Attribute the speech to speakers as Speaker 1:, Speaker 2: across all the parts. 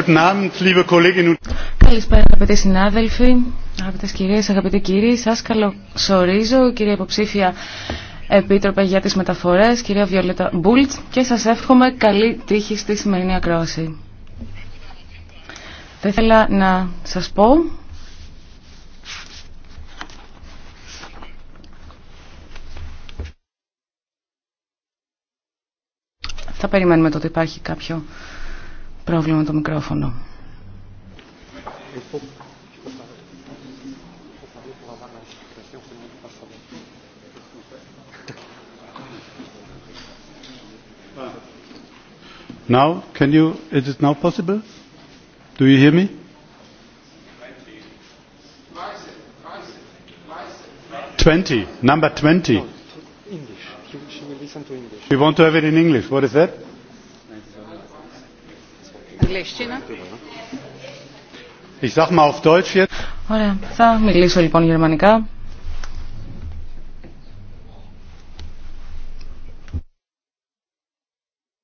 Speaker 1: Guten Abend, liebe Kolleginnen und
Speaker 2: Καλησπέρα αγαπητοί συνάδελφοι, αγαπητέ κυρίε, αγαπητοί κύριοι. Σα καλωσορίζω, κυρία υποψήφια Επίτροπε για τι Μεταφορέ, κυρία Βιολέτα Μπούλτ και σα εύχομαι καλή τύχη στη σημερινή ακρόαση. Θα ήθελα να σα πω Θα περιμένουμε το ότι υπάρχει κάποιο πρόβλημα το μικρόφωνο.
Speaker 1: Now, can you, is it now possible? Do you hear me? Twenty, number twenty.
Speaker 3: English. She, listen to English.
Speaker 1: want to have it in English. What is that? Ich sag mal auf Deutsch jetzt.
Speaker 2: Ωραία. Θα μιλήσω λοιπόν γερμανικά.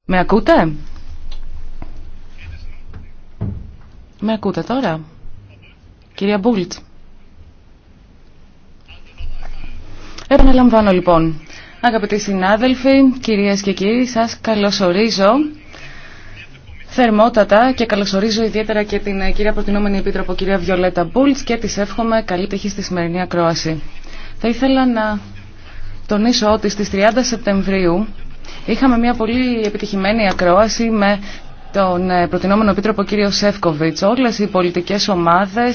Speaker 2: Με ακούτε? Με ακούτε τώρα? Κυρία Μπούλτ. Επαναλαμβάνω λοιπόν. Αγαπητοί συνάδελφοι, κυρίες και κύριοι, σας καλωσορίζω θερμότατα και καλωσορίζω ιδιαίτερα και την κυρία Προτινόμενη Επίτροπο, κυρία Βιολέτα Μπούλτ και τη εύχομαι καλή τύχη στη σημερινή ακρόαση. Θα ήθελα να τονίσω ότι στι 30 Σεπτεμβρίου είχαμε μια πολύ επιτυχημένη ακρόαση με τον προτινόμενο επίτροπο κύριο Σεύκοβιτ. Όλε οι πολιτικέ ομάδε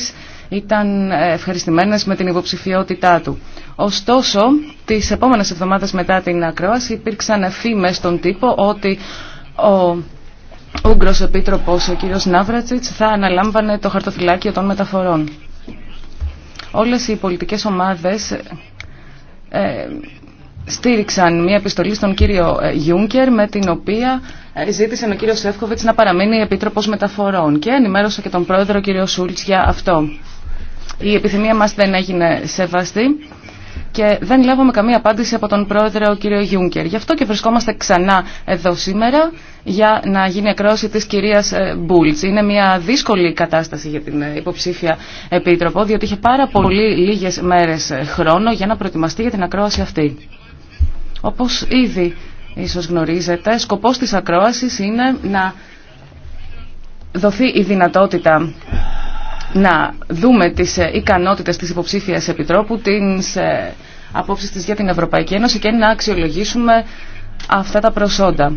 Speaker 2: ήταν ευχαριστημένε με την υποψηφιότητά του. Ωστόσο, τι επόμενε εβδομάδε μετά την ακρόαση υπήρξαν φήμε στον τύπο ότι ο Ούγκρος Επίτροπος, ο κύριος Ναύρατσιτς, θα αναλάμβανε το χαρτοφυλάκιο των μεταφορών. Όλες οι πολιτικές ομάδες ε, στήριξαν μια επιστολή στον κύριο Γιούνκερ με την οποία ζήτησε ο κύριος Σεύκοβιτς να παραμείνει επίτροπος μεταφορών και ενημέρωσε και τον πρόεδρο κύριο Σούλτς για αυτό. Η επιθυμία μας δεν έγινε σεβαστή και δεν λάβαμε καμία απάντηση από τον πρόεδρο κύριο Γιούνκερ. Γι' αυτό και βρισκόμαστε ξανά εδώ σήμερα για να γίνει ακρόαση της κυρίας Μπούλτς. Είναι μια δύσκολη κατάσταση για την υποψήφια επίτροπο, διότι είχε πάρα πολύ λίγες μέρες χρόνο για να προετοιμαστεί για την ακρόαση αυτή. Όπως ήδη ίσως γνωρίζετε, σκοπός της ακρόασης είναι να δοθεί η δυνατότητα να δούμε τις ικανότητες της υποψήφιας επιτρόπου, τις απόψεις της για την Ευρωπαϊκή Ένωση και να αξιολογήσουμε αυτά τα προσόντα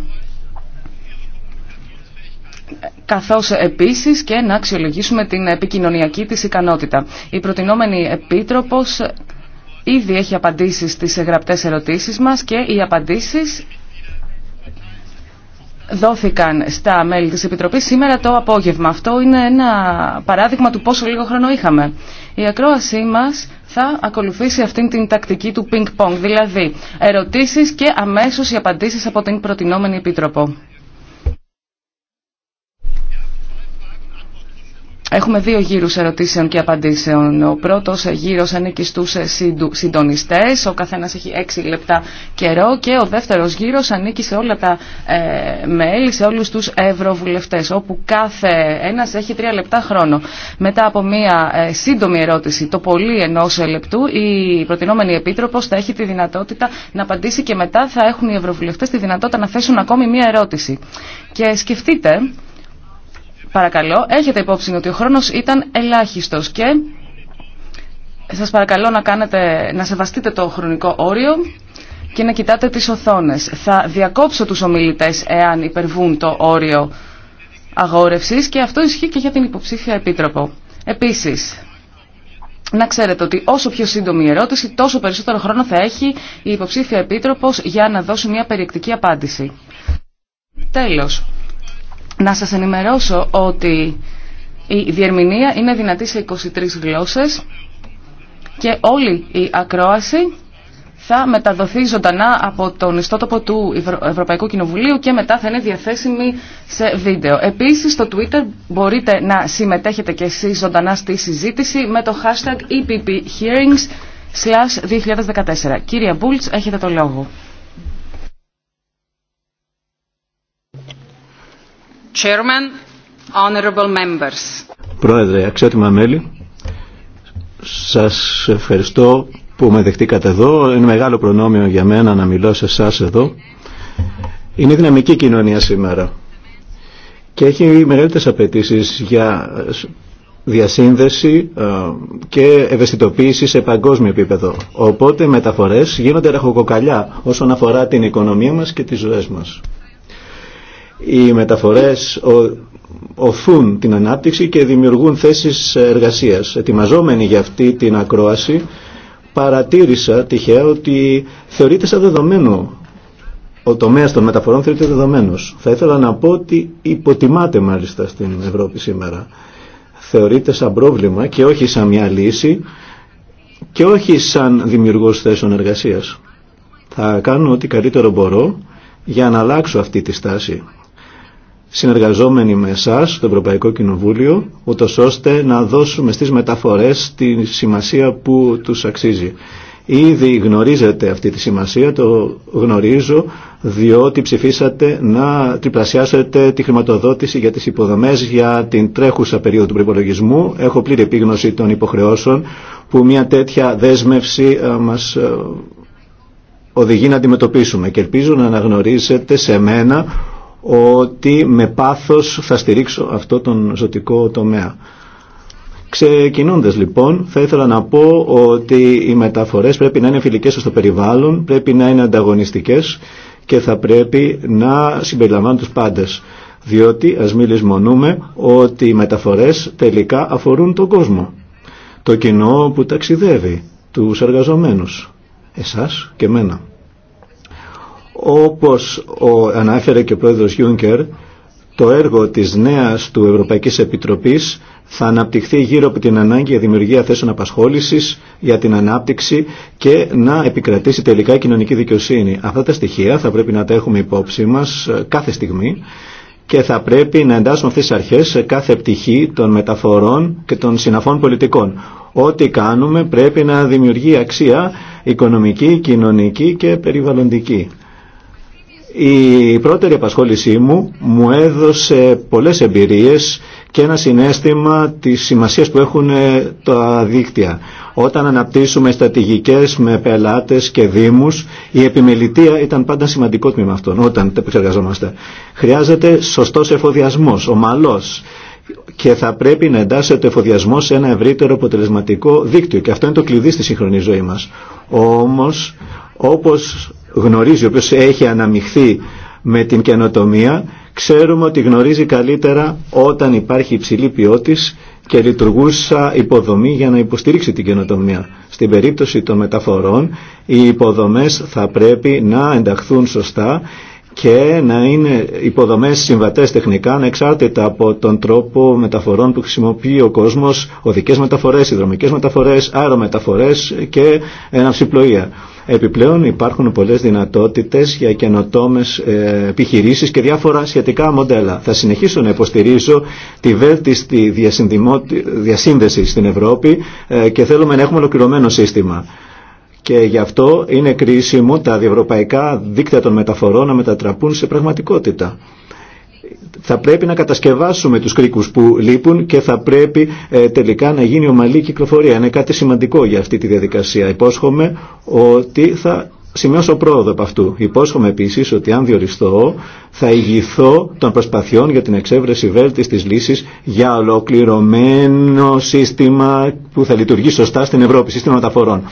Speaker 2: καθώς επίσης και να αξιολογήσουμε την επικοινωνιακή της ικανότητα. Η προτινόμενη Επίτροπος ήδη έχει απαντήσει στις γραπτές ερωτήσεις μας και οι απαντήσεις δόθηκαν στα μέλη της Επιτροπής σήμερα το απόγευμα. Αυτό είναι ένα παράδειγμα του πόσο λίγο χρόνο είχαμε. Η ακρόασή μας θα ακολουθήσει αυτήν την τακτική του ping-pong, δηλαδή ερωτήσεις και αμέσως οι απαντήσεις από την προτινόμενη Επίτροπο. Έχουμε δύο γύρους ερωτήσεων και απαντήσεων. Ο πρώτος γύρος ανήκει στους συντονιστές, ο καθένας έχει έξι λεπτά καιρό και ο δεύτερος γύρος ανήκει σε όλα τα ε, μέλη, σε όλους τους ευρωβουλευτές, όπου κάθε ένας έχει τρία λεπτά χρόνο. Μετά από μία ε, σύντομη ερώτηση, το πολύ ενός λεπτού, η προτινόμενη επίτροπος θα έχει τη δυνατότητα να απαντήσει και μετά θα έχουν οι ευρωβουλευτές τη δυνατότητα να θέσουν ακόμη μία ερώτηση. Και σκεφτείτε Παρακαλώ, έχετε υπόψη ότι ο χρόνος ήταν ελάχιστος και σας παρακαλώ να, κάνετε, να σεβαστείτε το χρονικό όριο και να κοιτάτε τις οθόνες. Θα διακόψω τους ομιλητές εάν υπερβούν το όριο αγόρευσης και αυτό ισχύει και για την υποψήφια επίτροπο. Επίσης, να ξέρετε ότι όσο πιο σύντομη η ερώτηση, τόσο περισσότερο χρόνο θα έχει η υποψήφια επίτροπος για να δώσει μια περιεκτική απάντηση. Τέλος. Να σας ενημερώσω ότι η διερμηνία είναι δυνατή σε 23 γλώσσες και όλη η ακρόαση θα μεταδοθεί ζωντανά από τον ιστότοπο του Ευρω... Ευρωπαϊκού Κοινοβουλίου και μετά θα είναι διαθέσιμη σε βίντεο. Επίσης στο Twitter μπορείτε να συμμετέχετε και εσείς ζωντανά στη συζήτηση με το hashtag EPP Hearings 2014. Κύριε Μπούλτς, έχετε το λόγο.
Speaker 1: Chairman, honorable members.
Speaker 4: Πρόεδρε, αξιότιμα μέλη, σας ευχαριστώ που με δεχτήκατε εδώ. Είναι μεγάλο προνόμιο για μένα να μιλώ σε εσά εδώ. Είναι δυναμική κοινωνία σήμερα και έχει μεγαλύτερες απαιτήσεις για διασύνδεση και ευαισθητοποίηση σε παγκόσμιο επίπεδο. Οπότε μεταφορές γίνονται ραχοκοκαλιά όσον αφορά την οικονομία μας και τις ζωές μας. Οι μεταφορές οθούν την ανάπτυξη και δημιουργούν θέσεις εργασίας. Ετοιμαζόμενοι για αυτή την ακρόαση παρατήρησα τυχαία ότι θεωρείται σαν δεδομένο ο τομέας των μεταφορών θεωρείται δεδομένος. Θα ήθελα να πω ότι υποτιμάται μάλιστα στην Ευρώπη σήμερα. Θεωρείται σαν πρόβλημα και όχι σαν μια λύση και όχι σαν δημιουργός θέσεων εργασίας. Θα κάνω ό,τι καλύτερο μπορώ για να αλλάξω αυτή τη στάση συνεργαζόμενοι με εσά, το Ευρωπαϊκό Κοινοβούλιο, ούτω ώστε να δώσουμε στι μεταφορέ τη σημασία που του αξίζει. Ήδη γνωρίζετε αυτή τη σημασία, το γνωρίζω, διότι ψηφίσατε να τριπλασιάσετε τη χρηματοδότηση για τις υποδομές για την τρέχουσα περίοδο του προπολογισμού. Έχω πλήρη επίγνωση των υποχρεώσεων που μια τέτοια δέσμευση μας οδηγεί να αντιμετωπίσουμε και ελπίζω να αναγνωρίσετε σε μένα ότι με πάθος θα στηρίξω αυτό τον ζωτικό τομέα. Ξεκινώντας, λοιπόν, θα ήθελα να πω ότι οι μεταφορές πρέπει να είναι φιλικές στο περιβάλλον, πρέπει να είναι ανταγωνιστικές και θα πρέπει να συμπεριλαμβάνουν τους πάντες. Διότι ας μην λησμονούμε ότι οι μεταφορές τελικά αφορούν τον κόσμο. Το κοινό που ταξιδεύει, τους εργαζομένους, εσάς και μένα. Όπως ο, ανάφερε και ο πρόεδρος Γιούνκερ, το έργο της νέας του Ευρωπαϊκής Επιτροπής θα αναπτυχθεί γύρω από την ανάγκη για δημιουργία θέσεων απασχόλησης, για την ανάπτυξη και να επικρατήσει τελικά η κοινωνική δικαιοσύνη. Αυτά τα στοιχεία θα πρέπει να τα έχουμε υπόψη μας κάθε στιγμή και θα πρέπει να εντάσσουμε αυτές τις αρχές σε κάθε πτυχή των μεταφορών και των συναφών πολιτικών. Ό,τι κάνουμε πρέπει να δημιουργεί αξία οικονομική, κοινωνική και περιβαλλοντική. Η πρώτερη απασχόλησή μου μου έδωσε πολλές εμπειρίες και ένα συνέστημα της σημασίας που έχουν τα δίκτυα. Όταν αναπτύσσουμε στατηγικές με πελάτες και δήμους, η επιμελητεία ήταν πάντα σημαντικό τμήμα αυτών όταν τα επεξεργαζόμαστε. Χρειάζεται σωστός εφοδιασμός, ομαλός και θα πρέπει να εντάσσεται το εφοδιασμό σε ένα ευρύτερο αποτελεσματικό δίκτυο και αυτό είναι το κλειδί στη σύγχρονη ζωή μας. Όμως, όπως γνωρίζει, ο οποίος έχει αναμειχθεί με την καινοτομία, ξέρουμε ότι γνωρίζει καλύτερα όταν υπάρχει υψηλή ποιότης και λειτουργούσα υποδομή για να υποστηρίξει την καινοτομία. Στην περίπτωση των μεταφορών, οι υποδομές θα πρέπει να ενταχθούν σωστά και να είναι υποδομές συμβατές τεχνικά ανεξάρτητα από τον τρόπο μεταφορών που χρησιμοποιεί ο κόσμος, οδικές μεταφορές, υδρομικές μεταφορές, αερομεταφορές και αναψυπλοεία. Επιπλέον υπάρχουν πολλές δυνατότητες για καινοτόμες ε, επιχειρήσεις και διάφορα σχετικά μοντέλα. Θα συνεχίσω να υποστηρίζω τη βέλτιστη διασύνδεση στην Ευρώπη ε, και θέλουμε να έχουμε ολοκληρωμένο σύστημα. Και γι' αυτό είναι κρίσιμο τα διευρωπαϊκά δίκτυα των μεταφορών να μετατραπούν σε πραγματικότητα θα πρέπει να κατασκευάσουμε τους κρίκους που λείπουν και θα πρέπει ε, τελικά να γίνει ομαλή κυκλοφορία. Είναι κάτι σημαντικό για αυτή τη διαδικασία. Υπόσχομαι ότι θα σημειώσω πρόοδο από αυτού. Υπόσχομαι επίσης ότι αν διοριστώ θα ηγηθώ των προσπαθειών για την εξέβρεση βέλτης της λύσης για ολοκληρωμένο σύστημα που θα λειτουργεί σωστά στην Ευρώπη, σύστημα μεταφορών.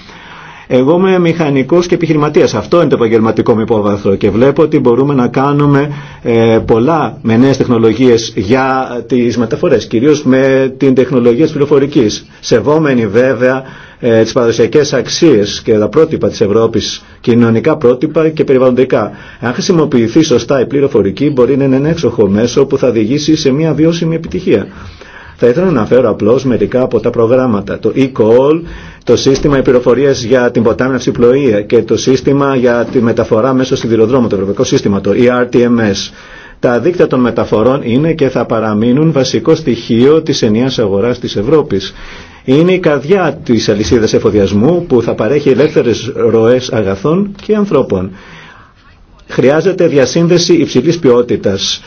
Speaker 4: Εγώ είμαι μηχανικό και επιχειρηματία. Αυτό είναι το επαγγελματικό μου υπόβαθρο και βλέπω ότι μπορούμε να κάνουμε ε, πολλά με νέε τεχνολογίε για τι μεταφορέ, κυρίω με την τεχνολογία τη πληροφορική. Σεβόμενοι βέβαια ε, τι παραδοσιακέ αξίε και τα πρότυπα τη Ευρώπη, κοινωνικά πρότυπα και περιβαλλοντικά. Αν χρησιμοποιηθεί σωστά η πληροφορική μπορεί να είναι ένα έξοχο μέσο που θα οδηγήσει σε μια βιώσιμη επιτυχία. Θα ήθελα να αναφέρω απλώς μερικά από τα προγράμματα. Το e-call, το σύστημα πληροφορίες για την ποτάμευση πλοία και το σύστημα για τη μεταφορά μέσω σιδηροδρόμου, το ευρωπαϊκό σύστημα, το ERTMS. Τα δίκτυα των μεταφορών είναι και θα παραμείνουν βασικό στοιχείο της ενιαίας αγοράς της Ευρώπης. Είναι η καρδιά της αλυσίδας εφοδιασμού που θα παρέχει ελεύθερες ροές αγαθών και ανθρώπων. Χρειάζεται διασύνδεση υψηλής ποιότητας,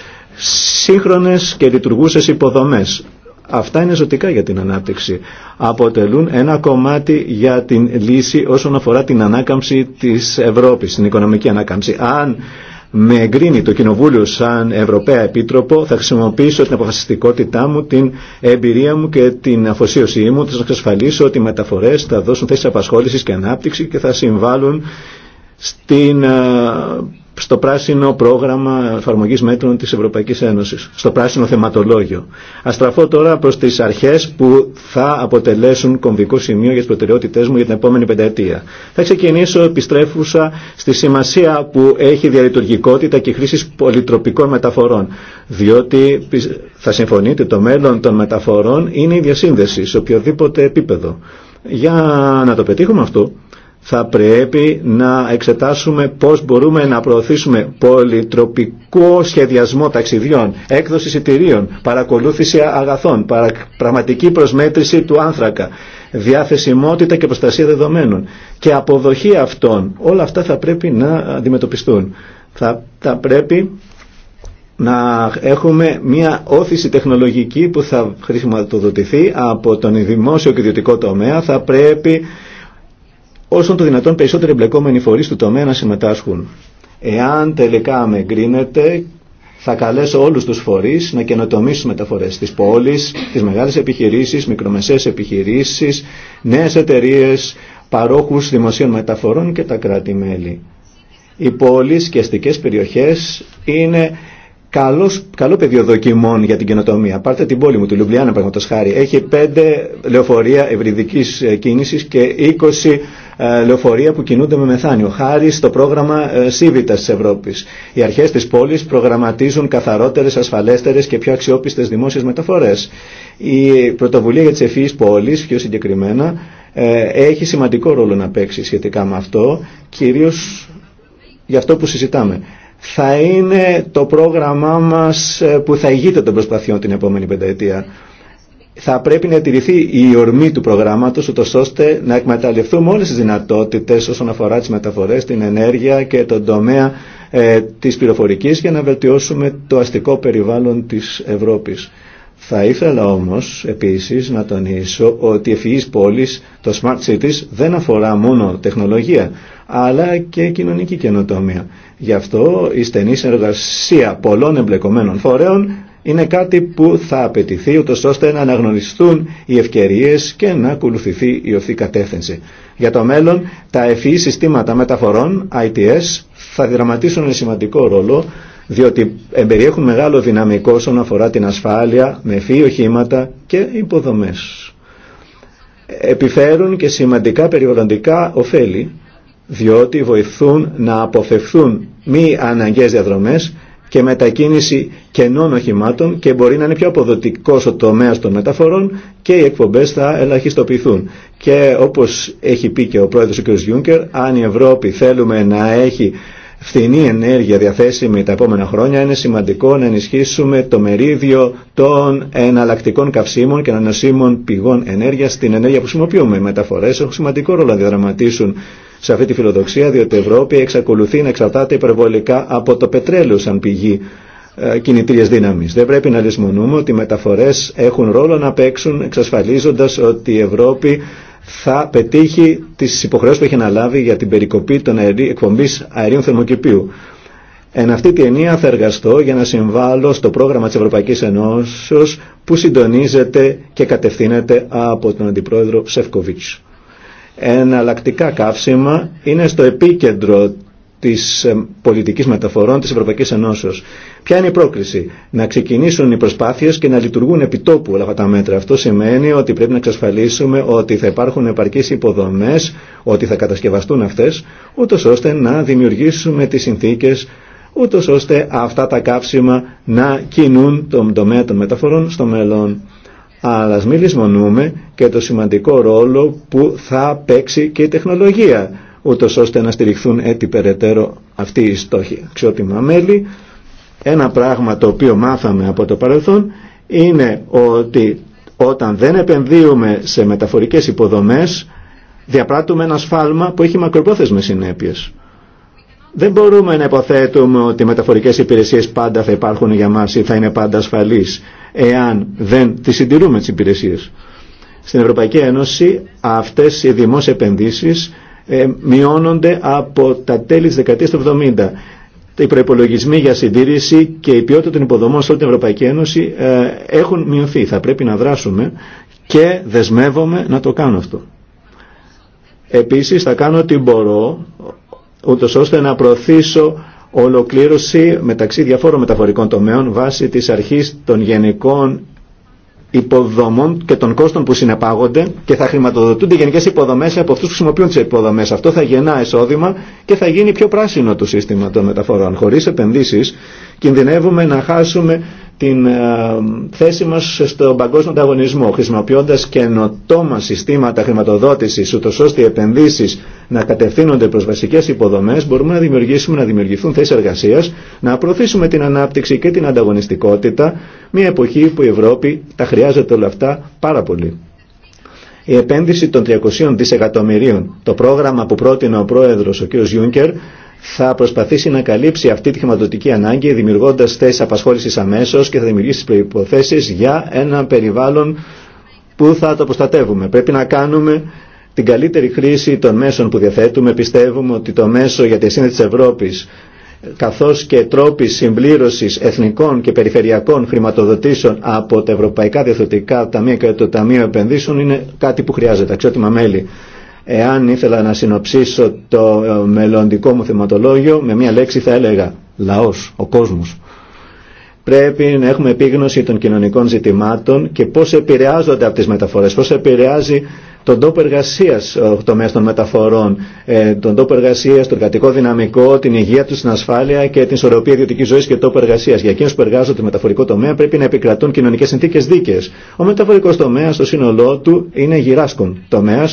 Speaker 4: σύγχρονες και λειτουργούσες υποδομές. Αυτά είναι ζωτικά για την ανάπτυξη. Αποτελούν ένα κομμάτι για την λύση όσον αφορά την ανάκαμψη της Ευρώπης, την οικονομική ανάκαμψη. Αν με εγκρίνει το Κοινοβούλιο σαν Ευρωπαία Επίτροπο, θα χρησιμοποιήσω την αποφασιστικότητά μου, την εμπειρία μου και την αφοσίωσή μου, θα εξασφαλίσω ότι οι μεταφορές θα δώσουν θέσεις απασχόλησης και ανάπτυξη και θα συμβάλλουν στην στο πράσινο πρόγραμμα εφαρμογής μέτρων της Ευρωπαϊκής Ένωσης, στο πράσινο θεματολόγιο. Αστραφώ τώρα προς τις αρχές που θα αποτελέσουν κομβικό σημείο για τις προτεραιότητές μου για την επόμενη πενταετία. Θα ξεκινήσω επιστρέφουσα στη σημασία που έχει διαλειτουργικότητα και χρήση πολυτροπικών μεταφορών, διότι θα συμφωνείτε το μέλλον των μεταφορών είναι η διασύνδεση σε οποιοδήποτε επίπεδο. Για να το πετύχουμε αυτό, θα πρέπει να εξετάσουμε πώς μπορούμε να προωθήσουμε πολυτροπικό σχεδιασμό ταξιδιών, έκδοση εισιτηρίων, παρακολούθηση αγαθών, πραγματική προσμέτρηση του άνθρακα, διάθεσιμότητα και προστασία δεδομένων και αποδοχή αυτών. Όλα αυτά θα πρέπει να αντιμετωπιστούν. Θα, θα πρέπει να έχουμε μια όθηση τεχνολογική που θα χρηματοδοτηθεί από τον δημόσιο και ιδιωτικό τομέα. Θα πρέπει όσον το δυνατόν περισσότεροι εμπλεκόμενοι φορείς του τομέα να συμμετάσχουν. Εάν τελικά με εγκρίνεται, θα καλέσω όλους τους φορείς να καινοτομήσουν μεταφορές της πόλης, τις μεγάλες επιχειρήσεις, μικρομεσαίες επιχειρήσεις, νέες εταιρείες, παρόχους δημοσίων μεταφορών και τα κράτη-μέλη. Οι πόλεις και αστικές περιοχές είναι καλός, καλό πεδίο δοκιμών για την καινοτομία. Πάρτε την πόλη μου, τη Λουμπλιάνα, παραδείγματο χάρη. Έχει πέντε λεωφορεία ευρυδική κίνηση και 20 λεωφορεία που κινούνται με μεθάνιο, χάρη στο πρόγραμμα Civitas της Ευρώπης. Οι αρχές της πόλης προγραμματίζουν καθαρότερες, ασφαλέστερες και πιο αξιόπιστες δημόσιες μεταφορές. Η πρωτοβουλία για τις ευφυείς πόλεις, πιο συγκεκριμένα, έχει σημαντικό ρόλο να παίξει σχετικά με αυτό, κυρίως για αυτό που συζητάμε θα είναι το πρόγραμμά μας που θα ηγείται των προσπαθειών την επόμενη πενταετία θα πρέπει να τηρηθεί η ορμή του προγράμματος ούτως ώστε να εκμεταλλευτούμε όλες τις δυνατότητες όσον αφορά τις μεταφορές, την ενέργεια και τον τομέα ε, της πληροφορικής για να βελτιώσουμε το αστικό περιβάλλον της Ευρώπης. Θα ήθελα όμως επίσης να τονίσω ότι η ευφυής πόλης, το Smart Cities, δεν αφορά μόνο τεχνολογία, αλλά και κοινωνική καινοτομία. Γι' αυτό η στενή συνεργασία πολλών εμπλεκομένων φορέων είναι κάτι που θα απαιτηθεί ούτως ώστε να αναγνωριστούν οι ευκαιρίες και να ακολουθηθεί η ορθή κατεύθυνση. Για το μέλλον, τα ευφυή συστήματα μεταφορών, ITS, θα δραματίσουν ένα σημαντικό ρόλο διότι εμπεριέχουν μεγάλο δυναμικό όσον αφορά την ασφάλεια, με ευφυή οχήματα και υποδομές. Επιφέρουν και σημαντικά περιβαλλοντικά ωφέλη διότι βοηθούν να αποφευθούν μη αναγκαίες διαδρομές και μετακίνηση κενών οχημάτων και μπορεί να είναι πιο αποδοτικός ο τομέας των μεταφορών και οι εκπομπές θα ελαχιστοποιηθούν. Και όπως έχει πει και ο πρόεδρος ο κ. Γιούνκερ, αν η Ευρώπη θέλουμε να έχει φθηνή ενέργεια διαθέσιμη τα επόμενα χρόνια, είναι σημαντικό να ενισχύσουμε το μερίδιο των εναλλακτικών καυσίμων και ανανοσίμων πηγών ενέργειας στην ενέργεια που χρησιμοποιούμε. Οι μεταφορές έχουν σημαντικό ρόλο να διαδραματίσουν σε αυτή τη φιλοδοξία, διότι η Ευρώπη εξακολουθεί να εξαρτάται υπερβολικά από το πετρέλαιο σαν πηγή κινητήριες δύναμης. Δεν πρέπει να λησμονούμε ότι οι μεταφορές έχουν ρόλο να παίξουν εξασφαλίζοντας ότι η Ευρώπη θα πετύχει τι υποχρεώσει που έχει αναλάβει για την περικοπή των αερί, εκπομπή αερίων θερμοκηπίου. Εν αυτή τη ενία θα εργαστώ για να συμβάλλω στο πρόγραμμα της Ευρωπαϊκής Ενώσεως που συντονίζεται και κατευθύνεται από τον Αντιπρόεδρο Σεφκοβίτς. Εναλλακτικά καύσιμα είναι στο επίκεντρο της πολιτικής μεταφορών της Ευρωπαϊκής Ενώσεως. Ποια είναι η πρόκληση. Να ξεκινήσουν οι προσπάθειες και να λειτουργούν επιτόπου όλα αυτά τα μέτρα. Αυτό σημαίνει ότι πρέπει να εξασφαλίσουμε ότι θα υπάρχουν επαρκείς υποδομές, ότι θα κατασκευαστούν αυτές, ούτως ώστε να δημιουργήσουμε τις συνθήκες ούτως ώστε αυτά τα κάψιμα να κινούν τον τομέα των μεταφορών στο μέλλον αλλά ας μην λησμονούμε και το σημαντικό ρόλο που θα παίξει και η τεχνολογία ούτω ώστε να στηριχθούν έτσι περαιτέρω αυτοί οι στόχοι. Αξιότιμα μέλη, ένα πράγμα το οποίο μάθαμε από το παρελθόν είναι ότι όταν δεν επενδύουμε σε μεταφορικές υποδομές διαπράττουμε ένα σφάλμα που έχει μακροπρόθεσμες συνέπειες. Δεν μπορούμε να υποθέτουμε ότι οι μεταφορικές υπηρεσίες πάντα θα υπάρχουν για μας ή θα είναι πάντα ασφαλείς εάν δεν τις συντηρούμε τις υπηρεσίες. Στην Ευρωπαϊκή Ένωση αυτές οι δημόσιες επενδύσεις ε, μειώνονται από τα τέλη της δεκαετίας του 70. Οι προπολογισμοί για συντήρηση και η ποιότητα των υποδομών σε όλη την Ευρωπαϊκή Ένωση ε, έχουν μειωθεί. Θα πρέπει να δράσουμε και δεσμεύομαι να το κάνω αυτό. Επίσης θα κάνω ό,τι μπορώ ούτως ώστε να προωθήσω ολοκλήρωση μεταξύ διαφόρων μεταφορικών τομέων βάσει της αρχής των γενικών υποδομών και των κόστων που συνεπάγονται και θα χρηματοδοτούνται γενικέ υποδομέ από αυτού που χρησιμοποιούν τι υποδομέ. Αυτό θα γεννά εισόδημα και θα γίνει πιο πράσινο το σύστημα των μεταφορών. Χωρί επενδύσει κινδυνεύουμε να χάσουμε την ε, θέση μας στον παγκόσμιο ανταγωνισμό χρησιμοποιώντας καινοτόμα συστήματα χρηματοδότησης ούτω ώστε οι επενδύσεις να κατευθύνονται προς βασικές υποδομές μπορούμε να δημιουργήσουμε, να δημιουργηθούν θέσεις εργασίας να προωθήσουμε την ανάπτυξη και την ανταγωνιστικότητα μια εποχή που η Ευρώπη τα χρειάζεται όλα αυτά πάρα πολύ. Η επένδυση των 300 δισεκατομμυρίων, το πρόγραμμα που πρότεινε ο πρόεδρος ο κ. Γιούνκερ θα προσπαθήσει να καλύψει αυτή τη χρηματοδοτική ανάγκη δημιουργώντας θέσεις απασχόλησης αμέσως και θα δημιουργήσει τις προϋποθέσεις για ένα περιβάλλον που θα το προστατεύουμε. Πρέπει να κάνουμε την καλύτερη χρήση των μέσων που διαθέτουμε. Πιστεύουμε ότι το μέσο για τη σύνδεση της Ευρώπης καθώς και τρόποι συμπλήρωσης εθνικών και περιφερειακών χρηματοδοτήσεων από τα Ευρωπαϊκά Διαθετικά Ταμεία και το Ταμείο Επενδύσεων είναι κάτι που χρειάζεται, αξιότιμα μέλη. Εάν ήθελα να συνοψίσω το μελλοντικό μου θεματολόγιο, με μια λέξη θα έλεγα λαός, ο κόσμος. Πρέπει να έχουμε επίγνωση των κοινωνικών ζητημάτων και πώς επηρεάζονται από τις μεταφορές, πώς επηρεάζει τον τόπο εργασία τομέα των μεταφορών, τον τόπο εργασία, τον κρατικό δυναμικό, την υγεία του, την ασφάλεια και την ισορροπία ιδιωτική ζωή και τόπο εργασία. Για εκείνου που εργάζονται στο μεταφορικό τομέα πρέπει να επικρατούν κοινωνικέ συνθήκε δίκαιε. Ο μεταφορικό τομέα, στο σύνολό του, είναι γυράσκον τομέα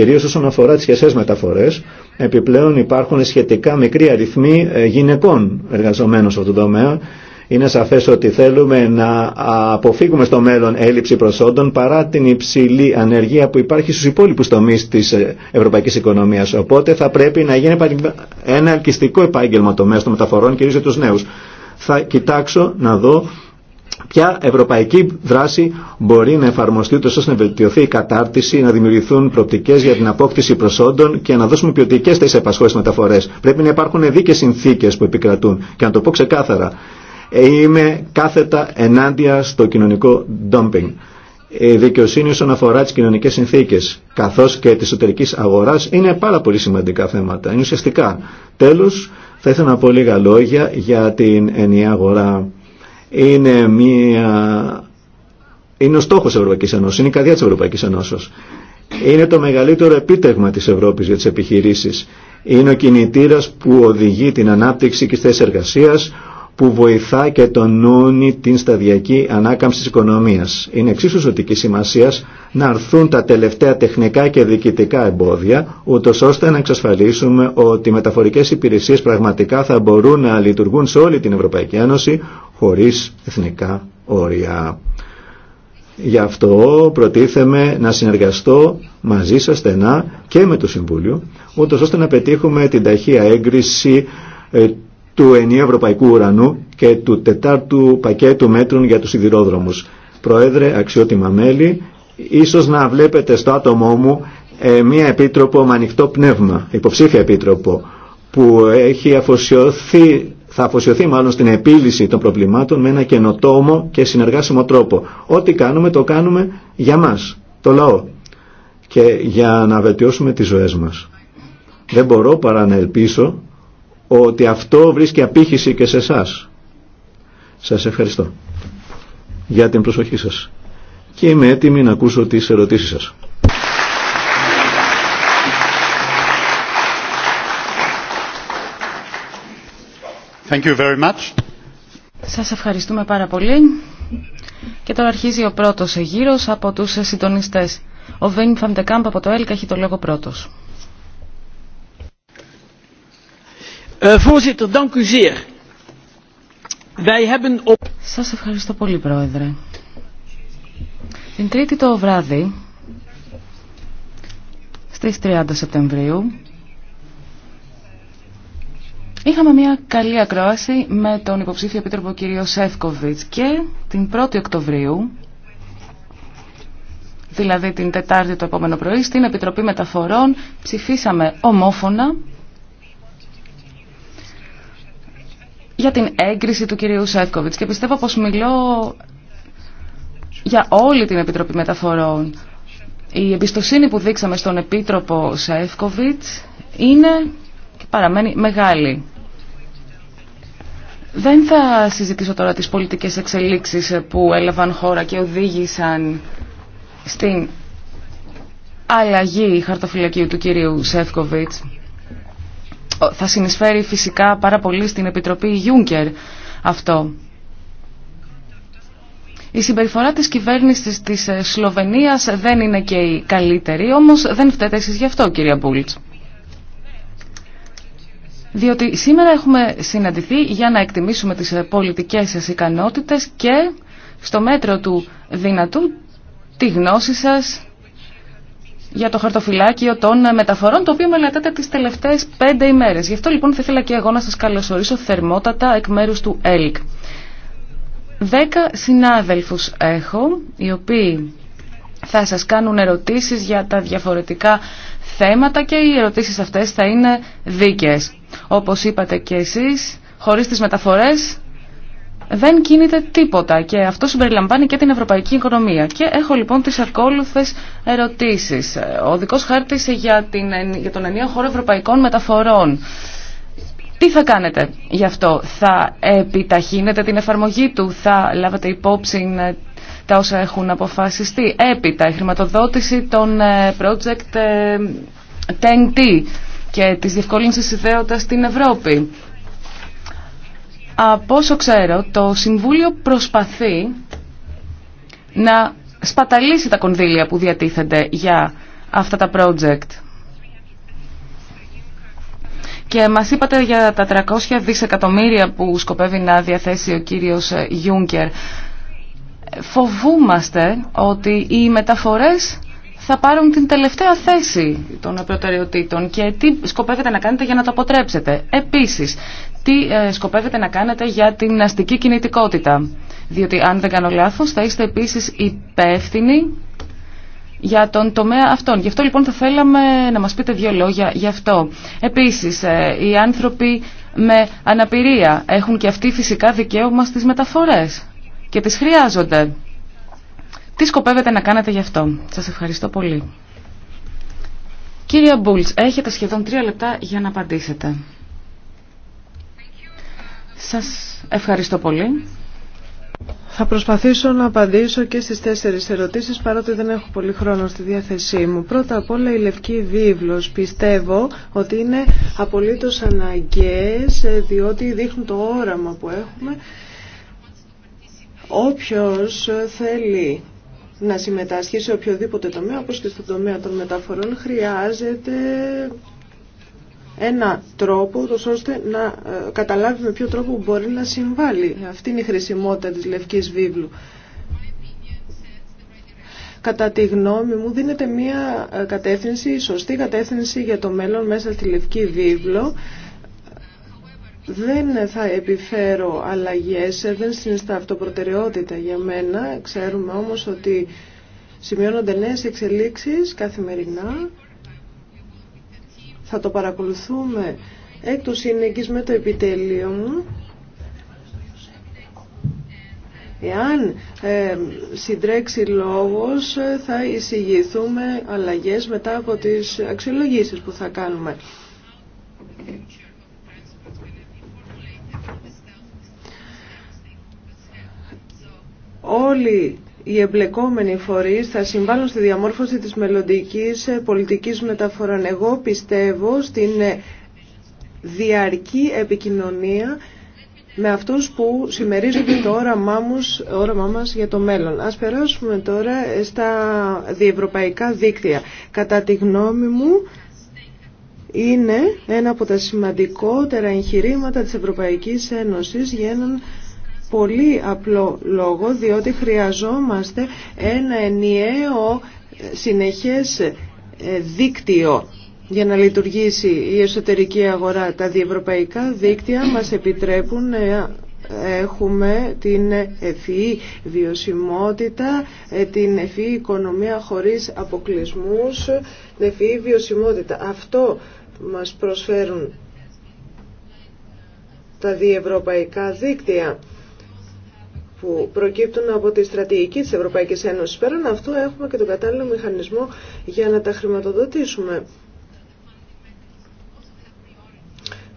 Speaker 4: κυρίως όσον αφορά τις χεσές μεταφορές. Επιπλέον υπάρχουν σχετικά μικροί αριθμοί γυναικών εργαζομένων σε αυτό το τομέα. Είναι σαφές ότι θέλουμε να αποφύγουμε στο μέλλον έλλειψη προσόντων παρά την υψηλή ανεργία που υπάρχει στους υπόλοιπους τομείς της ευρωπαϊκής οικονομίας. Οπότε θα πρέπει να γίνει ένα ελκυστικό επάγγελμα το μέσο των μεταφορών κυρίως για τους νέους. Θα κοιτάξω να δω Ποια ευρωπαϊκή δράση μπορεί να εφαρμοστεί ούτως ώστε να βελτιωθεί η κατάρτιση, να δημιουργηθούν προπτικές για την απόκτηση προσόντων και να δώσουμε ποιοτικέ θέσει απασχόληση μεταφορέ. Πρέπει να υπάρχουν δίκαιε συνθήκε που επικρατούν. Και να το πω ξεκάθαρα, είμαι κάθετα ενάντια στο κοινωνικό ντόμπινγκ. Η δικαιοσύνη όσον αφορά τι κοινωνικέ συνθήκε καθώ και τη εσωτερική αγορά είναι πάρα πολύ σημαντικά θέματα. Είναι ουσιαστικά. Τέλο, θα ήθελα να πω λίγα λόγια για την ενιαία αγορά είναι, μια... είναι ο στόχος της Ευρωπαϊκής Ενώσης, είναι η καρδιά της Ευρωπαϊκής Ενώσης. Είναι το μεγαλύτερο επίτευγμα της Ευρώπης για τις επιχειρήσεις. Είναι ο κινητήρας που οδηγεί την ανάπτυξη και τις θέσεις εργασίας, που βοηθά και τονώνει την σταδιακή ανάκαμψη της οικονομίας. Είναι εξίσου ζωτική σημασία να αρθούν τα τελευταία τεχνικά και διοικητικά εμπόδια, ούτω ώστε να εξασφαλίσουμε ότι οι μεταφορικές υπηρεσίες πραγματικά θα μπορούν να λειτουργούν σε όλη την Ευρωπαϊκή Ένωση, χωρίς εθνικά όρια. Γι' αυτό προτίθεμαι να συνεργαστώ μαζί σας στενά και με το Συμβούλιο, ούτως ώστε να πετύχουμε την ταχεία έγκριση του ενιαίου ευρωπαϊκού ουρανού και του τετάρτου πακέτου μέτρων για τους σιδηρόδρομους. Πρόεδρε, αξιότιμα μέλη, ίσως να βλέπετε στο άτομό μου ε, μία επίτροπο με ανοιχτό πνεύμα, υποψήφια επίτροπο, που έχει αφοσιωθεί θα αφοσιωθεί μάλλον στην επίλυση των προβλημάτων με ένα καινοτόμο και συνεργάσιμο τρόπο. Ό,τι κάνουμε το κάνουμε για μας, το λαό και για να βελτιώσουμε τις ζωές μας. Δεν μπορώ παρά να ελπίσω ότι αυτό βρίσκει απήχηση και σε εσά. Σας ευχαριστώ για την προσοχή σας και είμαι έτοιμη να ακούσω τις ερωτήσεις σας.
Speaker 1: Thank you very much.
Speaker 2: Σας ευχαριστούμε πάρα πολύ. Και τώρα αρχίζει ο πρώτος γύρος από τους συντονιστές. Ο Βέιν Φαντεκάμπ από το ΕΛΚΑ έχει το λόγο πρώτος.
Speaker 1: Voorzitter, dank u zeer. Wij hebben op... Σας
Speaker 2: ευχαριστώ πολύ, Πρόεδρε. Την Τρίτη το βράδυ, στις 30 Σεπτεμβρίου, Είχαμε μια καλή ακρόαση με τον υποψήφιο επίτροπο κύριο Σεύκοβιτς και την 1η Οκτωβρίου, δηλαδή την Τετάρτη το επόμενο πρωί, στην Επιτροπή Μεταφορών ψηφίσαμε ομόφωνα για την έγκριση του κυρίου Σεύκοβιτς και πιστεύω πως μιλώ για όλη την Επιτροπή Μεταφορών. Η εμπιστοσύνη που δείξαμε στον Επίτροπο Σεύκοβιτς είναι και παραμένει μεγάλη. Δεν θα συζητήσω τώρα τις πολιτικές εξελίξεις που έλαβαν χώρα και οδήγησαν στην αλλαγή χαρτοφυλακίου του κυρίου Σεύκοβιτς. Θα συνεισφέρει φυσικά πάρα πολύ στην Επιτροπή Ιούνκερ αυτό. Η συμπεριφορά της κυβέρνησης της Σλοβενίας δεν είναι και η καλύτερη, όμως δεν φταίτε εσείς γι' αυτό κυρία Μπούλτς διότι σήμερα έχουμε συναντηθεί για να εκτιμήσουμε τις πολιτικές σας ικανότητες και στο μέτρο του δυνατού τη γνώση σας για το χαρτοφυλάκιο των μεταφορών, το οποίο μελετάτε τις τελευταίες πέντε ημέρες. Γι' αυτό λοιπόν θα ήθελα και εγώ να σας καλωσορίσω θερμότατα εκ μέρους του ΕΛΚ. Δέκα συνάδελφους έχω, οι οποίοι θα σας κάνουν ερωτήσεις για τα διαφορετικά θέματα και οι ερωτήσεις αυτές θα είναι δίκαιες. Όπως είπατε και εσείς, χωρίς τις μεταφορές δεν κινείται τίποτα και αυτό συμπεριλαμβάνει και την ευρωπαϊκή οικονομία. Και έχω λοιπόν τις ακόλουθες ερωτήσεις. Ο δικός χάρτης για, την, για τον ενίο χώρο ευρωπαϊκών μεταφορών. Τι θα κάνετε γι' αυτό, θα επιταχύνετε την εφαρμογή του, θα λάβετε υπόψη τα όσα έχουν αποφασιστεί. Έπειτα, η χρηματοδότηση των project TNT και της διευκολύνσης ιδέωτας στην Ευρώπη. Από όσο ξέρω, το Συμβούλιο προσπαθεί να σπαταλήσει τα κονδύλια που διατίθενται για αυτά τα project. Και μας είπατε για τα 300 δισεκατομμύρια που σκοπεύει να διαθέσει ο κύριος Γιούνκερ. Φοβούμαστε ότι οι μεταφορές θα πάρουν την τελευταία θέση των προτεραιοτήτων και τι σκοπεύετε να κάνετε για να το αποτρέψετε. Επίσης, τι σκοπεύετε να κάνετε για την αστική κινητικότητα. Διότι αν δεν κάνω λάθος θα είστε επίσης υπεύθυνοι για τον τομέα αυτόν. Γι' αυτό λοιπόν θα θέλαμε να μας πείτε δύο λόγια γι' αυτό. Επίσης, οι άνθρωποι με αναπηρία έχουν και αυτοί φυσικά δικαίωμα στις μεταφορές και τις χρειάζονται. Τι σκοπεύετε να κάνετε γι' αυτό. Σας ευχαριστώ πολύ. Κύριε Μπούλτς, έχετε σχεδόν τρία λεπτά για να απαντήσετε.
Speaker 5: Σας ευχαριστώ πολύ. Θα προσπαθήσω να απαντήσω και στις τέσσερις ερωτήσεις παρότι δεν έχω πολύ χρόνο στη διάθεσή μου. Πρώτα απ' όλα η Λευκή Βίβλος πιστεύω ότι είναι απολύτως αναγκαίες διότι δείχνουν το όραμα που έχουμε. Όποιος θέλει να συμμετάσχει σε οποιοδήποτε τομέα, όπως και στον τομέα των μεταφορών, χρειάζεται ένα τρόπο, ώστε να ε, καταλάβει με ποιο τρόπο μπορεί να συμβάλλει. Αυτή είναι η χρησιμότητα της Λευκής Βίβλου. Κατά τη γνώμη μου δίνεται μια κατεύθυνση, σωστή κατεύθυνση για το μέλλον μέσα στη Λευκή Βίβλο δεν θα επιφέρω αλλαγές, δεν συνιστά αυτοπροτεραιότητα για μένα. Ξέρουμε όμως ότι σημειώνονται νέες εξελίξεις καθημερινά. Θα το παρακολουθούμε εκ του συνεγγύς με το επιτέλειο μου. Εάν ε, συντρέξει λόγος θα εισηγηθούμε αλλαγές μετά από τις αξιολογήσεις που θα κάνουμε. όλοι οι εμπλεκόμενοι φορείς θα συμβάλλουν στη διαμόρφωση της μελλοντικής πολιτικής μεταφοράς. Εγώ πιστεύω στην διαρκή επικοινωνία με αυτούς που συμμερίζονται το όραμά, μας, όραμά μας για το μέλλον. Ας περάσουμε τώρα στα διευρωπαϊκά δίκτυα. Κατά τη γνώμη μου είναι ένα από τα σημαντικότερα εγχειρήματα της Ευρωπαϊκής Ένωσης για έναν πολύ απλό λόγο, διότι χρειαζόμαστε ένα ενιαίο συνεχές δίκτυο για να λειτουργήσει η εσωτερική αγορά. Τα διευρωπαϊκά δίκτυα μας επιτρέπουν να έχουμε την ευφυή βιωσιμότητα, την ευφυή οικονομία χωρίς αποκλεισμούς, την ευφυή βιωσιμότητα. Αυτό μας προσφέρουν τα διευρωπαϊκά δίκτυα που προκύπτουν από τη στρατηγική της Ευρωπαϊκής Ένωσης. Πέραν αυτού έχουμε και τον κατάλληλο μηχανισμό για να τα χρηματοδοτήσουμε.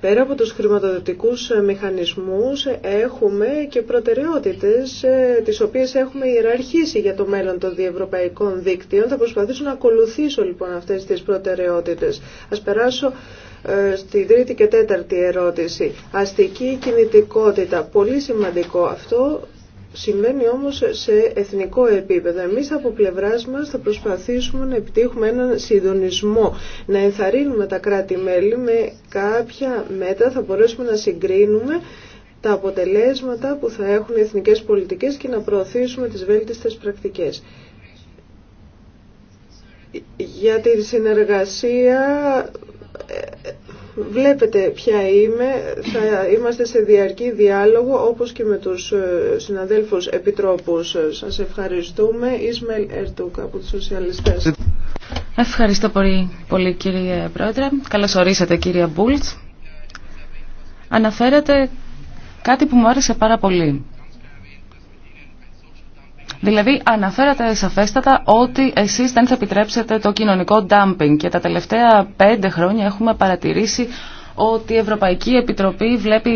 Speaker 5: Πέρα από τους χρηματοδοτικούς μηχανισμούς έχουμε και προτεραιότητες τις οποίες έχουμε ιεραρχήσει για το μέλλον των διευρωπαϊκών δίκτυων. Θα προσπαθήσω να ακολουθήσω λοιπόν αυτές τις προτεραιότητες. Ας περάσω στη τρίτη και τέταρτη ερώτηση. Αστική κινητικότητα. Πολύ σημαντικό αυτό Συμβαίνει όμως σε εθνικό επίπεδο. Εμείς από πλευράς μας θα προσπαθήσουμε να επιτύχουμε έναν συντονισμό, να ενθαρρύνουμε τα κράτη-μέλη με κάποια μέτρα, θα μπορέσουμε να συγκρίνουμε τα αποτελέσματα που θα έχουν οι εθνικές πολιτικές και να προωθήσουμε τις βέλτιστες πρακτικές. Για τη συνεργασία Βλέπετε ποια είμαι. Θα είμαστε σε διαρκή διάλογο όπως και με τους συναδέλφους επιτρόπους. Σας ευχαριστούμε. Ισμελ Ερτούκ από τους Σοσιαλιστές.
Speaker 2: Ευχαριστώ πολύ, πολύ κύριε Πρόεδρε. Καλώς ορίσατε κύριε Μπούλτ. Αναφέρατε κάτι που μου άρεσε πάρα πολύ. Δηλαδή αναφέρατε σαφέστατα ότι εσείς δεν θα επιτρέψετε το κοινωνικό dumping και τα τελευταία πέντε χρόνια έχουμε παρατηρήσει ότι η Ευρωπαϊκή Επιτροπή βλέπει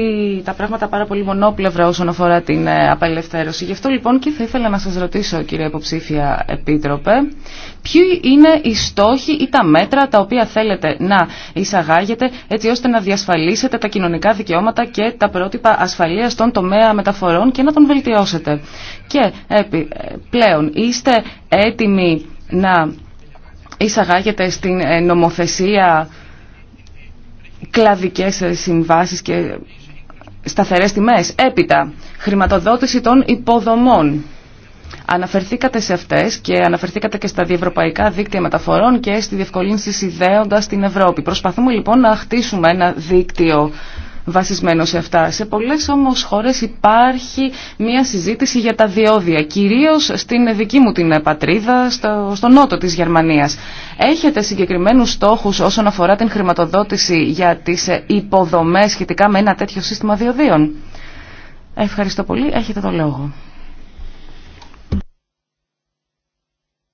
Speaker 2: τα πράγματα πάρα πολύ μονόπλευρα όσον αφορά την απελευθέρωση. Γι' αυτό λοιπόν και θα ήθελα να σας ρωτήσω κύριε υποψήφια Επίτροπε, ποιοι είναι οι στόχοι ή τα μέτρα τα οποία θέλετε να εισαγάγετε έτσι ώστε να διασφαλίσετε τα κοινωνικά δικαιώματα και τα πρότυπα ασφαλείας στον τομέα μεταφορών και να τον βελτιώσετε. Και πλέον είστε έτοιμοι να εισαγάγετε στην νομοθεσία κλαδικές συμβάσεις και σταθερές τιμές. Έπειτα, χρηματοδότηση των υποδομών. Αναφερθήκατε σε αυτές και αναφερθήκατε και στα διευρωπαϊκά δίκτυα μεταφορών και στη διευκολύνση συνδέοντας την Ευρώπη. Προσπαθούμε λοιπόν να χτίσουμε ένα δίκτυο βασισμένο σε αυτά. Σε πολλέ όμω χώρε υπάρχει μια συζήτηση για τα διόδια, κυρίω στην δική μου την πατρίδα, στο, στο νότο τη Γερμανία. Έχετε συγκεκριμένου στόχου όσον αφορά την χρηματοδότηση για τι υποδομέ σχετικά με ένα τέτοιο σύστημα διοδίων. Ευχαριστώ πολύ. Έχετε το λόγο.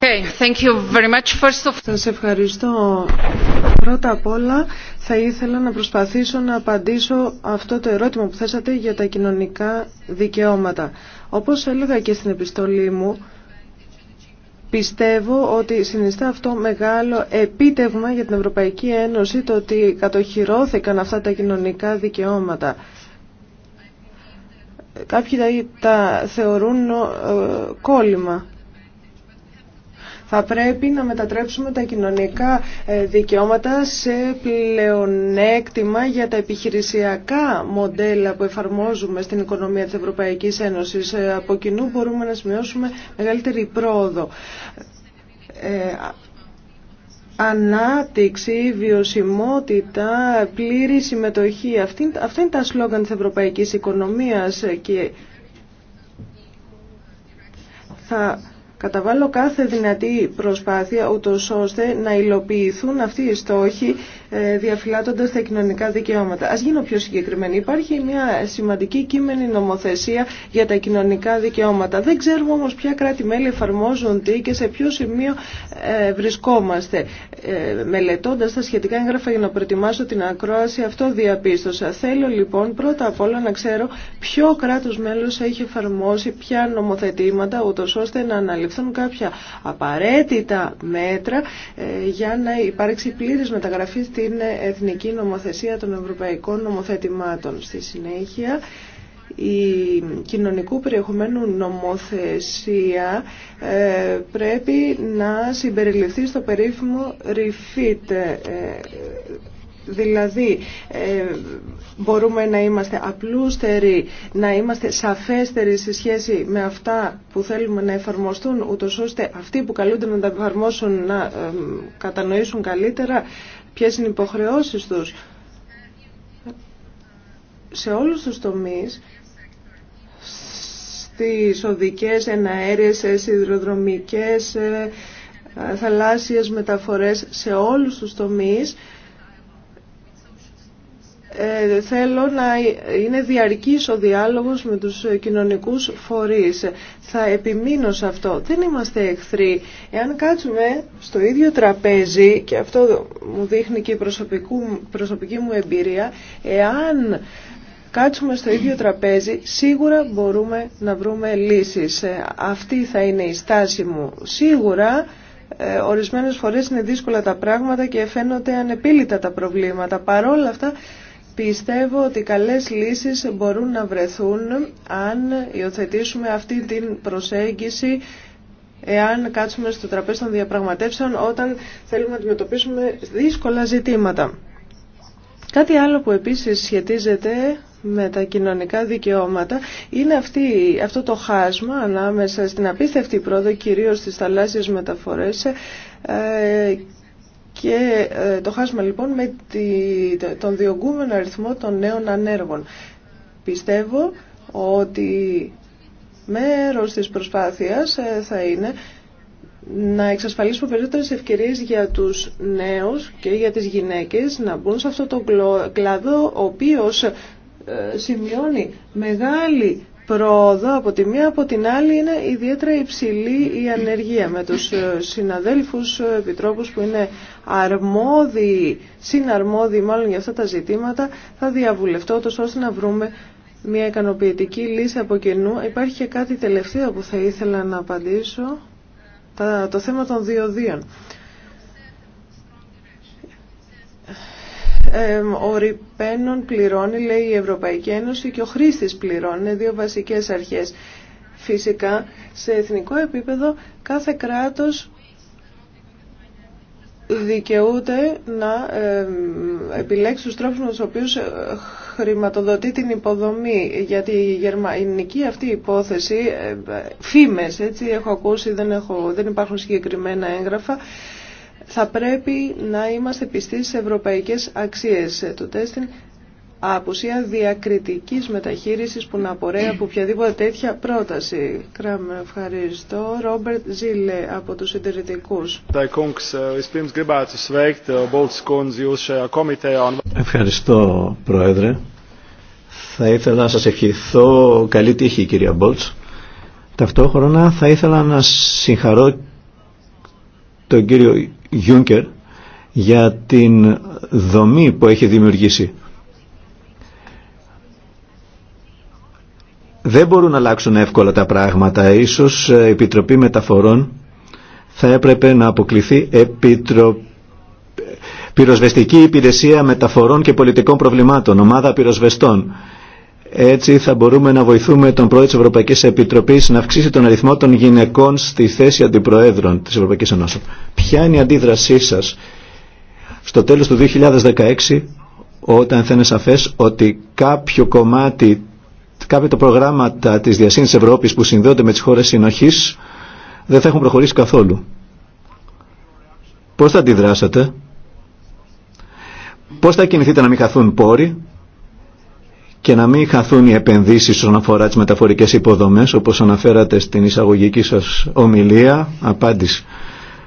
Speaker 1: Okay, thank you very much. First of...
Speaker 5: Σας ευχαριστώ. Πρώτα απ' όλα θα ήθελα να προσπαθήσω να απαντήσω αυτό το ερώτημα που θέσατε για τα κοινωνικά δικαιώματα. Όπως έλεγα και στην επιστολή μου, Πιστεύω ότι συνιστά αυτό μεγάλο επίτευγμα για την Ευρωπαϊκή Ένωση το ότι κατοχυρώθηκαν αυτά τα κοινωνικά δικαιώματα. Κάποιοι τα θεωρούν κόλλημα. Θα πρέπει να μετατρέψουμε τα κοινωνικά δικαιώματα σε πλεονέκτημα για τα επιχειρησιακά μοντέλα που εφαρμόζουμε στην οικονομία της Ευρωπαϊκής Ένωσης. Από κοινού μπορούμε να σημειώσουμε μεγαλύτερη πρόοδο Ε, ανάπτυξη, βιωσιμότητα, πλήρη συμμετοχή. Αυτή, αυτά είναι τα σλόγγαν της ευρωπαϊκής οικονομίας και θα Καταβάλω κάθε δυνατή προσπάθεια ούτως ώστε να υλοποιηθούν αυτοί οι στόχοι διαφυλάτοντας τα κοινωνικά δικαιώματα. Ας γίνω πιο συγκεκριμένη. Υπάρχει μια σημαντική κείμενη νομοθεσία για τα κοινωνικά δικαιώματα. Δεν ξέρουμε όμως ποια κράτη-μέλη εφαρμόζουν τι και σε ποιο σημείο ε, βρισκόμαστε. Ε, μελετώντας τα σχετικά έγγραφα για να προετοιμάσω την ακρόαση, αυτό διαπίστωσα. Θέλω λοιπόν πρώτα απ' όλα να ξέρω ποιο κράτος μέλος έχει εφαρμόσει ποια νομοθετήματα, ούτως ώστε να αναλυφθούν κάποια απαραίτητα μέτρα ε, για να υπάρξει πλήρης μεταγραφή στην εθνική νομοθεσία των ευρωπαϊκών νομοθετημάτων. Στη συνέχεια, η κοινωνικού περιεχομένου νομοθεσία ε, πρέπει να συμπεριληφθεί στο περίφημο refit. Δηλαδή, ε, μπορούμε να είμαστε απλούστεροι, να είμαστε σαφέστεροι σε σχέση με αυτά που θέλουμε να εφαρμοστούν, ούτως ώστε αυτοί που καλούνται να τα εφαρμόσουν να ε, κατανοήσουν καλύτερα ποιες είναι οι υποχρεώσεις τους. Σε όλους τους τομείς, στις οδικές, εναέρειες, σιδηροδρομικές, θαλάσσιες μεταφορές, σε όλους τους τομείς, θέλω να είναι διαρκής ο διάλογος με τους κοινωνικούς φορείς. Θα επιμείνω σε αυτό. Δεν είμαστε εχθροί. Εάν κάτσουμε στο ίδιο τραπέζι, και αυτό μου δείχνει και η προσωπική μου εμπειρία, εάν κάτσουμε στο ίδιο τραπέζι, σίγουρα μπορούμε να βρούμε λύσεις. Αυτή θα είναι η στάση μου. Σίγουρα ορισμένες φορές είναι δύσκολα τα πράγματα και φαίνονται ανεπίλητα τα προβλήματα. Παρόλα αυτά Πιστεύω ότι καλές λύσεις μπορούν να βρεθούν αν υιοθετήσουμε αυτή την προσέγγιση εάν κάτσουμε στο τραπέζι των διαπραγματεύσεων όταν θέλουμε να αντιμετωπίσουμε δύσκολα ζητήματα. Κάτι άλλο που επίσης σχετίζεται με τα κοινωνικά δικαιώματα είναι αυτή, αυτό το χάσμα ανάμεσα στην απίστευτη πρόοδο κυρίως στις θαλάσσιες μεταφορές και το χάσμα λοιπόν με τη, τον διωγούμενο αριθμό των νέων ανέργων. Πιστεύω ότι μέρος της προσπάθειας θα είναι να εξασφαλίσουμε περισσότερες ευκαιρίες για τους νέους και για τις γυναίκες να μπουν σε αυτό το κλάδο ο οποίος σημειώνει μεγάλη πρόοδο από τη μία, από την άλλη είναι ιδιαίτερα υψηλή η ανεργία με τους συναδέλφους επιτρόπους που είναι αρμόδιοι, συναρμόδιοι μάλλον για αυτά τα ζητήματα, θα διαβουλευτώ τόσο ώστε να βρούμε μια ικανοποιητική λύση από κενού. Υπάρχει και κάτι τελευταίο που θα ήθελα να απαντήσω, το θέμα των διοδίων. ε, ο ρηπαίνων πληρώνει, λέει η Ευρωπαϊκή Ένωση, και ο χρήστης πληρώνει. Είναι δύο βασικές αρχές. Φυσικά, σε εθνικό επίπεδο, κάθε κράτος δικαιούται να ε, επιλέξει τους τρόπους με τους οποίους χρηματοδοτεί την υποδομή. Γιατί η γερμανική αυτή υπόθεση, ε, φήμες, έτσι έχω ακούσει, δεν, έχω, δεν υπάρχουν συγκεκριμένα έγγραφα, θα πρέπει να είμαστε πιστοί στις ευρωπαϊκές αξίες. Το τεστ είναι απουσία διακριτικής μεταχείρισης που να απορρέει από οποιαδήποτε τέτοια πρόταση. Κραμ, ευχαριστώ. Ρόμπερτ Ζήλε από τους συντηρητικούς.
Speaker 4: Ευχαριστώ, Πρόεδρε. Θα ήθελα να σας ευχηθώ καλή τύχη, κυρία Μπολτς. Ταυτόχρονα θα ήθελα να συγχαρώ τον κύριο Γιούνκερ για την δομή που έχει δημιουργήσει. Δεν μπορούν να αλλάξουν εύκολα τα πράγματα. Ίσως η Επιτροπή Μεταφορών θα έπρεπε να αποκληθεί επιτρο... πυροσβεστική υπηρεσία μεταφορών και πολιτικών προβλημάτων, ομάδα πυροσβεστών. Έτσι θα μπορούμε να βοηθούμε τον πρόεδρο της Ευρωπαϊκής Επιτροπής να αυξήσει τον αριθμό των γυναικών στη θέση αντιπροέδρων της Ευρωπαϊκής Ενώσης. Ποια είναι η αντίδρασή σας στο τέλος του 2016 όταν θα είναι σαφές ότι κάποιο κομμάτι, κάποια τα προγράμματα της διασύνης Ευρώπης που συνδέονται με τις χώρες συνοχής δεν θα έχουν προχωρήσει καθόλου. Πώς θα αντιδράσετε, πώς θα κινηθείτε να μην χαθούν πόροι, και να μην χαθούν οι επενδύσεις όσον αφορά τις μεταφορικές υποδομές όπως αναφέρατε στην εισαγωγική σας ομιλία απάντηση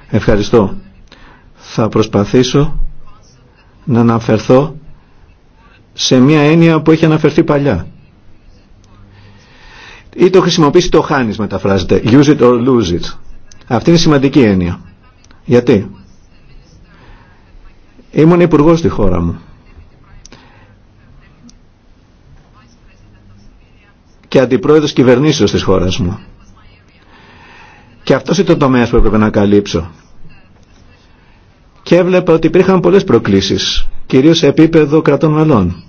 Speaker 4: ευχαριστώ θα προσπαθήσω να αναφερθώ σε μια έννοια που έχει αναφερθεί παλιά ή το χρησιμοποιήσει το χάνεις μεταφράζεται use it or lose it αυτή είναι σημαντική έννοια γιατί ήμουν υπουργός στη χώρα μου και αντιπρόεδρος κυβερνήσεως της χώρας μου. Και αυτός ήταν ο τομέας που έπρεπε να καλύψω. Και έβλεπα ότι υπήρχαν πολλές προκλήσεις, κυρίως σε επίπεδο κρατών μελών.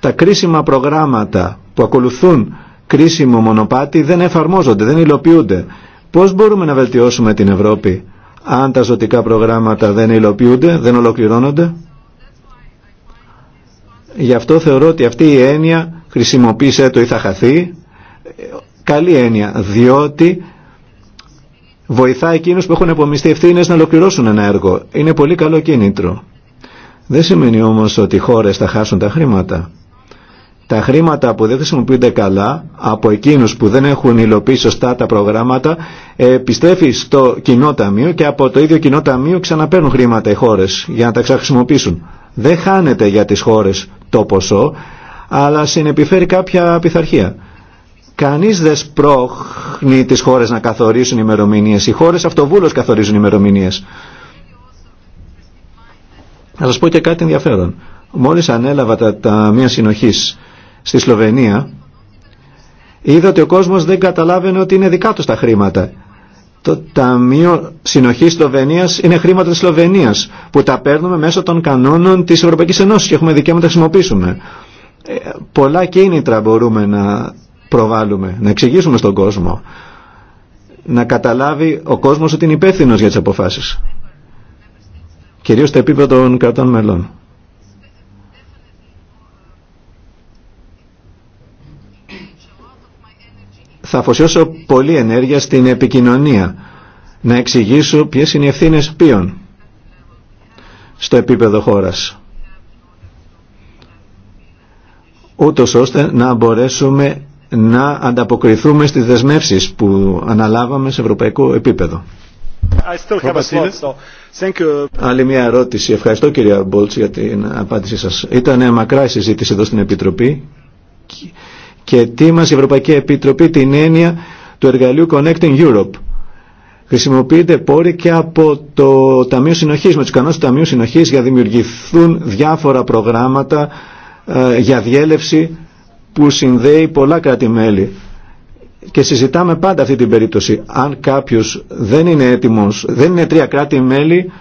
Speaker 4: Τα κρίσιμα προγράμματα που ακολουθούν κρίσιμο μονοπάτι δεν εφαρμόζονται, δεν υλοποιούνται. Πώς μπορούμε να βελτιώσουμε την Ευρώπη αν τα ζωτικά προγράμματα δεν υλοποιούνται, δεν ολοκληρώνονται. Γι' αυτό θεωρώ ότι αυτή η έννοια χρησιμοποίησε το ή θα χαθεί, καλή έννοια, διότι βοηθά εκείνους που έχουν επομιστεί ευθύνε να ολοκληρώσουν ένα έργο. Είναι πολύ καλό κίνητρο. Δεν σημαίνει όμως ότι οι χώρες θα χάσουν τα χρήματα. Τα χρήματα που δεν χρησιμοποιούνται καλά από εκείνους που δεν έχουν υλοποιήσει σωστά τα προγράμματα επιστρέφει στο κοινό ταμείο και από το ίδιο κοινό ταμείο ξαναπαίρνουν χρήματα οι χώρες για να τα ξαχρησιμοποιήσουν. Δεν χάνεται για τις χώρες το ποσό, αλλά συνεπιφέρει κάποια πειθαρχία. Κανεί δεν σπρώχνει τι χώρε να καθορίσουν ημερομηνίε. Οι χώρε αυτοβούλω καθορίζουν ημερομηνίε. Να σα πω και κάτι ενδιαφέρον. Μόλι ανέλαβα τα ταμεία συνοχή στη Σλοβενία, είδα ότι ο κόσμο δεν καταλάβαινε ότι είναι δικά του τα χρήματα. Το Ταμείο Συνοχή Σλοβενία είναι χρήματα τη Σλοβενία που τα παίρνουμε μέσω των κανόνων τη Ευρωπαϊκή Ενώσης και έχουμε δικαίωμα να τα χρησιμοποιήσουμε πολλά κίνητρα μπορούμε να προβάλλουμε, να εξηγήσουμε στον κόσμο, να καταλάβει ο κόσμος ότι είναι υπεύθυνο για τις αποφάσεις. Κυρίως στο επίπεδο των κρατών μελών. Θα αφοσιώσω πολλή ενέργεια στην επικοινωνία, να εξηγήσω ποιες είναι οι ευθύνες ποιον στο επίπεδο χώρας. ούτως ώστε να μπορέσουμε να ανταποκριθούμε στις δεσμεύσεις που αναλάβαμε σε ευρωπαϊκό επίπεδο. Άλλη μια ερώτηση. Ευχαριστώ κυρία Μπόλτς για την απάντησή σας. Ήταν μακρά η συζήτηση εδώ στην Επιτροπή και τι μας η Ευρωπαϊκή Επιτροπή την έννοια του εργαλείου Connecting Europe. Χρησιμοποιείται πόροι και από το Ταμείο Συνοχής, με τους κανόνες του Ταμείου Συνοχής για να δημιουργηθούν διάφορα προγράμματα για διέλευση που συνδέει πολλά κράτη-μέλη. Και συζητάμε πάντα αυτή την περίπτωση. Αν κάποιος δεν είναι έτοιμος, δεν είναι τρία κράτη-μέλη,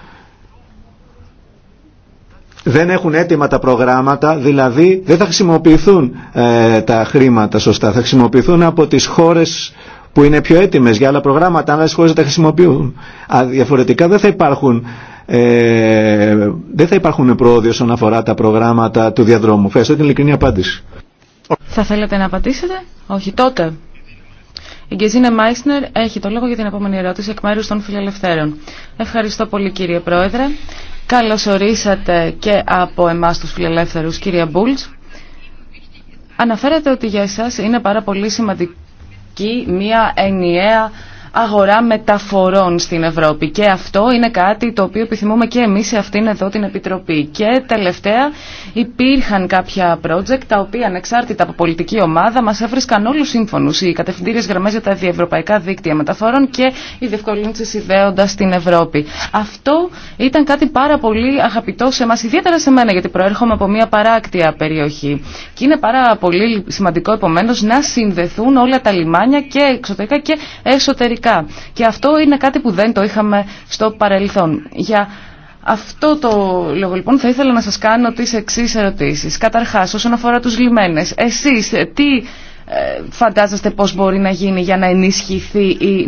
Speaker 4: δεν έχουν έτοιμα τα προγράμματα, δηλαδή δεν θα χρησιμοποιηθούν ε, τα χρήματα σωστά. Θα χρησιμοποιηθούν από τις χώρες που είναι πιο έτοιμες για άλλα προγράμματα, αν άλλες χώρες δεν τα χρησιμοποιούν. Α, διαφορετικά δεν θα υπάρχουν ε, δεν θα υπάρχουν πρόοδοι όσον αφορά τα προγράμματα του διαδρόμου. Ευχαριστώ την ειλικρινή απάντηση.
Speaker 2: Θα θέλετε να απαντήσετε? Όχι τότε. Η Γκεζίνε Μάισνερ έχει το λόγο για την επόμενη ερώτηση εκ μέρου των Φιλελευθέρων. Ευχαριστώ πολύ κύριε Πρόεδρε. Καλώς ορίσατε και από εμάς τους Φιλελεύθερους κύριε Μπούλτς. Αναφέρατε ότι για εσάς είναι πάρα πολύ σημαντική μια ενιαία αγορά μεταφορών στην Ευρώπη και αυτό είναι κάτι το οποίο επιθυμούμε και εμεί σε αυτήν εδώ την Επιτροπή. Και τελευταία υπήρχαν κάποια project τα οποία ανεξάρτητα από πολιτική ομάδα μα έβρισκαν όλου σύμφωνου. οι κατευθυντήριε γραμμέ για τα διευρωπαϊκά δίκτυα μεταφορών και η διευκολύνση ιδέοντα στην Ευρώπη. Αυτό ήταν κάτι πάρα πολύ αγαπητό σε εμά, ιδιαίτερα σε μένα γιατί προέρχομαι από μια παράκτια περιοχή και είναι πάρα πολύ σημαντικό επομένω να συνδεθούν όλα τα λιμάνια και εξωτερικά και εσωτερικά ιστορικά. Και αυτό είναι κάτι που δεν το είχαμε στο παρελθόν. Για αυτό το λόγο λοιπόν θα ήθελα να σας κάνω τις εξής ερωτήσεις. Καταρχάς όσον αφορά τους λιμένες, εσείς τι φαντάζεστε πώς μπορεί να γίνει για να ενισχυθεί η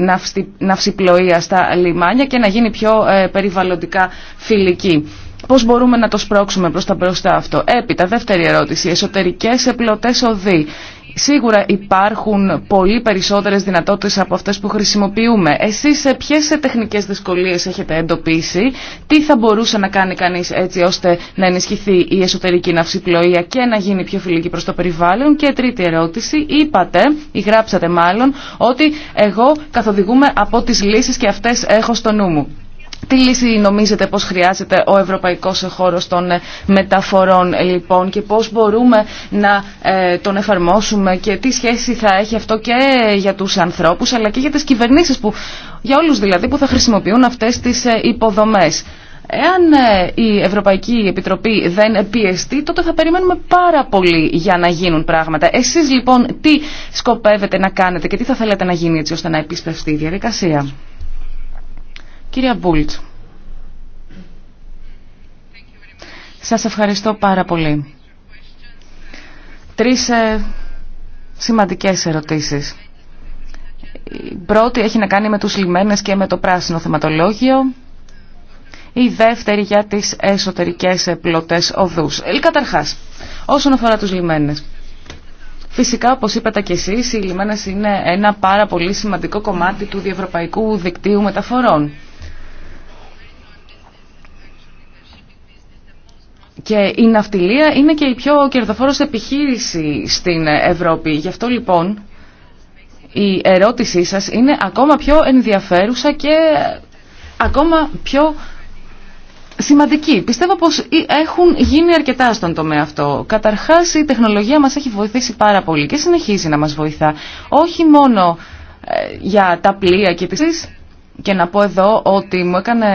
Speaker 2: ναυσιπλοεία στα λιμάνια και να γίνει πιο ε, περιβαλλοντικά φιλική. Πώς μπορούμε να το σπρώξουμε προς τα μπροστά αυτό. Έπειτα, δεύτερη ερώτηση, εσωτερικές επλωτές οδοί. Σίγουρα υπάρχουν πολύ περισσότερες δυνατότητες από αυτές που χρησιμοποιούμε. Εσείς σε ποιες τεχνικές δυσκολίες έχετε εντοπίσει, τι θα μπορούσε να κάνει κανείς έτσι ώστε να ενισχυθεί η εσωτερική ναυσιπλοεία και να γίνει πιο φιλική προς το περιβάλλον. Και τρίτη ερώτηση, είπατε ή γράψατε μάλλον ότι εγώ καθοδηγούμε από τις λύσεις και αυτές έχω στο νου μου. Τι λύση νομίζετε πως χρειάζεται ο ευρωπαϊκός χώρος των μεταφορών λοιπόν και πώς μπορούμε να ε, τον εφαρμόσουμε και τι σχέση θα έχει αυτό και για τους ανθρώπους αλλά και για τις κυβερνήσεις που, για όλους δηλαδή που θα χρησιμοποιούν αυτές τις υποδομές. Εάν ε, η Ευρωπαϊκή Επιτροπή δεν πιεστεί, τότε θα περιμένουμε πάρα πολύ για να γίνουν πράγματα. Εσείς λοιπόν τι σκοπεύετε να κάνετε και τι θα θέλετε να γίνει έτσι ώστε να επισπευστεί η διαδικασία. Κυρία Μπούλτ, σας ευχαριστώ πάρα πολύ. Τρεις ε, σημαντικές ερωτήσεις. Η πρώτη έχει να κάνει με τους λιμένες και με το πράσινο θεματολόγιο. Η δεύτερη για τις εσωτερικές πλωτές οδούς. Καταρχάς, όσον αφορά τους λιμένες. Φυσικά, όπως είπατε και εσείς, οι λιμένες είναι ένα πάρα πολύ σημαντικό κομμάτι του διευρωπαϊκού δικτύου μεταφορών. Και η ναυτιλία είναι και η πιο κερδοφόρος επιχείρηση στην Ευρώπη. Γι' αυτό λοιπόν η ερώτησή σας είναι ακόμα πιο ενδιαφέρουσα και ακόμα πιο σημαντική. Πιστεύω πως έχουν γίνει αρκετά στον τομέα αυτό. Καταρχάς η τεχνολογία μας έχει βοηθήσει πάρα πολύ και συνεχίζει να μας βοηθά. Όχι μόνο για τα πλοία και τις Και να πω εδώ ότι μου έκανε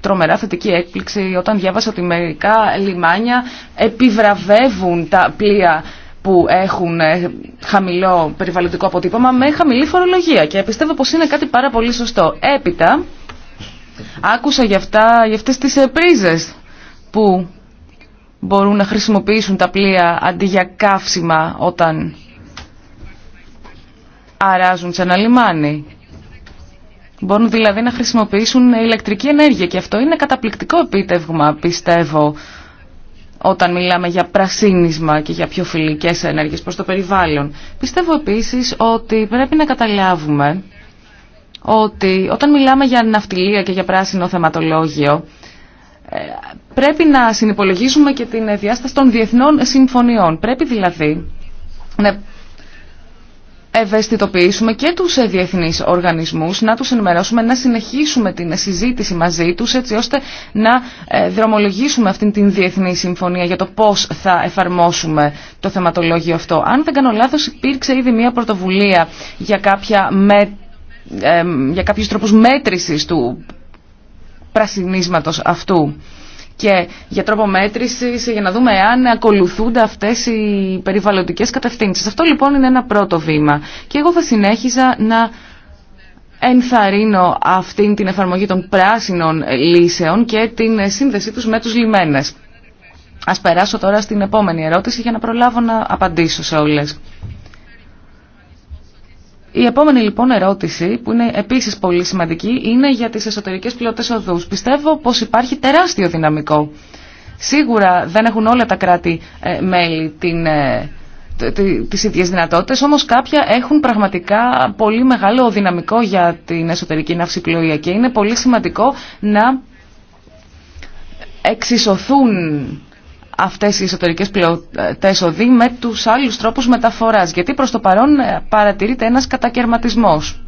Speaker 2: τρομερά θετική έκπληξη όταν διάβασα ότι μερικά λιμάνια επιβραβεύουν τα πλοία που έχουν χαμηλό περιβαλλοντικό αποτύπωμα με χαμηλή φορολογία και πιστεύω πως είναι κάτι πάρα πολύ σωστό. Έπειτα άκουσα για, αυτά, για αυτές τις πρίζες που μπορούν να χρησιμοποιήσουν τα πλοία αντί για καύσιμα όταν αράζουν σε ένα λιμάνι. Μπορούν δηλαδή να χρησιμοποιήσουν ηλεκτρική ενέργεια και αυτό είναι καταπληκτικό επίτευγμα, πιστεύω, όταν μιλάμε για πρασίνισμα και για πιο φιλικές ενέργειες προς το περιβάλλον. Πιστεύω επίσης ότι πρέπει να καταλάβουμε ότι όταν μιλάμε για ναυτιλία και για πράσινο θεματολόγιο, πρέπει να συνυπολογίζουμε και την διάσταση των διεθνών συμφωνιών. Πρέπει δηλαδή να ευαισθητοποιήσουμε και τους διεθνείς οργανισμούς, να τους ενημερώσουμε, να συνεχίσουμε την συζήτηση μαζί τους έτσι ώστε να δρομολογήσουμε αυτήν την διεθνή συμφωνία για το πώς θα εφαρμόσουμε το θεματολόγιο αυτό. Αν δεν κάνω λάθος υπήρξε ήδη μια πρωτοβουλία για, κάποια με, για κάποιους τρόπους μέτρησης του πρασινίσματος αυτού και για τρόπο μέτρηση για να δούμε αν ακολουθούνται αυτές οι περιβαλλοντικές κατευθύνσεις. Αυτό λοιπόν είναι ένα πρώτο βήμα και εγώ θα συνέχιζα να ενθαρρύνω αυτήν την εφαρμογή των πράσινων λύσεων και την σύνδεσή τους με τους λιμένες. Ας περάσω τώρα στην επόμενη ερώτηση για να προλάβω να απαντήσω σε όλες. Η επόμενη λοιπόν ερώτηση, που είναι επίσης πολύ σημαντική, είναι για τις εσωτερικές πλειοτές οδούς. Πιστεύω πως υπάρχει τεράστιο δυναμικό. Σίγουρα δεν έχουν όλα τα κράτη-μέλη ε, ε, τις ίδιες δυνατότητες, όμως κάποια έχουν πραγματικά πολύ μεγάλο δυναμικό για την εσωτερική ναυσιπλοεία και είναι πολύ σημαντικό να εξισωθούν αυτές οι εσωτερικές πλειοτές οδοί με τους άλλους τρόπους μεταφοράς. Γιατί προς το παρόν παρατηρείται ένας κατακαιρματισμός.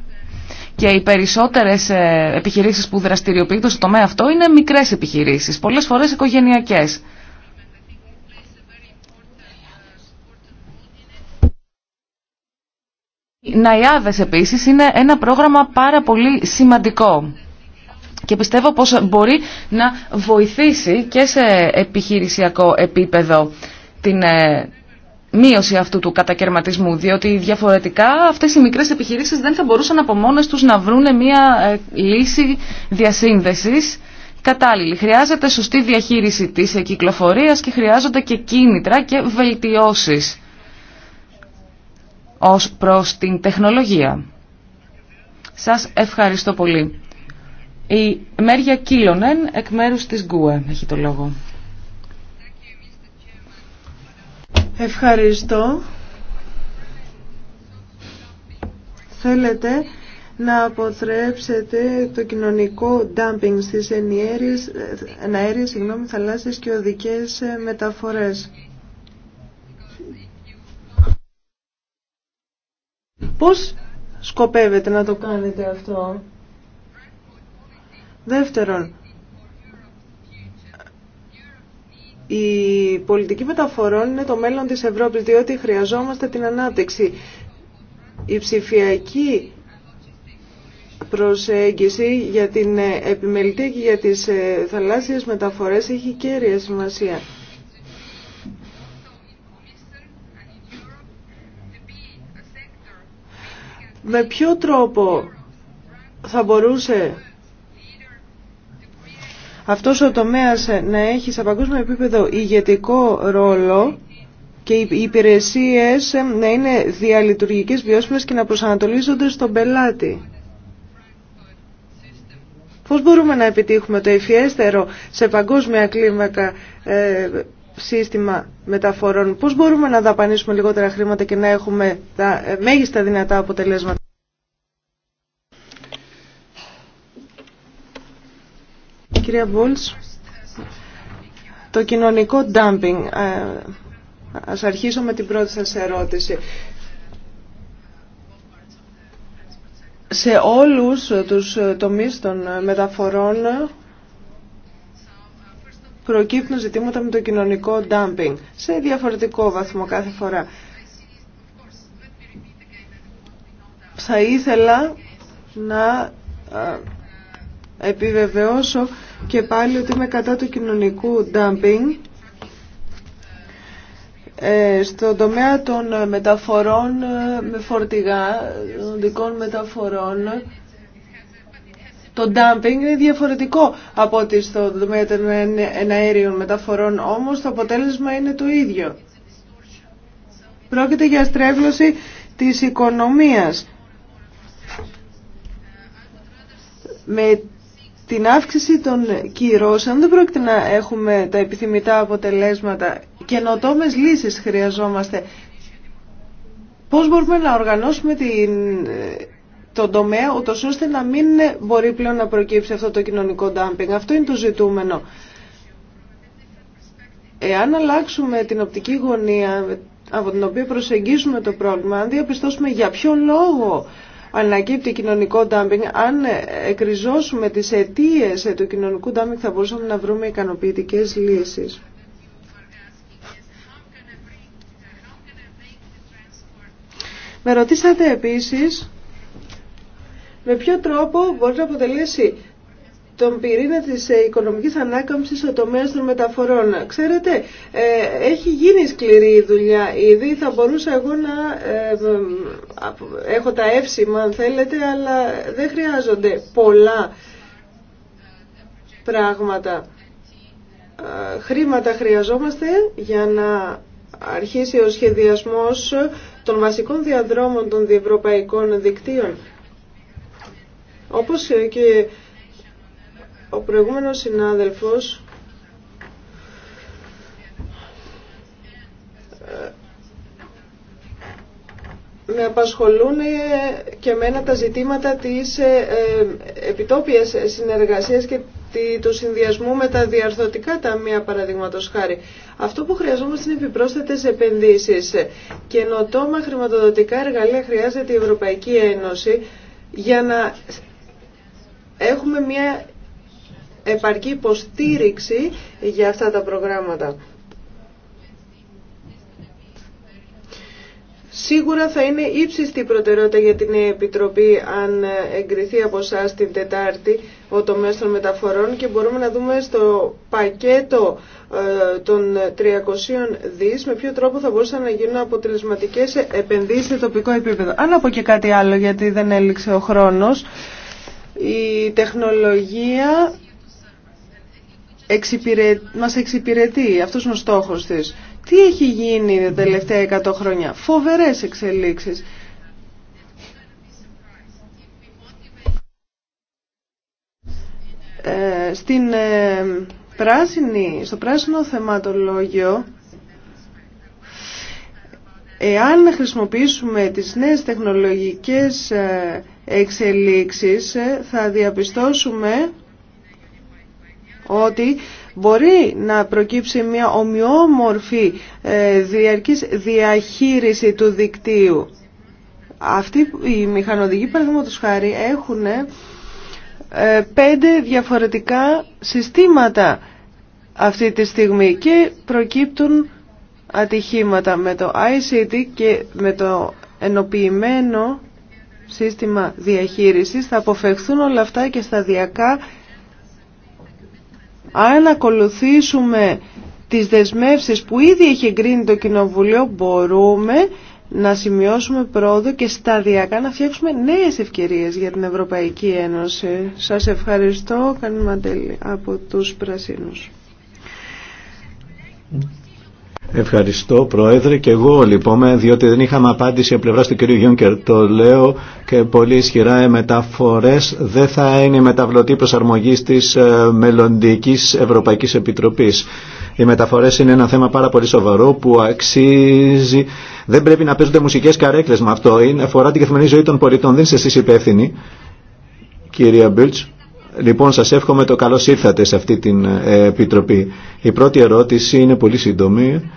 Speaker 2: Και οι περισσότερες επιχειρήσεις που δραστηριοποιούνται στο τομέα αυτό είναι μικρές επιχειρήσεις, πολλές φορές οικογενειακές. Ναϊάδες επίσης είναι ένα πρόγραμμα πάρα πολύ σημαντικό και πιστεύω πως μπορεί να βοηθήσει και σε επιχειρησιακό επίπεδο την μείωση αυτού του κατακαιρματισμού, διότι διαφορετικά αυτές οι μικρές επιχειρήσεις δεν θα μπορούσαν από μόνες τους να βρουν μια λύση διασύνδεσης κατάλληλη. Χρειάζεται σωστή διαχείριση της κυκλοφορίας και χρειάζονται και κίνητρα και βελτιώσεις ως προς την τεχνολογία. Σας ευχαριστώ πολύ. Η Μέρια Κίλονεν εκ μέρους της ΓΚΟΕ έχει το λόγο.
Speaker 5: Ευχαριστώ. Θέλετε να αποτρέψετε το κοινωνικό ντάμπινγκ στις ενιέρειες, εναέρειες, συγγνώμη, θαλάσσιες και οδικές μεταφορές. Πώς σκοπεύετε να το κάνετε αυτό. Δεύτερον, η πολιτική μεταφορών είναι το μέλλον της Ευρώπης, διότι χρειαζόμαστε την ανάπτυξη. Η ψηφιακή προσέγγιση για την επιμελητή και για τις θαλάσσιες μεταφορές έχει κέρια σημασία. Με ποιο τρόπο θα μπορούσε αυτός ο τομέας να έχει σε παγκόσμιο επίπεδο ηγετικό ρόλο και οι υπηρεσίες να είναι διαλειτουργικές βιώσιμες και να προσανατολίζονται στον πελάτη. Πώς μπορούμε να επιτύχουμε το ευφιέστερο σε παγκόσμια κλίμακα ε, σύστημα μεταφορών. Πώς μπορούμε να δαπανίσουμε λιγότερα χρήματα και να έχουμε τα ε, μέγιστα δυνατά αποτελέσματα. Κυρία Μπούλς, το κοινωνικό ντάμπινγκ. Ας αρχίσω με την πρώτη σας ερώτηση. Σε όλους τους τομείς των μεταφορών προκύπτουν ζητήματα με το κοινωνικό ντάμπινγκ σε διαφορετικό βαθμό κάθε φορά. Θα ήθελα να επιβεβαιώσω και πάλι ότι είμαι κατά του κοινωνικού dumping στον τομέα των μεταφορών με φορτηγά, δικών μεταφορών, το dumping είναι διαφορετικό από ότι στον τομέα των εναέριων μεταφορών, όμως το αποτέλεσμα είναι το ίδιο. Πρόκειται για στρέβλωση της οικονομίας. Με την αύξηση των κυρώσεων δεν πρόκειται να έχουμε τα επιθυμητά αποτελέσματα. Καινοτόμε λύσεις χρειαζόμαστε. Πώς μπορούμε να οργανώσουμε την, τον τομέα ούτως ώστε να μην μπορεί πλέον να προκύψει αυτό το κοινωνικό ντάμπινγκ. Αυτό είναι το ζητούμενο. Εάν αλλάξουμε την οπτική γωνία από την οποία προσεγγίζουμε το πρόβλημα, αν διαπιστώσουμε για ποιο λόγο ανακύπτει κοινωνικό ντάμπινγκ, αν εκριζώσουμε τις αιτίε του κοινωνικού ντάμπινγκ θα μπορούσαμε να βρούμε ικανοποιητικέ λύσεις. Με ρωτήσατε επίσης με ποιο τρόπο μπορεί να αποτελέσει τον πυρήνα της οικονομικής ανάκαμψης στο τομέα των μεταφορών. Ξέρετε, έχει γίνει σκληρή η δουλειά ήδη, θα μπορούσα εγώ να έχω τα εύσημα αν θέλετε, αλλά δεν χρειάζονται πολλά πράγματα. Χρήματα χρειαζόμαστε για να αρχίσει ο σχεδιασμός των βασικών διαδρόμων των διευρωπαϊκών δικτύων. Όπως και Ο προηγούμενος συνάδελφος με απασχολούν και μένα τα ζητήματα της επιτόπιας συνεργασίας και του συνδυασμού με τα διαρθωτικά ταμεία παραδείγματο χάρη. Αυτό που χρειαζόμαστε είναι επιπρόσθετε επενδύσει. Καινοτόμα χρηματοδοτικά εργαλεία χρειάζεται η Ευρωπαϊκή Ένωση για να έχουμε μια επαρκή υποστήριξη για αυτά τα προγράμματα. Σίγουρα θα είναι ύψιστη προτεραιότητα για την Επιτροπή αν εγκριθεί από εσά την Τετάρτη ο τομέας των μεταφορών και μπορούμε να δούμε στο πακέτο ε, των 300 δις με ποιο τρόπο θα μπορούσαν να γίνουν αποτελεσματικές επενδύσεις σε τοπικό επίπεδο. Αν από και κάτι άλλο γιατί δεν έληξε ο χρόνος, η τεχνολογία εξυπηρε... μας εξυπηρετεί. Αυτός είναι ο στόχος της. Τι έχει γίνει τα τελευταία 100 χρόνια. Φοβερές εξελίξεις. Ε, στην, ε, πράσινη, στο πράσινο θεματολόγιο εάν χρησιμοποιήσουμε τις νέες τεχνολογικές ε, εξελίξεις ε, θα διαπιστώσουμε ότι μπορεί να προκύψει μια ομοιόμορφη διαρκής διαχείριση του δικτύου. Αυτοί οι μηχανοδηγοί, παραδείγματος χάρη, έχουν πέντε διαφορετικά συστήματα αυτή τη στιγμή και προκύπτουν ατυχήματα με το ICT και με το ενοποιημένο σύστημα διαχείρισης θα αποφευχθούν όλα αυτά και σταδιακά Αν ακολουθήσουμε τις δεσμεύσεις που ήδη έχει εγκρίνει το Κοινοβουλίο μπορούμε να σημειώσουμε πρόοδο και σταδιακά να φτιάξουμε νέες ευκαιρίες για την Ευρωπαϊκή Ένωση. Σας ευχαριστώ, Κανιμαντέλη, από τους Πρασίνους.
Speaker 4: Ευχαριστώ Πρόεδρε και εγώ λοιπόν διότι δεν είχαμε απάντηση από πλευράς του κυρίου Γιούνκερ. Το λέω και πολύ ισχυρά οι μεταφορές δεν θα είναι η μεταβλωτή προσαρμογή της μελλοντική Ευρωπαϊκής Επιτροπής. Οι μεταφορές είναι ένα θέμα πάρα πολύ σοβαρό που αξίζει. Δεν πρέπει να παίζονται μουσικές καρέκλες με αυτό. Είναι, αφορά την καθημερινή ζωή των πολιτών. Δεν είστε εσείς υπεύθυνοι κυρία Μπίλτς Λοιπόν, σας εύχομαι το καλώς ήρθατε σε αυτή την ε, επιτροπή. Η πρώτη ερώτηση είναι πολύ σύντομη.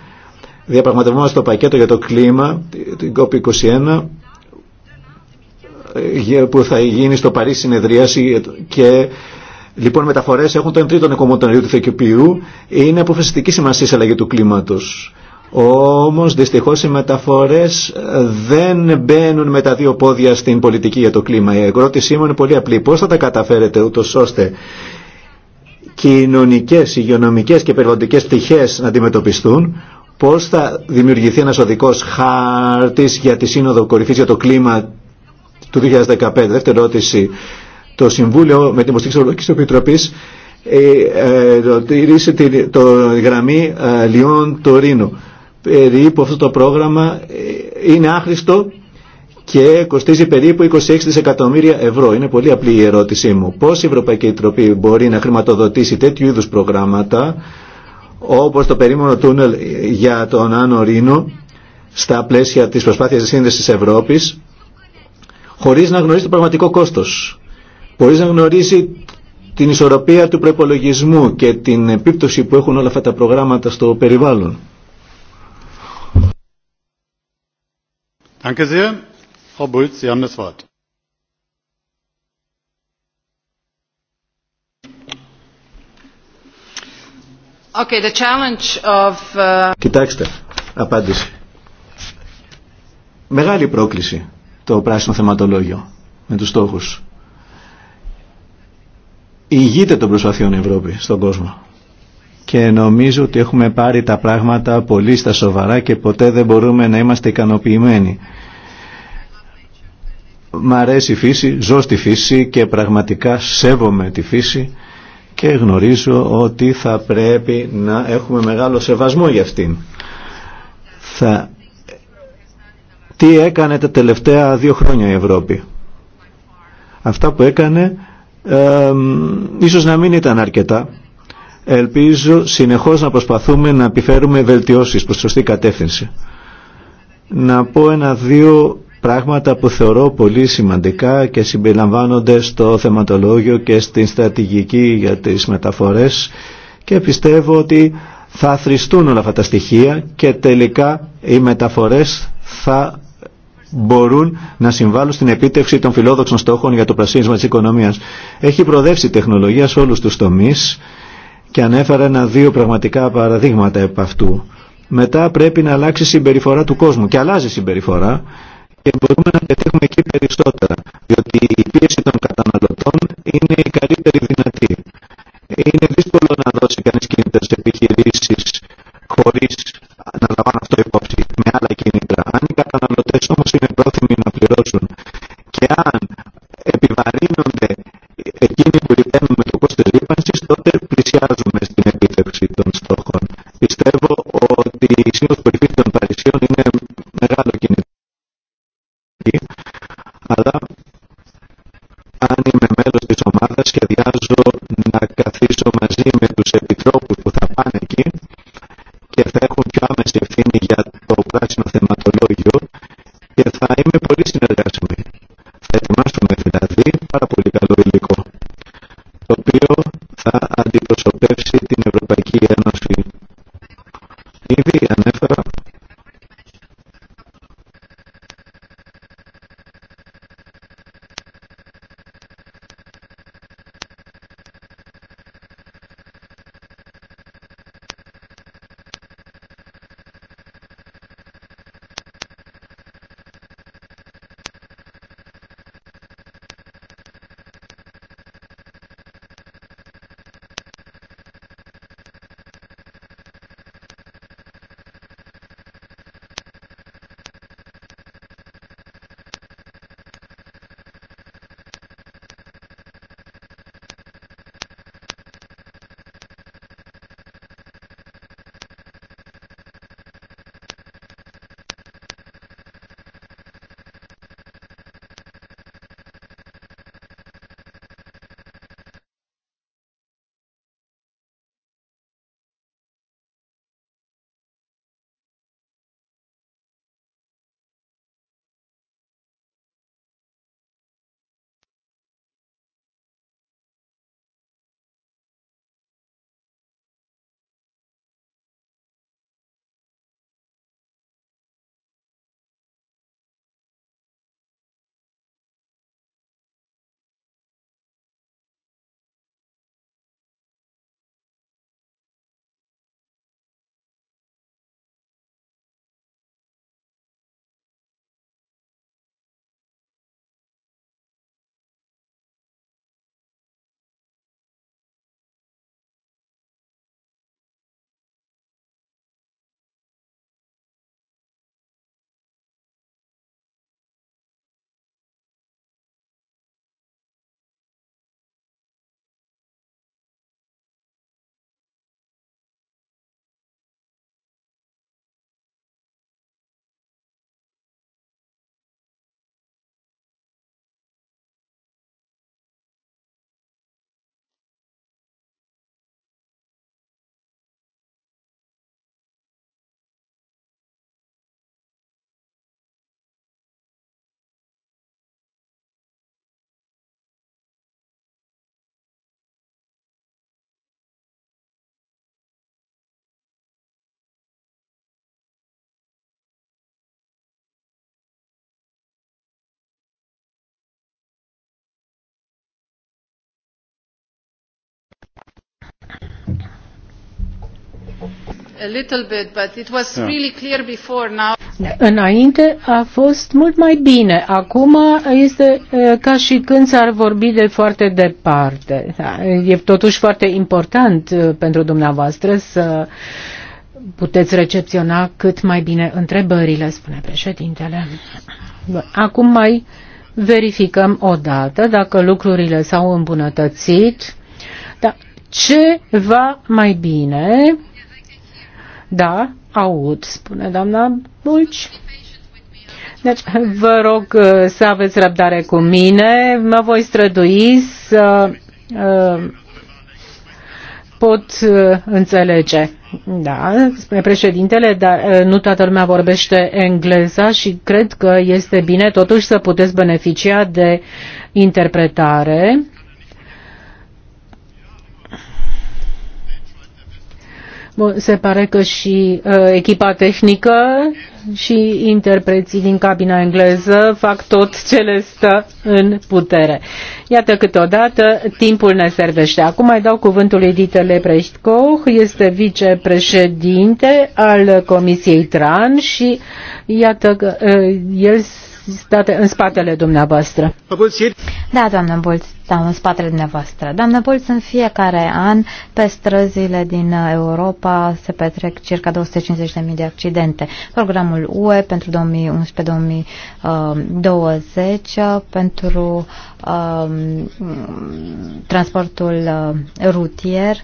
Speaker 4: Διαπραγματευόμαστε το πακέτο για το κλίμα, την COP21, που θα γίνει στο Παρίσι συνεδρίαση και λοιπόν μεταφορές έχουν τον τρίτο εκομοτανιού του Θεκιοποιού. Είναι αποφασιστική σημασία η αλλαγή του κλίματος. Όμως δυστυχώς οι μεταφορές δεν μπαίνουν με τα δύο πόδια στην πολιτική για το κλίμα. Η ερώτησή μου είναι πολύ απλή. Πώς θα τα καταφέρετε ούτως ώστε κοινωνικές, υγειονομικές και περιβαλλοντικές πτυχές να αντιμετωπιστούν, πώς θα δημιουργηθεί ένας οδικός χάρτης για τη Σύνοδο Κορυφής για το κλίμα του 2015. Δεύτερη ερώτηση, το Συμβούλιο με την υποστήριξη της Επιτροπής ε, ε, ρωτήρισε τη γραμμή ε, Λιόν-Τωρίνου περίπου αυτό το πρόγραμμα είναι άχρηστο και κοστίζει περίπου 26 δισεκατομμύρια ευρώ. Είναι πολύ απλή η ερώτησή μου. Πώς η Ευρωπαϊκή Τροπή μπορεί να χρηματοδοτήσει τέτοιου είδους προγράμματα όπως το περίμενο τούνελ για τον Άνω Ρήνο στα πλαίσια της προσπάθειας της σύνδεσης Ευρώπης χωρίς να γνωρίζει το πραγματικό κόστος. Χωρίς να γνωρίζει την ισορροπία του προπολογισμού και την επίπτωση που έχουν όλα αυτά τα προγράμματα στο περιβάλλον.
Speaker 1: Danke sehr. Frau Bulc, Sie haben das Wort. Okay, the challenge of, uh...
Speaker 4: Κοιτάξτε, απάντηση. Μεγάλη πρόκληση το πράσινο θεματολόγιο με τους στόχους. Υγείται των προσπαθειών η Ευρώπη στον κόσμο και νομίζω ότι έχουμε πάρει τα πράγματα πολύ στα σοβαρά και ποτέ δεν μπορούμε να είμαστε ικανοποιημένοι. Μ' αρέσει η φύση, ζω στη φύση και πραγματικά σέβομαι τη φύση και γνωρίζω ότι θα πρέπει να έχουμε μεγάλο σεβασμό για αυτήν. Θα... Τι έκανε τα τελευταία δύο χρόνια η Ευρώπη. Αυτά που έκανε ε, ίσως να μην ήταν αρκετά Ελπίζω συνεχώς να προσπαθούμε να επιφέρουμε βελτιώσεις προς σωστή κατεύθυνση. Να πω ένα-δύο πράγματα που θεωρώ πολύ σημαντικά και συμπεριλαμβάνονται στο θεματολόγιο και στην στρατηγική για τις μεταφορές και πιστεύω ότι θα θρηστούν όλα αυτά τα στοιχεία και τελικά οι μεταφορές θα μπορούν να συμβάλλουν στην επίτευξη των φιλόδοξων στόχων για το πρασίνισμα της οικονομίας. Έχει προοδεύσει η τεχνολογία σε όλους τους τομείς και ανέφερα ένα-δύο πραγματικά παραδείγματα επ' αυτού. Μετά πρέπει να αλλάξει η συμπεριφορά του κόσμου και αλλάζει η συμπεριφορά και μπορούμε να πετύχουμε εκεί περισσότερα, διότι η πίεση των καταναλωτών είναι η καλύτερη δυνατή. Είναι δύσκολο να δώσει κανεί κινητέ σε επιχειρήσει χωρί να λαμβάνουν αυτό υπόψη με άλλα κινητά. Αν οι καταναλωτέ όμω είναι πρόθυμοι να πληρώσουν και αν επιβαρύνονται εκείνοι που λυπαίνουν με το κόστος ρήπανσης τότε πλησιάζουμε στην επίτευξη των στόχων. Πιστεύω ότι η σύνοδος κορυφή των Παρισιών είναι μεγάλο κινητό. αλλά αν είμαι μέλος της ομάδας σχεδιάζω να καθίσω μαζί με τους επιτρόπους που θα πάνε εκεί και θα έχουν πιο άμεση ευθύνη για το πράσινο θεματολόγιο και θα είμαι πολύ συνεργάσιμη. Θα ετοιμάσουμε δηλαδή πάρα πολύ καλό υλικό Dios ha dicho sobre
Speaker 1: a little bit, but it was really clear before
Speaker 3: Înainte a fost mult mai bine. Acum este ca și când s-ar vorbi de foarte departe. Da, e totuși foarte important pentru dumneavoastră să puteți recepționa cât mai bine întrebările, spune președintele. Acum mai verificăm o dată dacă lucrurile s-au îmbunătățit. Dar ceva mai bine da, aud, spune doamna Bulci. Deci, vă rog uh, să aveți răbdare cu mine. Mă voi strădui să uh, pot uh, înțelege. Da, spune președintele, dar nu toată lumea vorbește engleza și cred că este bine totuși să puteți beneficia de interpretare. Bun, se pare că și uh, echipa tehnică și interpreții din cabina engleză fac tot ce le stă în putere. Iată câteodată timpul ne servește. Acum mai dau cuvântul lui Leprecht-Koch, este vicepreședinte al Comisiei TRAN și iată că uh, el state în spatele dumneavoastră.
Speaker 6: Da, doamnă Bolț, stau da, în spatele dumneavoastră. Doamnă Bolț, în fiecare an pe străzile din Europa se petrec circa 250.000 de accidente. Programul UE pentru 2011-2020 uh, pentru um, transportul uh, rutier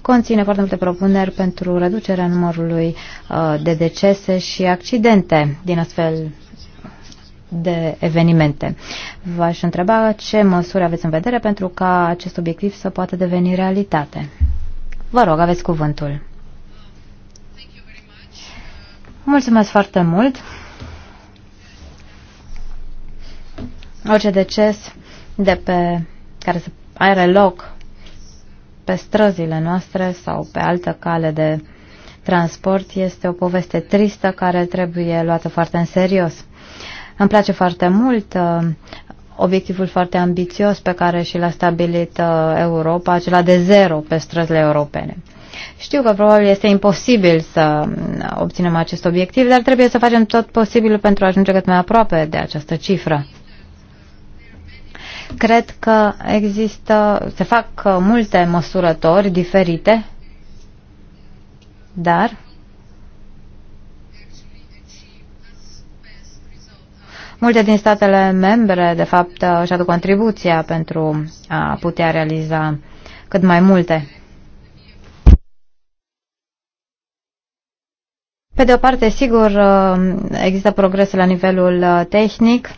Speaker 6: conține foarte multe propuneri pentru reducerea numărului uh, de decese și accidente din astfel de evenimente. V-aș întreba ce măsuri aveți în vedere pentru ca acest obiectiv să poată deveni realitate. Vă rog, aveți cuvântul. Mulțumesc foarte mult. Orice deces de pe, care se are loc pe străzile noastre sau pe altă cale de transport este o poveste tristă care trebuie luată foarte în serios. Îmi place foarte mult uh, obiectivul foarte ambițios pe care și l-a stabilit uh, Europa, acela de zero pe străzile europene. Știu că probabil este imposibil să uh, obținem acest obiectiv, dar trebuie să facem tot posibilul pentru a ajunge cât mai aproape de această cifră. Cred că există, se fac multe măsurători diferite, dar Multe din statele membre, de fapt, își aduc contribuția pentru a putea realiza cât mai multe. Pe de o parte, sigur, există progrese la nivelul tehnic,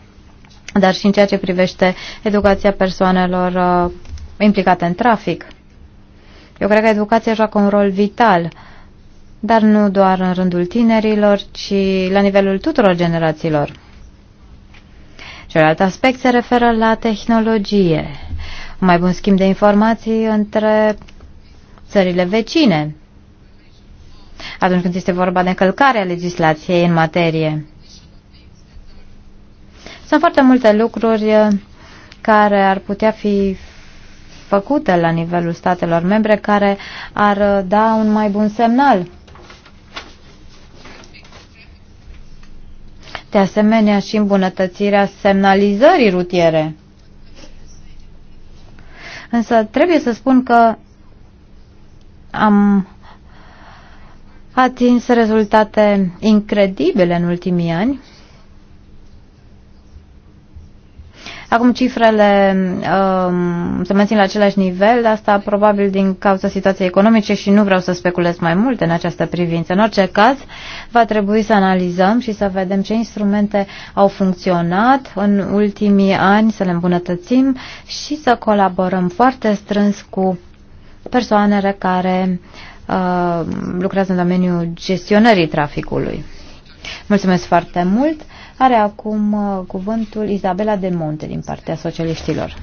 Speaker 6: dar și în ceea ce privește educația persoanelor uh, implicate în trafic. Eu cred că educația joacă un rol vital, dar nu doar în rândul tinerilor, ci la nivelul tuturor generațiilor. Celălalt aspect se referă la tehnologie, mai bun schimb de informații între țările vecine, atunci când este vorba de încălcarea legislației în materie. Sunt foarte multe lucruri uh, care ar putea fi făcute la nivelul statelor membre care ar uh, da un mai bun semnal de asemenea și îmbunătățirea semnalizării rutiere. Însă trebuie să spun că am atins rezultate incredibile în ultimii ani Acum cifrele uh, se mențin la același nivel, asta probabil din cauza situației economice și nu vreau să speculez mai mult în această privință. În orice caz, va trebui să analizăm și să vedem ce instrumente au funcționat în ultimii ani, să le îmbunătățim și să colaborăm foarte strâns cu persoanele care uh, lucrează în domeniul gestionării traficului. Mulțumesc foarte mult! Are acum uh, cuvântul Izabela de Monte din partea socialiștilor.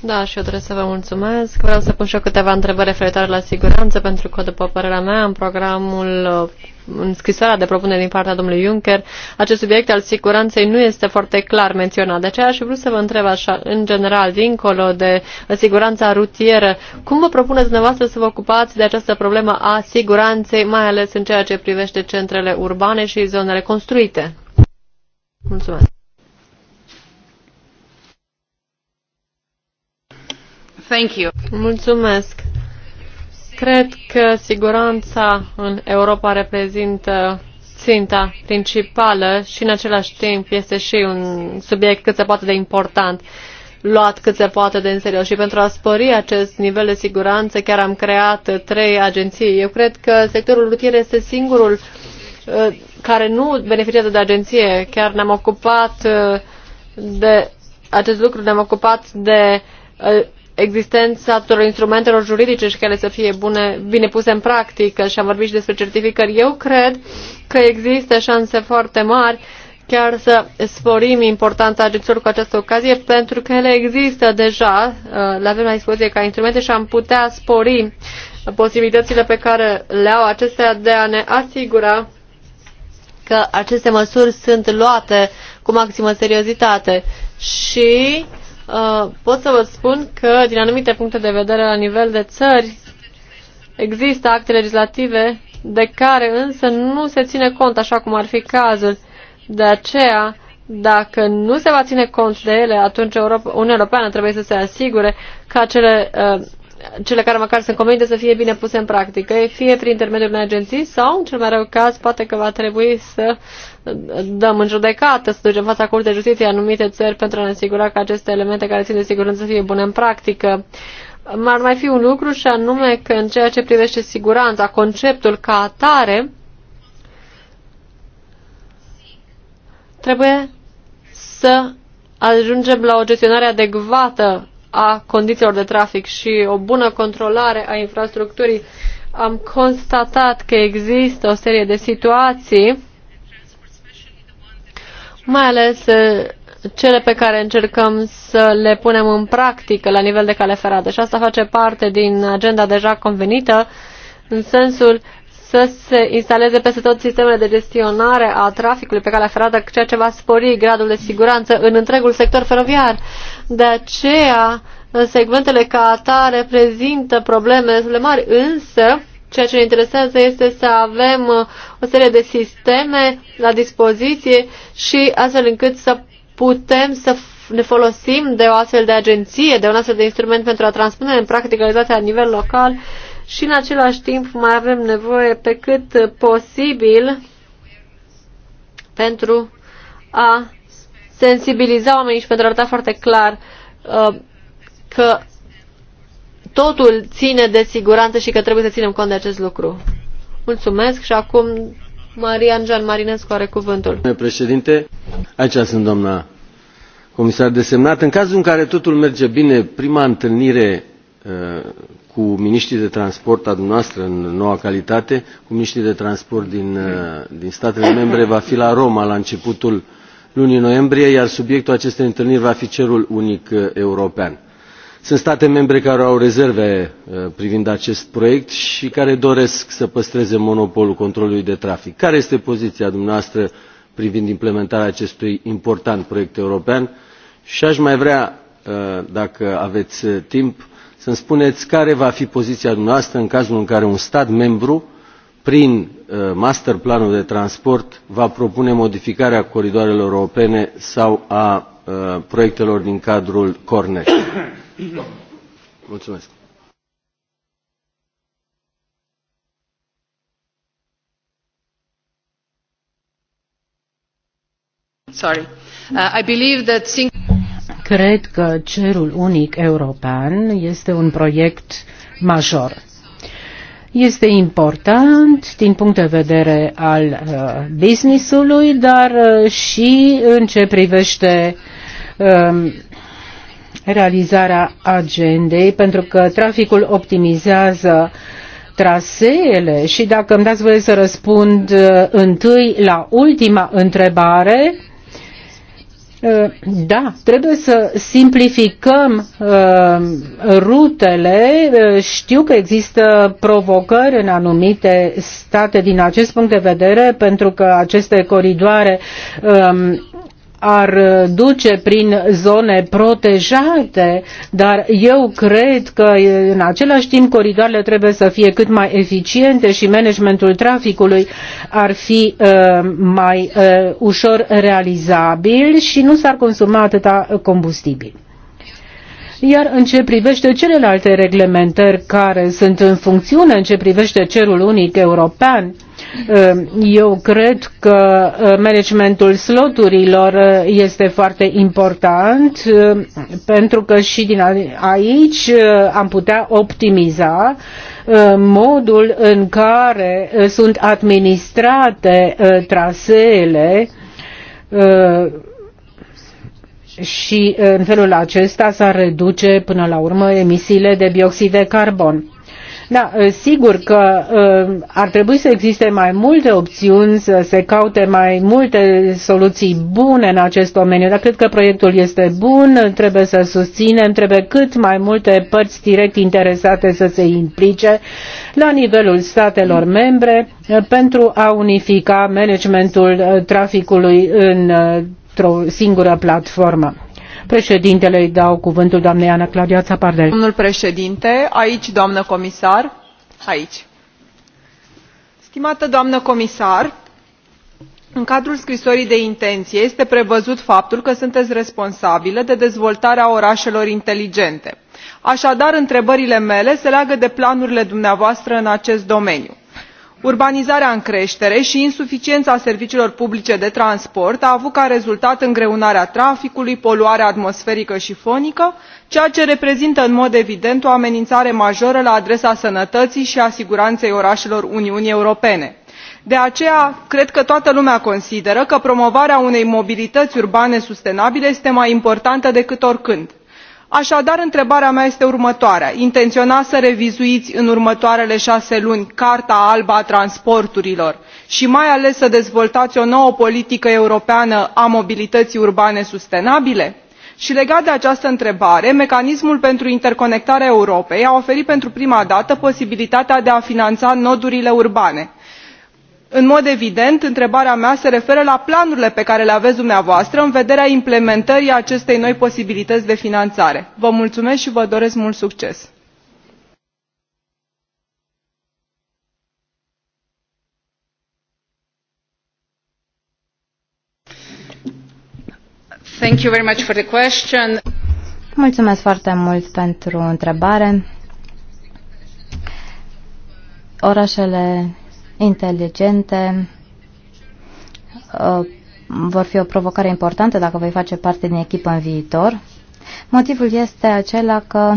Speaker 7: Da, și eu trebuie să vă mulțumesc. Vreau să pun și eu câteva întrebări referitoare la siguranță, pentru că, după părerea mea, în programul uh, în scrisoarea de propunere din partea domnului Juncker, acest subiect al siguranței nu este foarte clar menționat. De aceea aș vrea să vă întreb așa, în general, dincolo de siguranța rutieră, cum vă propuneți dumneavoastră să vă ocupați de această problemă a siguranței, mai ales în ceea ce privește centrele urbane și zonele construite? Mulțumesc. Thank you. Mulțumesc. Cred că siguranța în Europa reprezintă ținta principală și în același timp este și un subiect cât se poate de important luat cât se poate de în serios. Și pentru a spori acest nivel de siguranță, chiar am creat trei agenții. Eu cred că sectorul rutier este singurul care nu beneficiază de agenție. Chiar ne-am ocupat uh, de acest lucru, ne-am ocupat de uh, existența tuturor instrumentelor juridice și care să fie bune, bine puse în practică și am vorbit și despre certificări. Eu cred că există șanse foarte mari chiar să sporim importanța agențiilor cu această ocazie pentru că ele există deja, uh, le avem la dispoziție ca instrumente și am putea spori posibilitățile pe care le au acestea de a ne asigura că aceste măsuri sunt luate cu maximă seriozitate și uh, pot să vă spun că din anumite puncte de vedere la nivel de țări există acte legislative de care însă nu se ține cont așa cum ar fi cazul. De aceea, dacă nu se va ține cont de ele, atunci Europa, Uniunea Europeană trebuie să se asigure că acele uh, cele care măcar sunt convenite să fie bine puse în practică, fie prin intermediul unei agenții sau, în cel mai rău caz, poate că va trebui să dăm în judecată, să ducem fața Curții de Justiție anumite țări pentru a ne asigura că aceste elemente care țin de siguranță să fie bune în practică. Ar mai fi un lucru și anume că în ceea ce privește siguranța, conceptul ca atare, trebuie să ajungem la o gestionare adecvată a condițiilor de trafic și o bună controlare a infrastructurii, am constatat că există o serie de situații, mai ales eh, cele pe care încercăm să le punem în practică la nivel de cale ferată. Și asta face parte din agenda deja convenită, în sensul să se instaleze peste tot sistemele de gestionare a traficului pe calea ferată, ceea ce va spori gradul de siguranță în întregul sector feroviar. De aceea, segmentele ca atare prezintă probleme mari, însă ceea ce ne interesează este să avem uh, o serie de sisteme la dispoziție și astfel încât să putem să ne folosim de o astfel de agenție, de un astfel de instrument pentru a transpune în practică realizația la nivel local și în același timp mai avem nevoie pe cât posibil pentru a sensibiliza oamenii și pentru a arăta foarte clar uh, că totul ține de siguranță și că trebuie să ținem cont de acest lucru. Mulțumesc și acum Marian Jean Marinescu are
Speaker 4: cuvântul. Domnule președinte, aici sunt doamna comisar desemnat. În cazul în care totul merge bine, prima întâlnire uh, cu miniștrii de transport a dumneavoastră în noua calitate, cu miniștrii de transport din, mm. uh, din statele membre, va fi la Roma la începutul lunii noiembrie, iar subiectul acestei întâlniri va fi cerul unic uh, european. Sunt state membre care au rezerve uh, privind acest proiect și care doresc să păstreze monopolul controlului de trafic. Care este poziția dumneavoastră privind implementarea acestui important proiect european? Și aș mai vrea, dacă aveți timp, să mi spuneți care va fi poziția dumneavoastră în cazul în care un stat membru prin uh, master planul de transport va propune modificarea coridoarelor europene sau a uh, proiectelor din cadrul cornet. Mulțumesc.
Speaker 1: Sorry. Uh, I believe that Cred că
Speaker 3: cerul unic european este un proiect major. Este important din punct de vedere al uh, businessului, dar uh, și în ce privește um, realizarea agendei, pentru că traficul optimizează traseele și dacă îmi dați voie să răspund uh, întâi la ultima întrebare, Uh, da, trebuie să simplificăm uh, rutele. Uh, știu că există provocări în anumite state din acest punct de vedere, pentru că aceste coridoare um, ar uh, duce prin zone protejate, dar eu cred că în același timp coridoarele trebuie să fie cât mai eficiente și managementul traficului ar fi uh, mai uh, ușor realizabil și nu s-ar consuma atâta combustibil. Iar în ce privește celelalte reglementări care sunt în funcțiune, în ce privește cerul unic european, uh, Ehm, eu cred că eh, managementul sloturilor eh, este foarte important eh, pentru că și din aici am putea optimiza modul în care sunt administrate traseele și în felul acesta s-ar reduce până la urmă emisiile de dioxid de carbon. Da, ă, sigur că ă, ar trebui să existe mai multe opțiuni, să se caute mai multe soluții bune în acest domeniu, dar cred că proiectul este bun, trebuie să susținem, trebuie cât mai multe părți direct interesate să se implice la nivelul statelor membre ă, pentru a unifica managementul traficului într-o singură platformă. Președintele îi dau cuvântul doamnei Ana Claudia Țapardel. Domnul
Speaker 1: președinte, aici, doamnă comisar, aici. Stimată doamnă comisar, în cadrul scrisorii de intenție este prevăzut faptul că sunteți responsabilă de dezvoltarea orașelor inteligente. Așadar, întrebările mele se leagă de planurile dumneavoastră în acest domeniu urbanizarea în creștere și insuficiența serviciilor publice de transport au avut ca rezultat îngreunarea traficului poluarea atmosferică și fonică ceea ce reprezintă în mod evident o amenințare majoră la adresa sănătății și a siguranței orașelor uniunii europene de aceea cred că toată lumea consideră că promovarea unei mobilități urbane sustenabile este mai importantă decât oricând așadar întrebarea mea este următoarea intenționați să revizuiți în următoarele șase luni carta albă a transporturilor și mai ales să dezvoltați o nouă politică europeană a mobilității urbane sustenabile? și legat de această întrebare mecanismul pentru interconectarea europei a oferit pentru prima dată posibilitatea de a finanța nodurile urbane în mod evident întrebarea mea se referă la planurile pe care le aveți dumneavoastră în vederea implementării acestei noi posibilități de finanțare. vă mulțumesc și vă doresc mult succes! Thank you very much for the question.
Speaker 6: Mulțumesc foarte mult pentru întrebare. Orașele inteligente uh, vor fi o provocare importantă dacă voi face parte din echipă în viitor. Motivul este acela că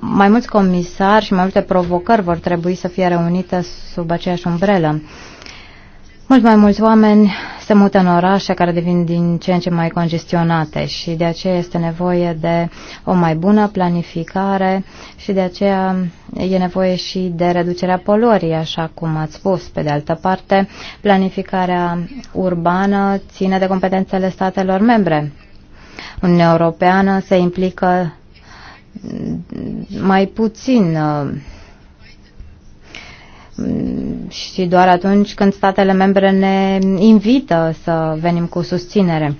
Speaker 6: mai mulți comisari și mai multe provocări vor trebui să fie reunite sub aceeași umbrelă. Mult mai mulți oameni se mută în orașe care devin din ce în ce mai congestionate și de aceea este nevoie de o mai bună planificare și de aceea e nevoie și de reducerea poluării, așa cum ați spus. Pe de altă parte, planificarea urbană ține de competențele statelor membre. Uniunea Europeană se implică mai puțin Mm, și doar atunci când statele membre ne invită să venim cu susținere.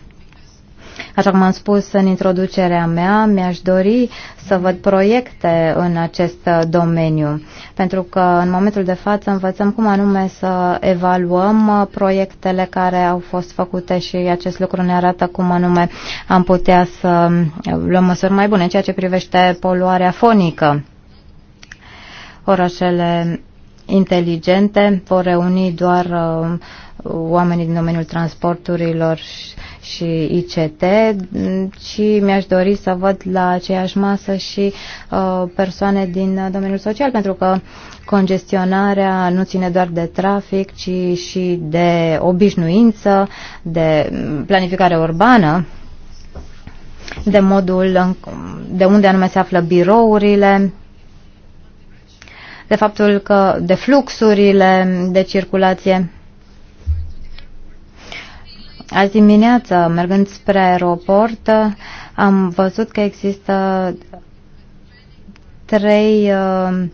Speaker 6: Așa cum am spus în introducerea mea, mi-aș dori să văd proiecte în acest domeniu, pentru că în momentul de față învățăm cum anume să evaluăm proiectele care au fost făcute și acest lucru ne arată cum anume am putea să luăm măsuri mai bune în ceea ce privește poluarea fonică. Orașele inteligente vor reuni doar uh, oamenii din domeniul transporturilor și ICT ci mi-aș dori să văd la aceeași masă și uh, persoane din domeniul social, pentru că congestionarea nu ține doar de trafic, ci și de obișnuință, de planificare urbană, de modul de unde anume se află birourile, de faptul că de fluxurile de circulație. Azi dimineață, mergând spre aeroport, am văzut că există trei uh,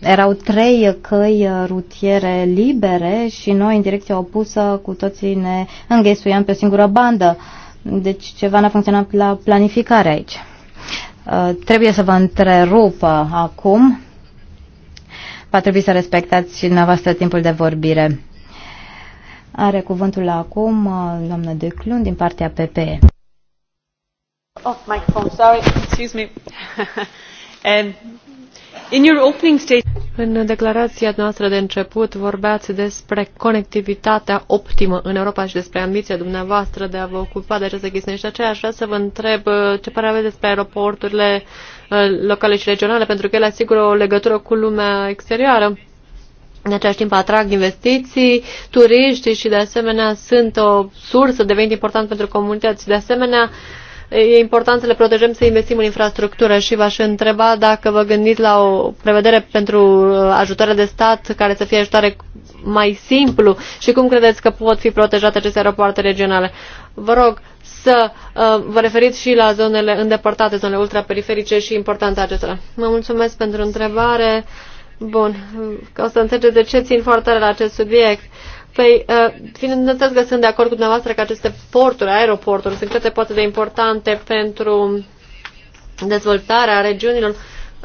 Speaker 6: erau trei căi rutiere libere și noi în direcția opusă cu toții ne înghesuiam pe o singură bandă. Deci ceva n-a funcționat la planificare aici. Uh, trebuie să vă întrerup uh, acum va trebui să respectați și dumneavoastră timpul de vorbire. Are cuvântul acum uh, doamna Clun din partea PPE.
Speaker 7: Oh, microphone, sorry, excuse me. And in your opening state... În declarația noastră de început vorbeați despre conectivitatea optimă în Europa și despre ambiția dumneavoastră de a vă ocupa de această chestiune și aceea aș vrea să vă întreb uh, ce părere aveți despre aeroporturile Uh, locale și regionale, pentru că ele asigură o legătură cu lumea exterioară. În același timp atrag investiții, turiști și de asemenea sunt o sursă de venit important pentru comunități. De asemenea, e important să le protejăm, să investim în infrastructură și v-aș întreba dacă vă gândiți la o prevedere pentru uh, ajutoare de stat care să fie ajutoare mai simplu și cum credeți că pot fi protejate aceste aeropoarte regionale vă rog să uh, vă referiți și la zonele îndepărtate, zonele ultraperiferice și importanța acestora. Mă mulțumesc pentru întrebare. Bun, ca să înțelegeți de ce țin foarte tare la acest subiect. Păi, uh, înțeles că sunt de acord cu dumneavoastră că aceste porturi, aeroporturi, sunt câte poate de importante pentru dezvoltarea regiunilor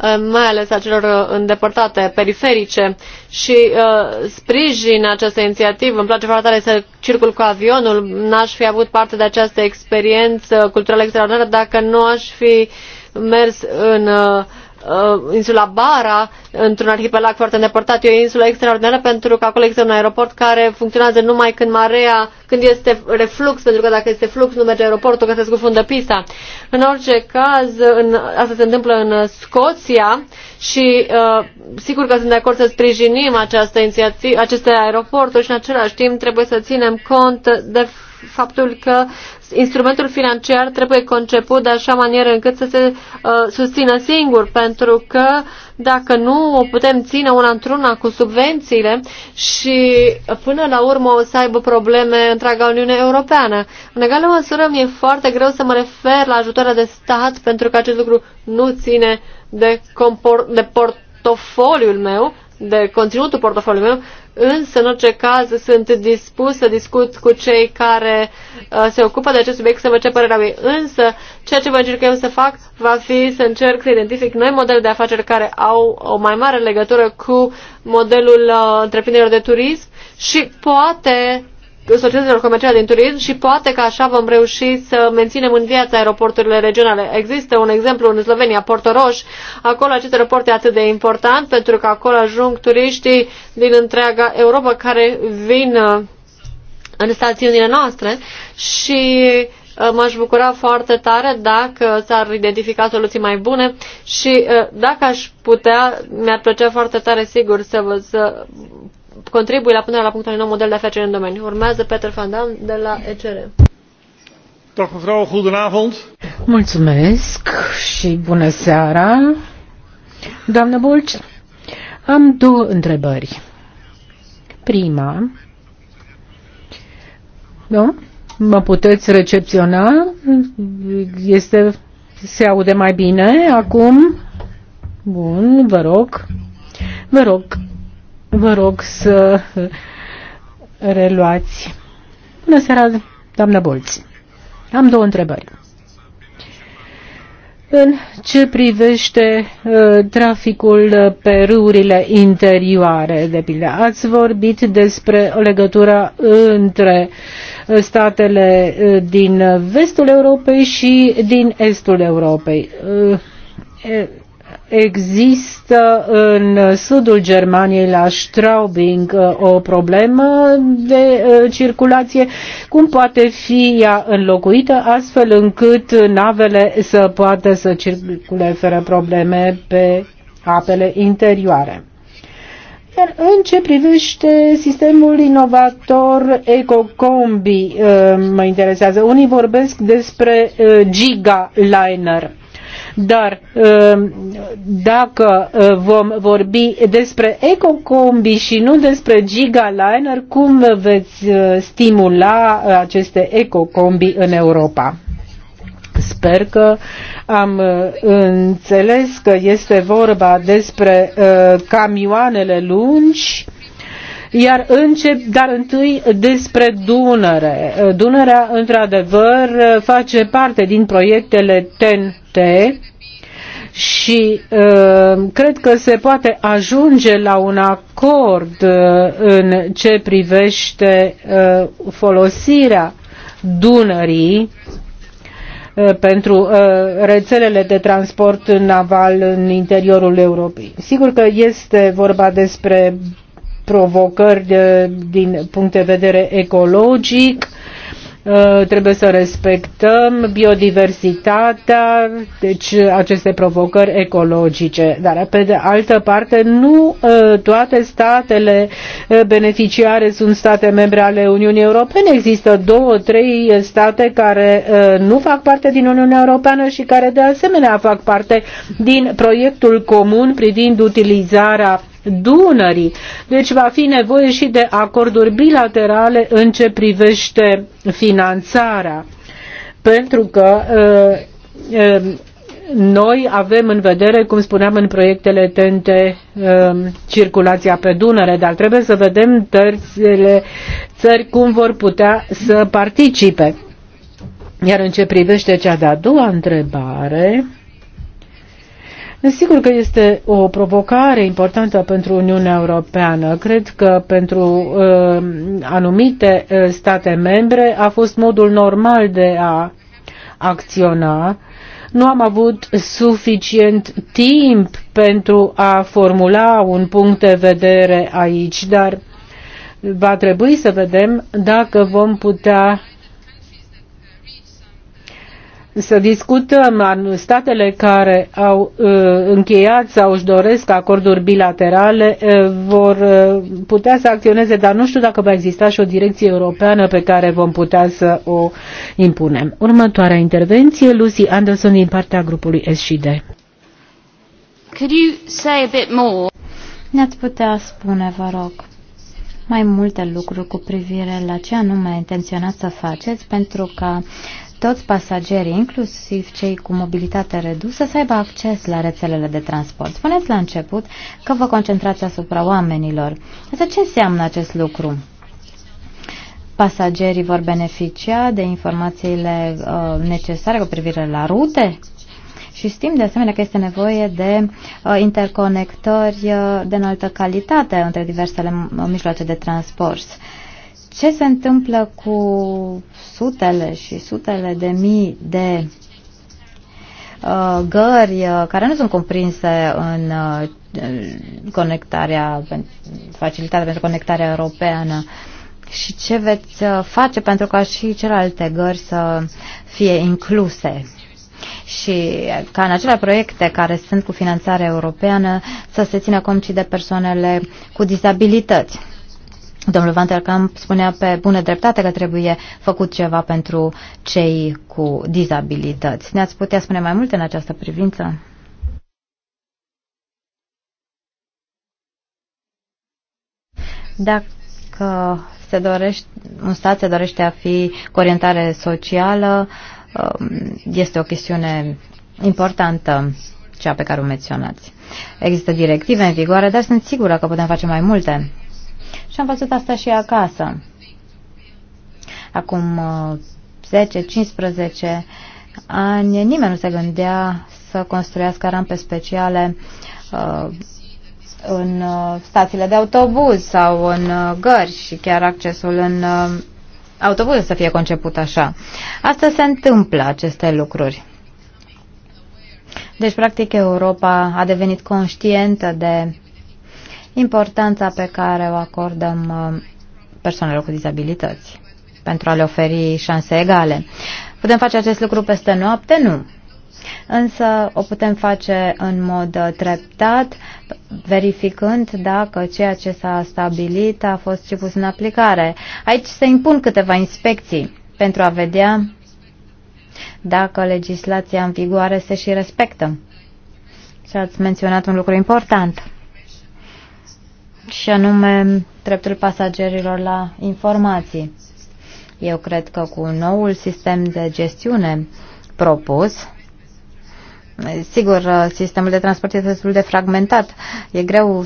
Speaker 7: Eh, mai ales a celor eh, îndepărtate, periferice și uh, sprijin această inițiativă. Îmi place foarte tare să circul cu avionul. N-aș fi avut parte de această experiență culturală extraordinară dacă nu aș fi mers în uh, uh, insula Bara, într-un arhipelag foarte îndepărtat. E o insulă extraordinară pentru că acolo există un aeroport care funcționează numai când marea, când este reflux, pentru că dacă este flux nu merge aeroportul, că se scufundă pista. În orice caz, în, asta se întâmplă în Scoția și uh, sigur că sunt de acord să sprijinim această inițiativă, aceste aeroporturi și în același timp trebuie să ținem cont de faptul că instrumentul financiar trebuie conceput de așa manieră încât să se uh, susțină singur, pentru că dacă nu o putem ține una într-una cu subvențiile și până la urmă o să aibă probleme întreaga Uniune Europeană. În egală măsură mi-e foarte greu să mă refer la ajutoarea de stat pentru că acest lucru nu ține de, de portofoliul meu, de conținutul portofoliului meu, însă în orice caz sunt dispus să discut cu cei care uh, se ocupă de acest subiect să văd ce părerea ei. Însă ceea ce voi încerca eu să fac va fi să încerc să identific noi modele de afaceri care au o mai mare legătură cu modelul uh, întreprinderilor de turism și poate societăților comerciale din turism și poate că așa vom reuși să menținem în viață aeroporturile regionale. Există un exemplu în Slovenia, Portoroș. Acolo acest aeroport e atât de important pentru că acolo ajung turiștii din întreaga Europa care vin uh, în stațiunile noastre și uh, m-aș bucura foarte tare dacă s-ar identifica soluții mai bune și uh, dacă aș putea, mi-ar plăcea foarte tare, sigur, să, vă, să contribui la punerea la punct unui nou model de afaceri în domeniu. Urmează Peter Van Dam de la ECR.
Speaker 2: Dag mevrouw, goedenavond.
Speaker 3: Mulțumesc și bună seara. Doamnă Bulci, am două întrebări. Prima, nu? Mă puteți recepționa? Este, se aude mai bine acum? Bun, vă rog. Vă rog Vă rog să reluați. Bună seara, doamna Bolți. Am două întrebări. În ce privește uh, traficul pe râurile interioare, de pildă, ați vorbit despre o legătură între uh, statele uh, din vestul Europei și din estul Europei. Uh, Există în sudul Germaniei, la Straubing, o problemă de uh, circulație. Cum poate fi ea înlocuită astfel încât navele să poată să circule fără probleme pe apele interioare? Iar în ce privește sistemul inovator EcoCombi, uh, mă interesează. Unii vorbesc despre uh, gigaliner. Dar um, dacă uh, vom vorbi despre ecocombi și nu despre gigaliner, cum veți uh, stimula uh, aceste ecocombi în Europa? Sper că am înțeles că este vorba despre camioanele lungi iar încep, dar întâi despre Dunăre. Dunărea, într-adevăr, face parte din proiectele TNT și uh, cred că se poate ajunge la un acord uh, în ce privește uh, folosirea Dunării pentru rețelele de transport naval în interiorul Europei. Sigur că este vorba despre provocări de, din punct de vedere ecologic, uh, trebuie să respectăm biodiversitatea, deci aceste provocări ecologice. Dar pe de altă parte, nu uh, toate statele uh, beneficiare sunt state membre ale Uniunii Europene. Există două, trei state care nu fac parte din Uniunea Europeană și care de asemenea fac parte din proiectul comun privind utilizarea Dunării. Deci va fi nevoie și de acorduri bilaterale în ce privește finanțarea. Pentru că uh, uh, noi avem în vedere, cum spuneam în proiectele TNT, um, circulația pe Dunăre, dar trebuie să vedem terțele țări cum vor putea să participe. Iar în ce privește cea de-a doua întrebare, Sigur că este o provocare importantă pentru Uniunea Europeană. Cred că pentru uh, anumite uh, state membre a fost modul normal de a acționa. Nu am avut suficient timp pentru a formula un punct de vedere aici, dar va trebui să vedem dacă vom putea să discutăm statele care au uh, încheiat sau își doresc acorduri bilaterale uh, vor uh, putea să acționeze, dar nu știu dacă va exista și o direcție europeană pe care vom putea să o impunem. Următoarea intervenție, Lucy Anderson din partea grupului SCD.
Speaker 2: Could you say a bit more?
Speaker 6: Ne-ați putea spune, vă rog, mai multe lucruri cu privire la ce anume intenționați să faceți pentru ca toți pasagerii, inclusiv cei cu mobilitate redusă, să aibă acces la rețelele de transport. Spuneți la început că vă concentrați asupra oamenilor. Asta ce înseamnă acest lucru? Pasagerii vor beneficia de informațiile uh, necesare cu privire la rute? Și știm de asemenea că este nevoie de uh, interconectări uh, de înaltă calitate între diversele mijloace de transport. Uh, ce se întâmplă cu sutele și sutele de mii de uh, gări uh, care nu sunt cuprinse în uh, conectarea, facilitatea pentru conectarea europeană și ce veți uh, face pentru ca și celelalte gări să fie incluse și ca în acele proiecte care sunt cu finanțare europeană să se țină cont și de persoanele cu dizabilități. Domnul Van der Kamp spunea pe bună dreptate că trebuie făcut ceva pentru cei cu dizabilități. Ne-ați putea spune mai multe în această privință? Dacă se dorește, un stat se dorește a fi cu orientare socială, um, este o chestiune importantă cea pe care o menționați. Există directive în vigoare, dar sunt sigură că putem face mai multe și am văzut asta și acasă. Acum 10-15 uh, ani nimeni nu se gândea să construiască rampe speciale uh, în uh, stațiile de autobuz sau în uh, gări și chiar accesul în uh, autobuz să fie conceput așa. Asta se întâmplă, aceste lucruri. Deci, practic, Europa a devenit conștientă de importanța pe care o acordăm uh, persoanelor cu dizabilități pentru a le oferi șanse egale. Putem face acest lucru peste noapte? Nu. Însă o putem face în mod uh, treptat, verificând dacă ceea ce s-a stabilit a fost și pus în aplicare. Aici se impun câteva inspecții pentru a vedea dacă legislația în vigoare se și respectă. Și ați menționat un lucru important și anume dreptul pasagerilor la informații. Eu cred că cu noul sistem de gestiune propus, Sigur, sistemul de transport este destul de fragmentat. E greu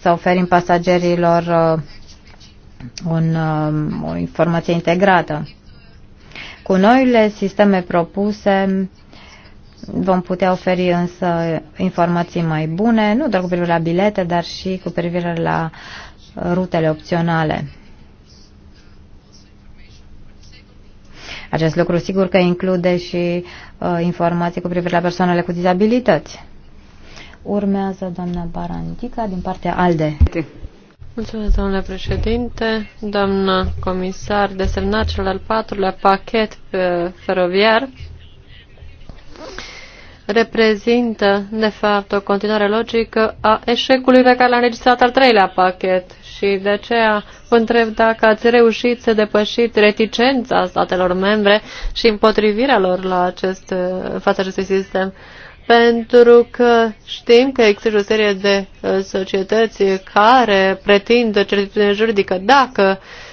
Speaker 6: să oferim pasagerilor uh, un, uh, o informație integrată. Cu noile sisteme propuse, Vom putea oferi însă informații mai bune, nu doar cu privire la bilete, dar și cu privire la uh, rutele opționale. Acest lucru sigur că include și uh, informații cu privire la persoanele cu dizabilități. Urmează doamna Barandica din partea ALDE.
Speaker 7: Mulțumesc, domnule președinte, doamnă comisar, desemnat cel al patrulea pachet uh, feroviar reprezintă, de fapt, o continuare logică a eșecului pe care l-a înregistrat al treilea pachet și de aceea vă întreb dacă ați reușit să depășiți reticența statelor membre și împotrivirea lor la acest, în fața acestui sistem. Pentru că știm că există o serie de uh, societăți care pretind certitudine juridică dacă uh,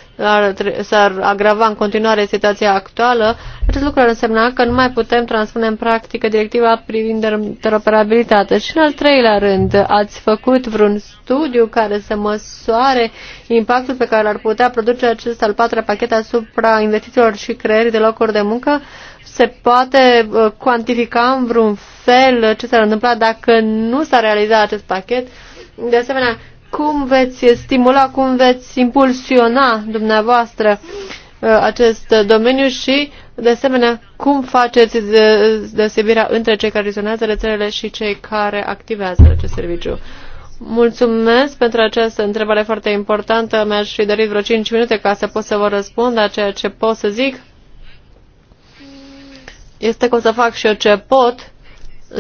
Speaker 7: s-ar agrava în continuare situația actuală, acest lucru ar însemna că nu mai putem transpune în practică directiva privind interoperabilitate. Și în al treilea rând, ați făcut vreun studiu care să măsoare impactul pe care l-ar putea produce acest al patrulea pachet asupra investițiilor și creierii de locuri de muncă? Se poate uh, cuantifica în vreun fel ce s-ar întâmpla dacă nu s-ar realiza acest pachet? De asemenea, cum veți stimula, cum veți impulsiona dumneavoastră uh, acest domeniu și, de asemenea, cum faceți uh, deosebirea între cei care vizionează rețelele și cei care activează acest serviciu. Mulțumesc pentru această întrebare foarte importantă. Mi-aș fi dorit vreo 5 minute ca să pot să vă răspund la ceea ce pot să zic. Este că o să fac și eu ce pot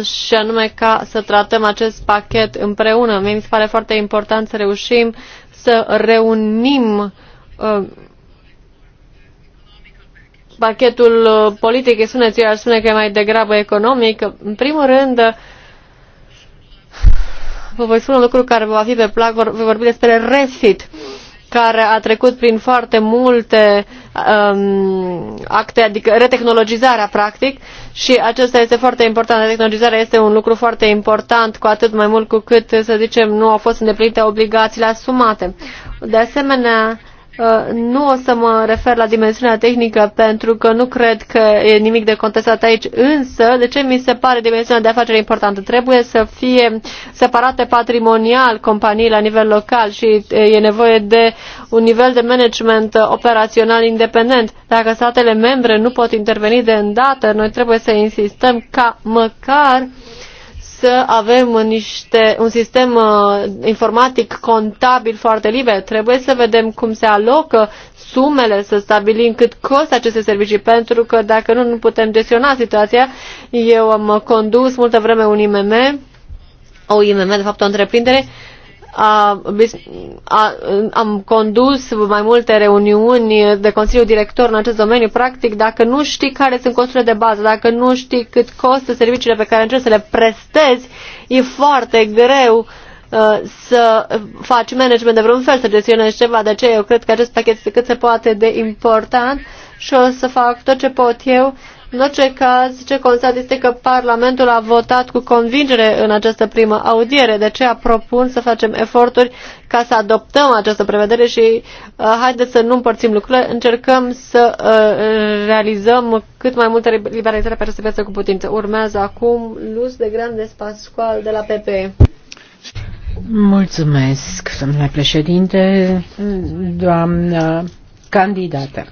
Speaker 7: și anume ca să tratăm acest pachet împreună. Mie mi se pare foarte important să reușim să reunim uh, pachetul uh, politic, spuneți, eu aș spune că e mai degrabă economic. În primul rând, uh, vă voi spune un lucru care va fi pe plac, vă vorbi despre refit. Uh, care a trecut prin foarte multe um, acte, adică retehnologizarea practic și acesta este foarte important. Retehnologizarea este un lucru foarte important, cu atât mai mult cu cât, să zicem, nu au fost îndeplinite obligațiile asumate. De asemenea, Uh, nu o să mă refer la dimensiunea tehnică pentru că nu cred că e nimic de contestat aici, însă de ce mi se pare dimensiunea de afaceri importantă? Trebuie să fie separate patrimonial companii la nivel local și e nevoie de un nivel de management operațional independent. Dacă statele membre nu pot interveni de îndată, noi trebuie să insistăm ca măcar uh, să avem niște, un sistem uh, informatic contabil foarte liber. Trebuie să vedem cum se alocă sumele, să stabilim cât costă aceste servicii, pentru că dacă nu, nu putem gestiona situația. Eu am condus multă vreme un IMM, o IMM, de fapt o întreprindere, uh, a, a, am condus mai multe reuniuni de Consiliu Director în acest domeniu. Practic, dacă nu știi care sunt costurile de bază, dacă nu știi cât costă serviciile pe care încerci să le prestezi, e foarte greu uh, să faci management de vreun fel, să gestionezi ceva. De aceea eu cred că acest pachet este cât se poate de important și o să fac tot ce pot eu în orice caz, ce constat este că Parlamentul a votat cu convingere în această primă audiere, de aceea propun să facem eforturi ca să adoptăm această prevedere și uh, haideți să nu împărțim lucrurile, încercăm să uh, realizăm cât mai multă liberalizare pe această piață cu putință. Urmează acum Luz de Grande Spascual de la PP.
Speaker 3: Mulțumesc, domnule președinte, doamnă candidată.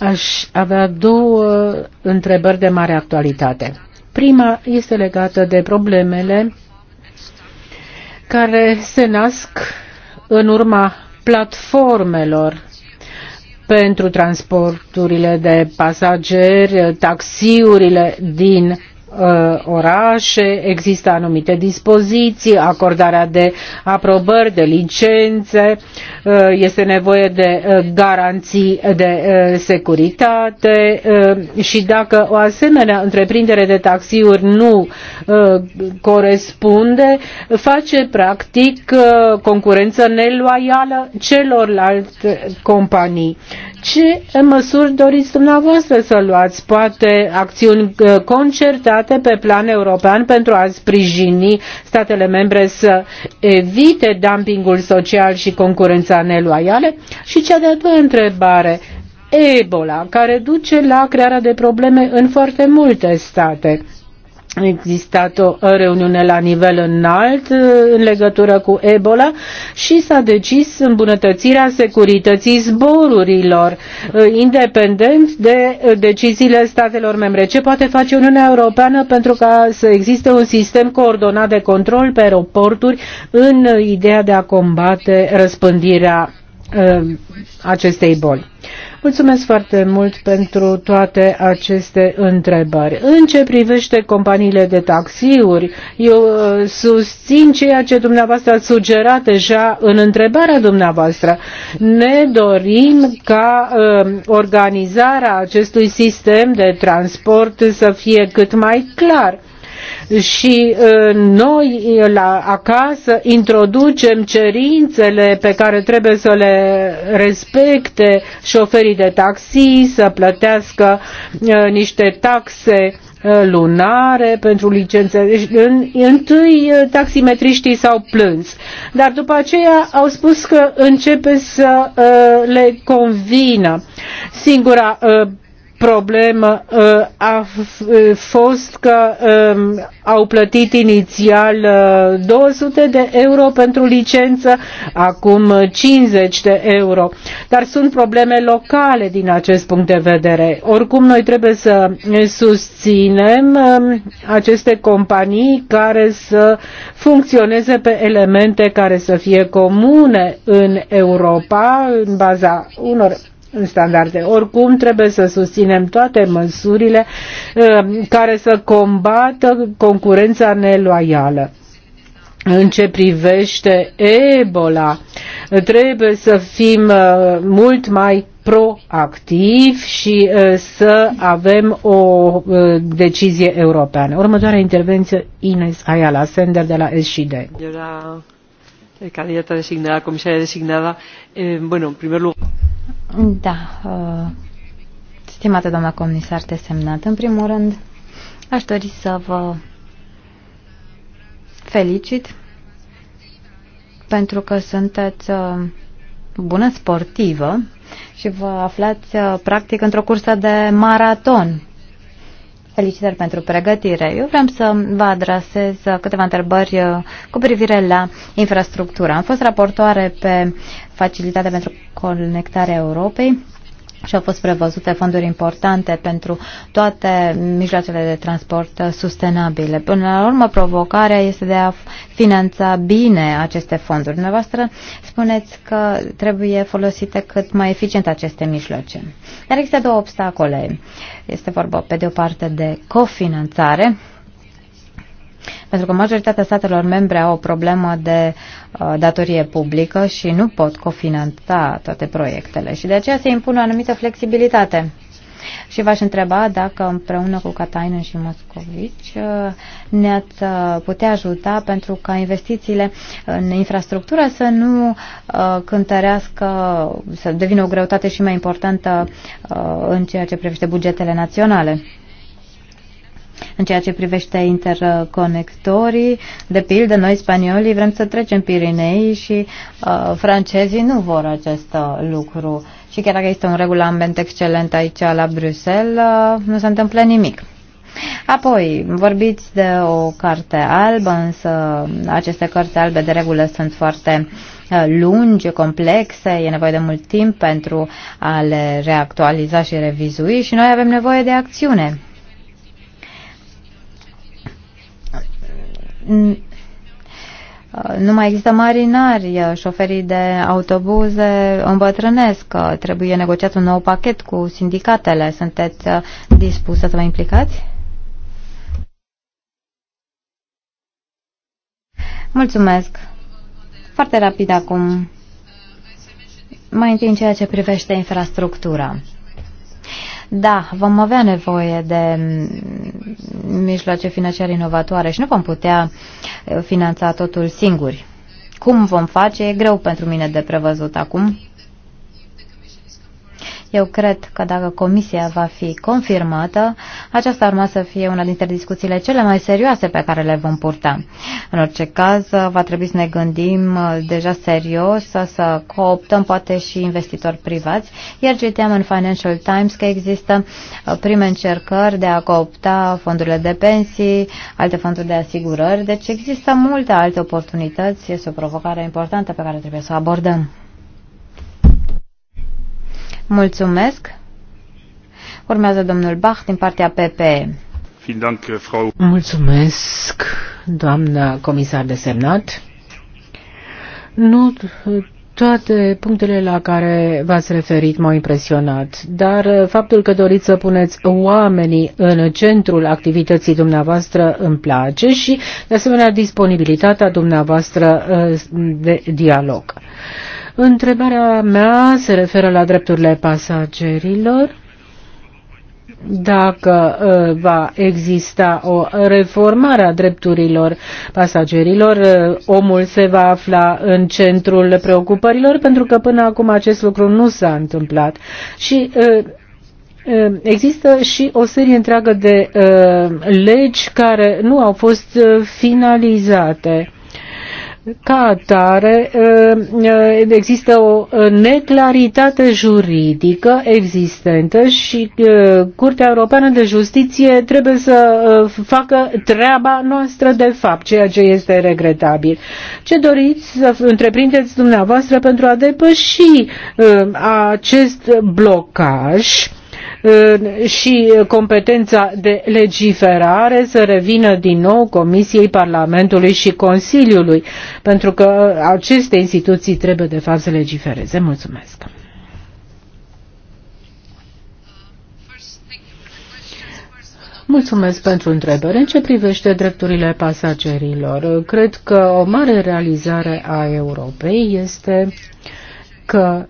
Speaker 3: Aș avea două întrebări de mare actualitate. Prima este legată de problemele care se nasc în urma platformelor pentru transporturile de pasageri, taxiurile din Uh, orașe, există anumite dispoziții, acordarea de aprobări, de licențe, uh, este nevoie de uh, garanții de securitate și dacă o asemenea întreprindere de taxiuri nu corespunde, face practic concurență neloială celorlalte companii. Ce măsuri doriți dumneavoastră să luați? Poate acțiuni concertate adoptate pe plan european pentru a sprijini statele membre să evite dumpingul social și concurența neloiale? Și cea de-a doua întrebare, Ebola, care duce la crearea de probleme în foarte multe state a existat o reuniune la nivel înalt uh, în legătură cu Ebola și s-a decis îmbunătățirea securității zborurilor, uh, independent de uh, deciziile statelor membre. Ce poate face Uniunea Europeană pentru ca să existe un sistem coordonat de control pe aeroporturi în ideea de a combate răspândirea acestei boli? Mulțumesc foarte mult pentru toate aceste întrebări. În ce privește companiile de taxiuri, eu uh, susțin ceea ce dumneavoastră ați sugerat deja în întrebarea dumneavoastră. Ne dorim ca uh, organizarea acestui sistem de transport să fie cât mai clar și uh, noi uh, la acasă introducem cerințele pe care trebuie să le respecte șoferii de taxi, să plătească uh, niște taxe lunare pentru licențe. Deci, întâi taximetriștii s-au plâns, dar după aceea au spus că începe să le convină. Singura problemă uh, a uh, fost că um, au plătit inițial 200 uh, de euro pentru licență, acum 50 de euro. Dar sunt probleme locale din acest punct de vedere. Oricum, noi trebuie să susținem um, aceste companii care să funcționeze pe elemente care să fie comune în Europa, în baza unor standarde. Oricum trebuie să susținem toate măsurile uh, care să combată concurența neloială. În ce privește Ebola, trebuie să fim uh, mult mai proactiv și uh, să avem o decizie europeană. Următoarea intervenție, Ines Ayala Sender de la SCD.
Speaker 7: Candidata designată, comisia designată, eh, bueno, în primul rând.
Speaker 6: Da, uh, stimată doamna comisar desemnat, în primul rând aș dori să vă felicit pentru că sunteți uh, bună sportivă și vă aflați uh, practic într-o cursă de maraton. Felicitări pentru pregătire. Eu vreau să vă adresez câteva întrebări uh, cu privire la infrastructură. Am fost raportoare pe Facilitatea pentru Conectarea Europei și au fost prevăzute fonduri importante pentru toate mijloacele de transport sustenabile. Până la urmă, provocarea este de a finanța bine aceste fonduri. Dumneavoastră spuneți că trebuie folosite cât mai eficient aceste mijloace. Dar există două obstacole. Este vorba, pe de o parte, de cofinanțare, pentru că majoritatea statelor membre au o problemă de uh, datorie publică și nu pot cofinanța toate proiectele și de aceea se impune o anumită flexibilitate. Și v-aș întreba dacă împreună cu Catainen și Moscovici uh, ne-ați uh, putea ajuta pentru ca investițiile în infrastructură să nu cântărească, să devină o greutate și mai importantă în ceea ce privește bugetele naționale. În ceea ce privește interconectorii, de pildă, noi spaniolii vrem să trecem Pirinei și uh, francezii nu vor acest uh, lucru. Și chiar dacă este un regulament excelent aici la Bruxelles, uh, nu se întâmplă nimic. Apoi, vorbiți de o carte albă, însă aceste cărți albe de regulă sunt foarte uh, lungi, complexe, e nevoie de mult timp pentru a le reactualiza și revizui și noi avem nevoie de acțiune. Uh, nu mai există marinari, uh, șoferii de autobuze îmbătrânesc, uh, trebuie negociat un nou pachet cu sindicatele. Sunteți dispusă să vă implicați? Mulțumesc. Foarte rapid acum. Mai întâi în ceea ce privește infrastructura. Da, vom avea nevoie de mm, mijloace financiare inovatoare și nu vom putea eh, finanța totul singuri. Cum vom face e greu pentru mine de prevăzut acum. Eu cred că dacă comisia va fi confirmată, aceasta ar urma să fie una dintre discuțiile cele mai serioase pe care le vom purta. În orice caz, va trebui să ne gândim uh, deja serios să cooptăm poate și investitori privați, iar citeam în Financial Times că există uh, prime încercări de a coopta fondurile de pensii, alte fonduri de asigurări, deci există multe alte oportunități, este o provocare importantă pe care trebuie să o abordăm. Mulțumesc. Urmează domnul Bach din partea PPE.
Speaker 3: Eh, Mulțumesc, doamna comisar de semnat. Nu toate punctele la care v-ați referit m-au impresionat, dar eh, faptul că doriți să puneți oamenii în centrul activității dumneavoastră îmi place și, de asemenea, disponibilitatea dumneavoastră eh, de dialog. Întrebarea mea se referă la drepturile pasagerilor. Dacă uh, va exista o reformare a drepturilor pasagerilor, uh, omul se va afla în centrul preocupărilor, pentru că până acum acest lucru nu s-a întâmplat. Și uh, Există și o serie întreagă de uh, legi care nu au fost finalizate. Ca atare, ă, ă, există o ă, neclaritate juridică existentă și Curtea Europeană de Justiție trebuie să facă treaba noastră de fapt, ceea ce este regretabil. Ce doriți să întreprindeți dumneavoastră pentru a depăși acest blocaj? și competența de legiferare să revină din nou Comisiei Parlamentului și Consiliului, pentru că aceste instituții trebuie de fapt să legifereze. Mulțumesc! Mulțumesc pentru întrebare. În ce privește drepturile pasagerilor, cred că o mare realizare a Europei este că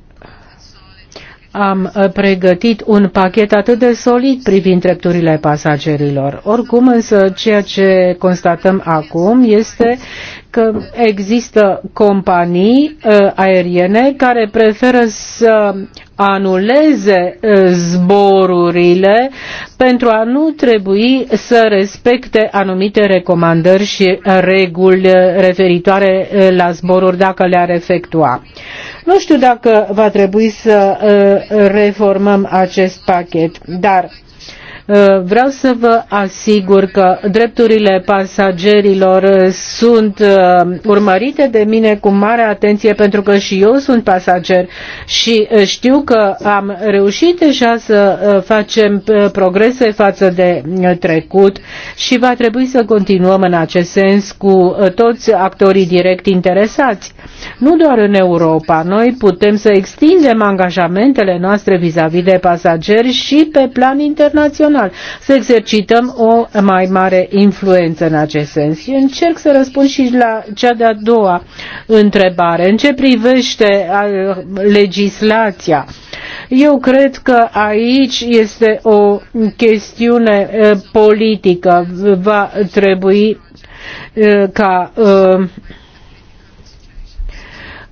Speaker 3: am uh, pregătit un pachet atât de solid privind drepturile pasagerilor. Oricum, însă, ceea ce constatăm acum este că există companii uh, aeriene care preferă să anuleze uh, zborurile pentru a nu trebui să respecte anumite recomandări și reguli referitoare uh, la zboruri dacă le-ar efectua. Nu știu dacă va trebui să reformăm acest pachet, dar Uh, vreau să vă asigur că drepturile pasagerilor uh, sunt uh, urmărite de mine cu mare atenție pentru că și eu sunt pasager și știu că am reușit deja să facem progrese față de trecut și va trebui să continuăm în acest sens cu toți actorii direct interesați. Nu doar în Europa, noi putem să extindem angajamentele noastre vis-a-vis -vis de pasageri și pe plan internațional internațional, să exercităm o mai mare influență în acest sens. Eu încerc să răspund și la cea de-a doua întrebare. În ce privește legislația? Eu cred că aici este o chestiune politică. Va trebui ca uh,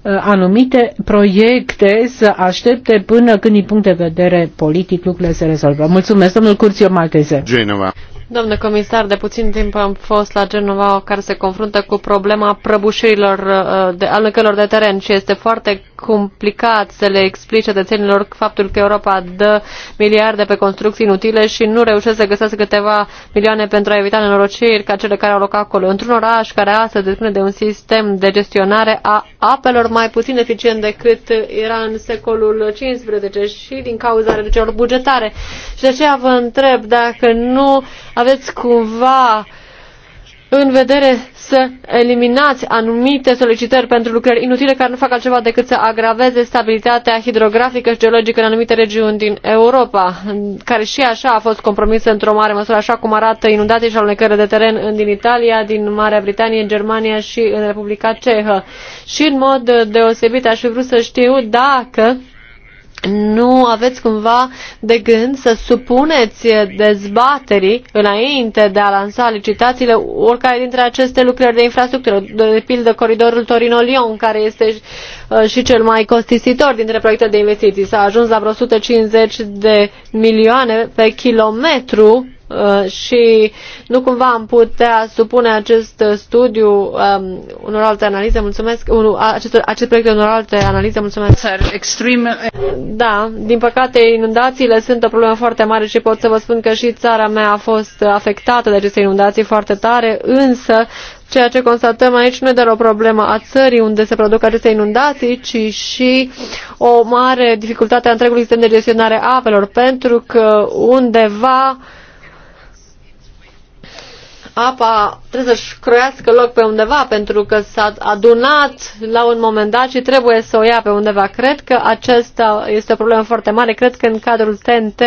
Speaker 3: Uh, anumite proiecte să aștepte până când, din punct de vedere politic, lucrurile se rezolvă. Mulțumesc, domnul Curțiu Malteze. Genova.
Speaker 7: Domnule comisar, de puțin timp am fost la Genova care se confruntă cu problema prăbușirilor uh, de alunecărilor de teren și este foarte complicat să le explice cetățenilor faptul că Europa dă miliarde pe construcții inutile și nu reușește să găsească câteva milioane pentru a evita nenorociri ca cele care au loc acolo. Într-un oraș care astăzi depune de un sistem de gestionare a apelor mai puțin eficient decât era în secolul XV și din cauza reducerilor bugetare. Și de aceea vă întreb dacă nu aveți cumva în vedere să eliminați anumite solicitări pentru lucrări inutile care nu fac altceva decât să agraveze stabilitatea hidrografică și geologică în anumite regiuni din Europa, care și așa a fost compromisă într-o mare măsură, așa cum arată inundații și alunecări de teren din Italia, din Marea Britanie, în Germania și în Republica Cehă. Și în mod deosebit aș fi vrut să știu dacă nu aveți cumva de gând să supuneți dezbaterii înainte de a lansa licitațiile oricare dintre aceste lucrări de infrastructură, de pildă coridorul Torino-Lyon, care este uh, și cel mai costisitor dintre proiectele de investiții. S-a ajuns la vreo 150 de milioane pe kilometru Uh, și nu cumva am putea supune acest studiu um, unor alte analize, mulțumesc, un, acest, acest proiect unor alte analize, mulțumesc. Extreme. Da, din păcate inundațiile sunt o problemă foarte mare și pot să vă spun că și țara mea a fost afectată de aceste inundații foarte tare, însă Ceea ce constatăm aici nu e doar o problemă a țării unde se produc aceste inundații, ci și o mare dificultate a întregului sistem de gestionare a apelor, pentru că undeva apa trebuie să-și croiască loc pe undeva pentru că s-a adunat la un moment dat și trebuie să o ia pe undeva. Cred că acesta este o problemă foarte mare. Cred că în cadrul TNT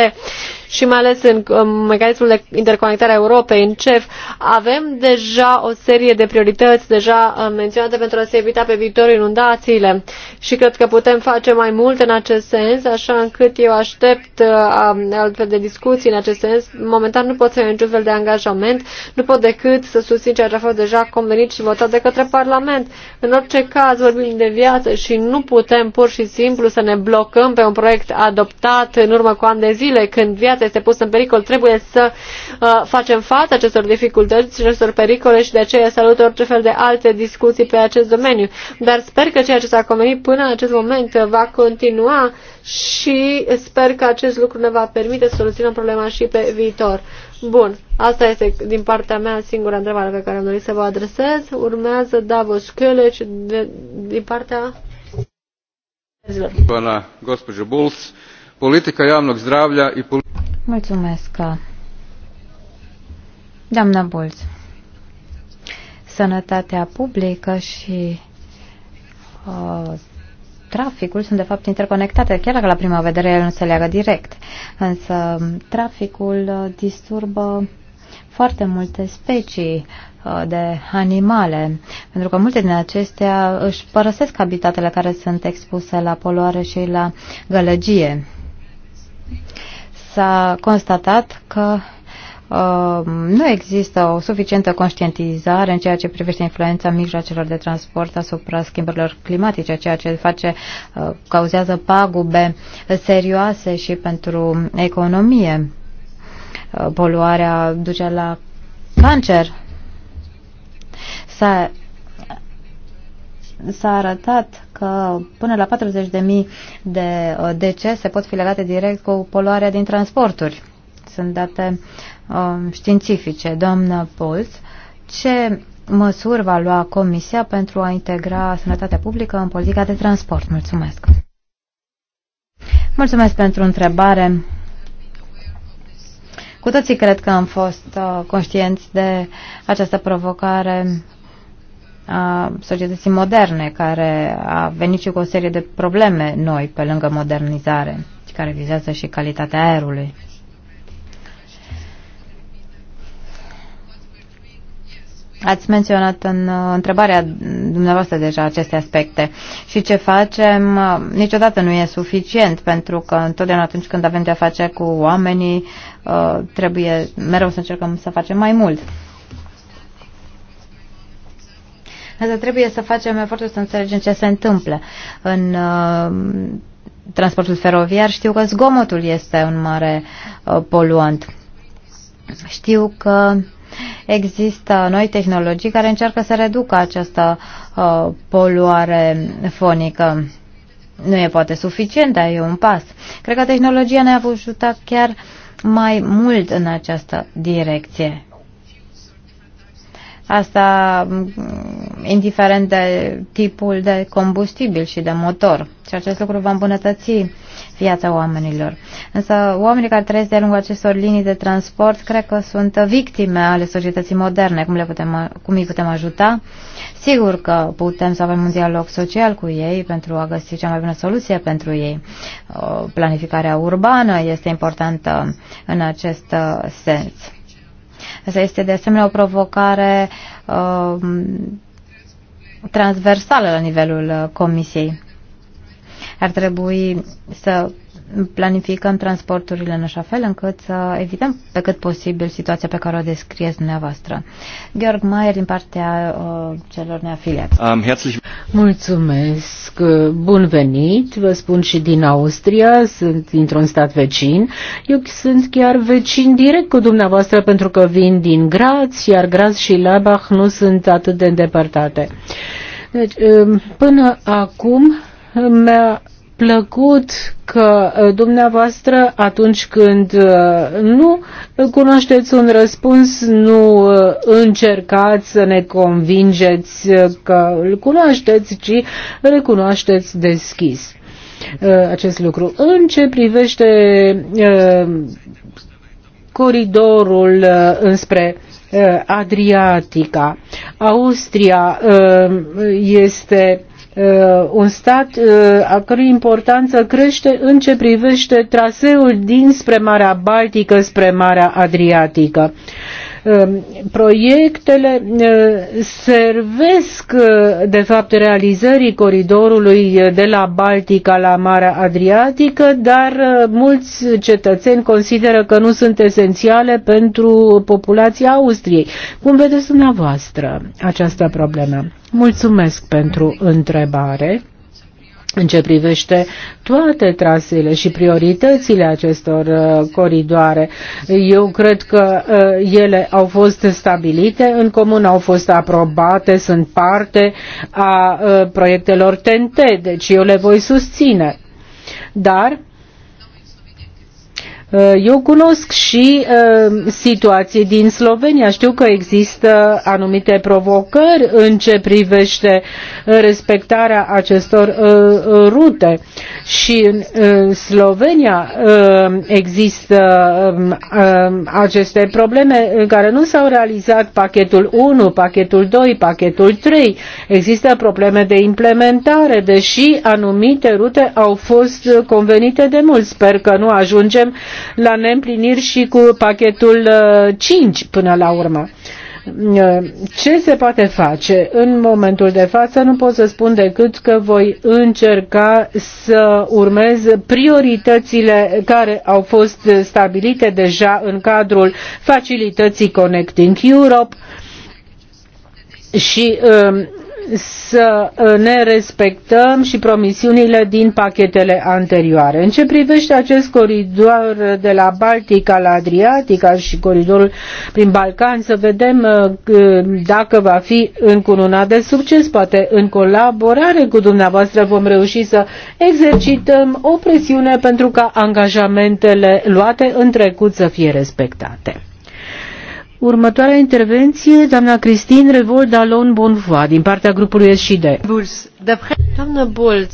Speaker 7: și mai ales în mecanismul de interconectare a Europei, în CEF, avem deja o serie de priorități deja uh, menționate pentru a se evita pe viitor inundațiile și cred că putem face mai mult în acest sens, așa încât eu aștept uh, altfel de discuții în acest sens. Momentan nu pot să iau niciun fel de angajament, nu pot decât să susțin ceea ce a fost deja convenit și votat de către Parlament. În orice caz vorbim de viață și nu putem pur și simplu să ne blocăm pe un proiect adoptat în urmă cu ani de zile, când viața societatea este pusă în pericol. Trebuie să uh, facem față acestor dificultăți, acestor pericole și de aceea salut orice fel de alte discuții pe acest domeniu. Dar sper că ceea ce s-a convenit până în acest moment va continua și sper că acest lucru ne va permite să soluționăm problema și pe viitor. Bun, asta este din partea mea singura întrebare pe care am dorit să vă adresez. Urmează Davos Kölec de, din partea...
Speaker 4: Pana gospođo Bulls, politika javnog zdravlja i politika
Speaker 6: Mulțumesc. Doamna Bulț, sănătatea publică și uh, traficul sunt de fapt interconectate, chiar dacă la prima vedere ele nu se leagă direct. Însă traficul uh, disturbă foarte multe specii uh, de animale, pentru că multe din acestea își părăsesc habitatele care sunt expuse la poluare și la gălăgie s-a constatat că uh, nu există o suficientă conștientizare în ceea ce privește influența mijloacelor de transport asupra schimbărilor climatice, ceea ce face, uh, cauzează pagube serioase și pentru economie. Uh, poluarea duce la cancer. S-a, s-a arătat că până la 40.000 de uh, decese pot fi legate direct cu poluarea din transporturi. Sunt date uh, științifice. Doamnă Polz, ce măsuri va lua Comisia pentru a integra sănătatea publică în politica de transport? Mulțumesc! Mulțumesc pentru întrebare. Cu toții cred că am fost uh, conștienți de această provocare a societății moderne, care a venit și cu o serie de probleme noi pe lângă modernizare, care vizează și calitatea aerului. Ați menționat în uh, întrebarea dumneavoastră deja aceste aspecte. Și ce facem uh, niciodată nu e suficient, pentru că întotdeauna atunci când avem de-a face cu oamenii, uh, trebuie mereu să încercăm să facem mai mult. Însă trebuie să facem efortul să înțelegem ce se întâmplă în uh, transportul feroviar. Știu că zgomotul este un mare uh, poluant. Știu că există noi tehnologii care încearcă să reducă această uh, poluare fonică. Nu e poate suficient, dar e un pas. Cred că tehnologia ne-a ajutat chiar mai mult în această direcție. Asta indiferent de tipul de combustibil și de motor. Și acest lucru va îmbunătăți viața oamenilor. Însă oamenii care trăiesc de-a lungul acestor linii de transport cred că sunt victime ale societății moderne. Cum, le putem, cum îi putem ajuta? Sigur că putem să avem un dialog social cu ei pentru a găsi cea mai bună soluție pentru ei. Planificarea urbană este importantă în acest uh, sens. Asta este de asemenea o provocare um, transversală la nivelul uh, Comisiei. Ar trebui să planificăm transporturile în așa fel încât să evităm pe cât posibil situația pe care o descrieți dumneavoastră. Georg Mayer din partea uh, celor neafiliați.
Speaker 1: Um, herzlich...
Speaker 3: Mulțumesc, bun venit, vă spun și din Austria, sunt dintr-un stat vecin. Eu sunt chiar vecin direct cu dumneavoastră pentru că vin din Graz, iar Graz și Labach nu sunt atât de îndepărtate. Deci, um, până acum mi-a plăcut că uh, dumneavoastră, atunci când uh, nu cunoașteți un răspuns, nu uh, încercați să ne convingeți că îl cunoașteți, ci recunoașteți deschis acest lucru. În ce privește coridorul înspre Adriatica, Austria este Uh, un stat uh, a cărui importanță crește în ce privește traseul dinspre Marea Baltică spre Marea Adriatică. Ehm, proiectele eh, servesc, eh, de fapt, realizării coridorului eh, de la Baltica la Marea Adriatică, dar mulți cetățeni consideră că nu sunt esențiale pentru populația Austriei. Cum vedeți dumneavoastră această problemă? Mulțumesc pentru întrebare în ce privește toate traseele și prioritățile acestor uh, coridoare. Eu cred că uh, ele au fost stabilite în comun, au fost aprobate, sunt parte a uh, proiectelor TNT, deci eu le voi susține. Dar Eh, eu cunosc și eh, situații din Slovenia. Știu că există anumite provocări în ce privește eh, respectarea acestor rute. Și în Slovenia există aceste probleme în care nu s-au realizat pachetul 1, pachetul 2, pachetul 3. Există probleme de implementare, deși anumite rute au fost convenite de mult. Sper că nu ajungem la neîmpliniri și cu pachetul 5 uh, până la urmă uh, ce se poate face în momentul de față, nu pot să spun decât că voi încerca să urmez prioritățile care au fost stabilite deja în cadrul facilității Connecting Europe și um, să uh, ne respectăm și promisiunile din pachetele anterioare. În ce privește acest coridor de la Baltica la Adriatica și coridorul prin Balcan, să vedem uh, uh, dacă va fi încununat de succes, poate în colaborare cu dumneavoastră vom reuși să exercităm o presiune pentru ca angajamentele luate în trecut să fie respectate. Următoarea intervenție, doamna Cristin Revol d'alon Bonvoa, din partea grupului SCD.
Speaker 7: Doamna Bulț,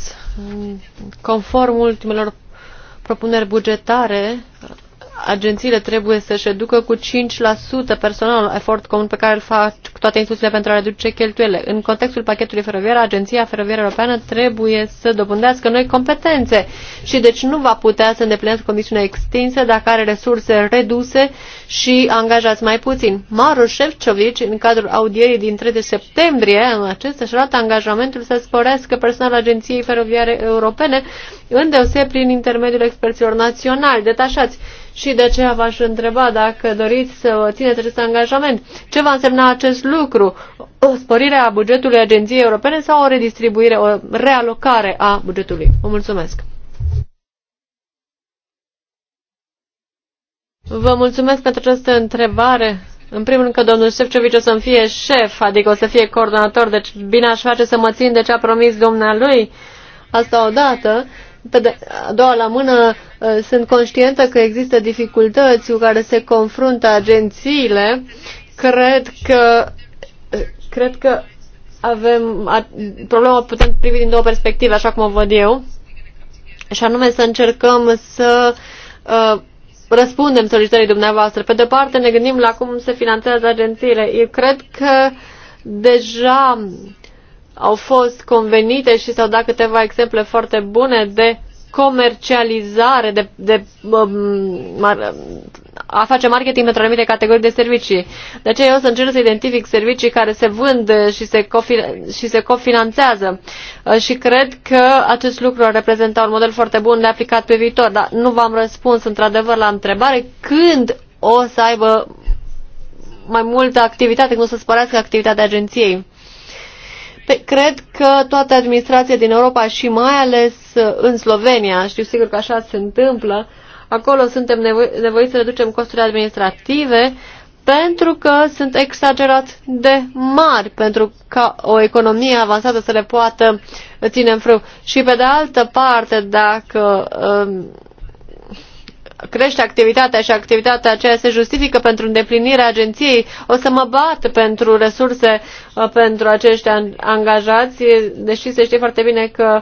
Speaker 7: conform ultimelor propuneri bugetare, agențiile trebuie să-și reducă cu 5% personalul efort comun pe care îl fac toate instituțiile pentru a reduce cheltuielile. În contextul pachetului feroviar, Agenția Feroviară Europeană trebuie să dobândească noi competențe și deci nu va putea să îndeplinească condițiune extinse dacă are resurse reduse și angajați mai puțin. Maru Șefcovici, în cadrul audierii din 30 septembrie, în acest și arată angajamentul să sporească personalul Agenției Feroviare Europene, îndeoseb prin intermediul experților naționali detașați și de aceea v-aș întreba dacă doriți să țineți acest angajament. Ce va însemna acest lucru? O sporire a bugetului Agenției Europene sau o redistribuire, o realocare a bugetului? Vă mulțumesc! Vă mulțumesc pentru această întrebare. În primul rând că domnul Șefcevici o să-mi fie șef, adică o să fie coordonator, deci bine aș face să mă țin de ce a promis dumnealui. Asta odată pe de, a doua la mână uh, sunt conștientă că există dificultăți cu care se confruntă agențiile. Cred că uh, cred că avem problema putem privi din două perspective, așa cum o văd eu. Și anume să încercăm să uh, răspundem solicitării dumneavoastră. Pe de parte ne gândim la cum se finanțează agențiile. Eu cred că deja au fost convenite și s-au dat câteva exemple foarte bune de comercializare, de, de um, a face marketing pentru anumite categorii de servicii. De aceea eu să încerc să identific servicii care se vând și se, cofin- și se cofinanțează uh, și cred că acest lucru ar reprezenta un model foarte bun de aplicat pe viitor, dar nu v-am răspuns într-adevăr la întrebare când o să aibă mai multă activitate, când o să spărească activitatea agenției. Cred că toată administrația din Europa și mai ales uh, în Slovenia, știu sigur că așa se întâmplă, acolo suntem nevo nevoiți să reducem costurile administrative pentru că sunt exagerat de mari pentru ca o economie avansată să le poată ține în frâu. Și pe de altă parte, dacă uh, crește activitatea și activitatea aceea se justifică pentru îndeplinirea agenției, o să mă bat pentru resurse uh, pentru acești angajați, deși se știe foarte bine că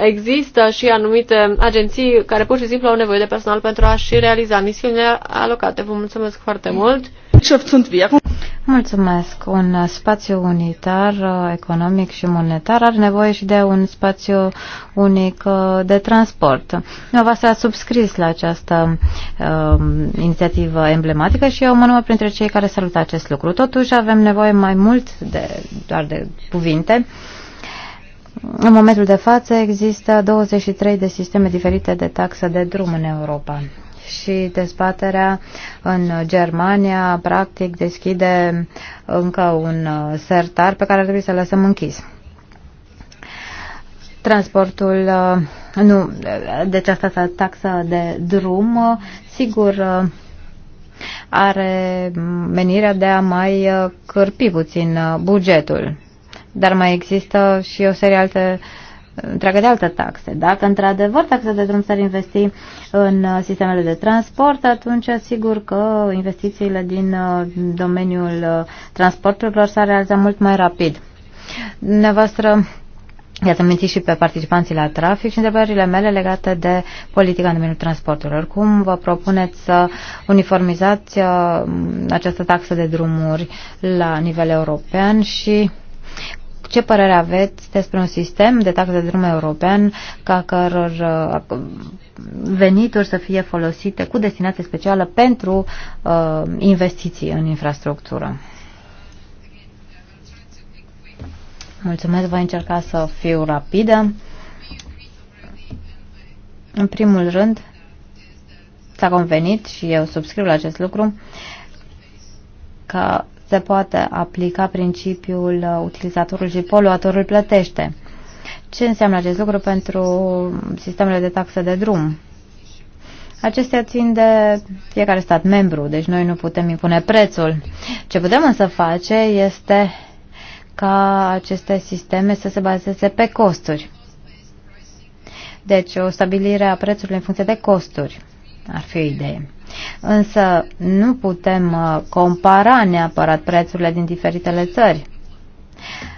Speaker 7: există și anumite agenții care pur și simplu au nevoie de personal pentru a-și realiza misiunile alocate. Vă mulțumesc foarte mult!
Speaker 6: Mulțumesc. Un spațiu unitar, uh, economic și monetar are nevoie și de un spațiu unic uh, de transport. Dumneavoastră ați subscris la această uh, inițiativă emblematică și eu mă număr printre cei care salută acest lucru. Totuși avem nevoie mai mult de doar de cuvinte. În momentul de față există 23 de sisteme diferite de taxă de drum în Europa și dezbaterea în Germania practic deschide încă un uh, sertar pe care ar trebui să-l lăsăm închis. Transportul, uh, nu, deci asta taxa de drum, uh, sigur are menirea de a mai cârpi puțin bugetul. Dar mai există și o serie alte uh, întreagă de altă taxe. Dacă într-adevăr taxa de drum s-ar investi în uh, sistemele de transport, atunci sigur că investițiile din uh, domeniul uh, transporturilor s-ar realiza mult mai rapid. Dumneavoastră, i-ați amintit și pe participanții la trafic și întrebările mele legate de politica în domeniul transporturilor. Cum vă propuneți să uniformizați această taxă de drumuri la nivel european și ce părere aveți despre un sistem de taxe de drum european ca căror uh, venituri să fie folosite cu destinație specială pentru uh, investiții în infrastructură? Mulțumesc, voi încerca să fiu rapidă. În primul rând, s-a convenit și eu subscriu la acest lucru, că se poate aplica principiul uh, utilizatorul și poluatorul plătește. Ce înseamnă acest lucru pentru sistemele de taxe de drum? Acestea țin de fiecare stat membru, deci noi nu putem impune prețul. Ce putem însă face este ca aceste sisteme să se bazeze pe costuri. Deci o stabilire a prețurilor în funcție de costuri ar fi o idee. Însă nu putem uh, compara neapărat prețurile din diferitele țări.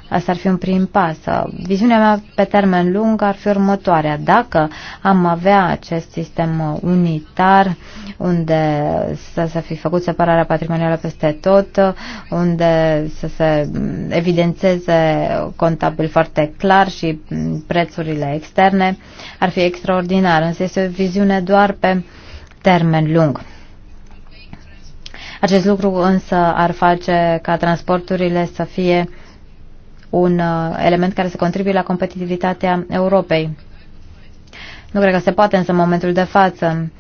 Speaker 6: Asta ar fi un prim pas. Uh, viziunea mea pe termen lung ar fi următoarea. Dacă am avea acest sistem uh, unitar, unde să se fi făcut separarea patrimonială peste tot, unde să se mm, evidențeze contabil foarte clar și mm, prețurile externe, ar fi extraordinar. Însă este o viziune doar pe termen lung. Acest lucru însă ar face ca transporturile să fie un uh, element care să contribuie la competitivitatea Europei. Nu cred că se poate însă în momentul de față.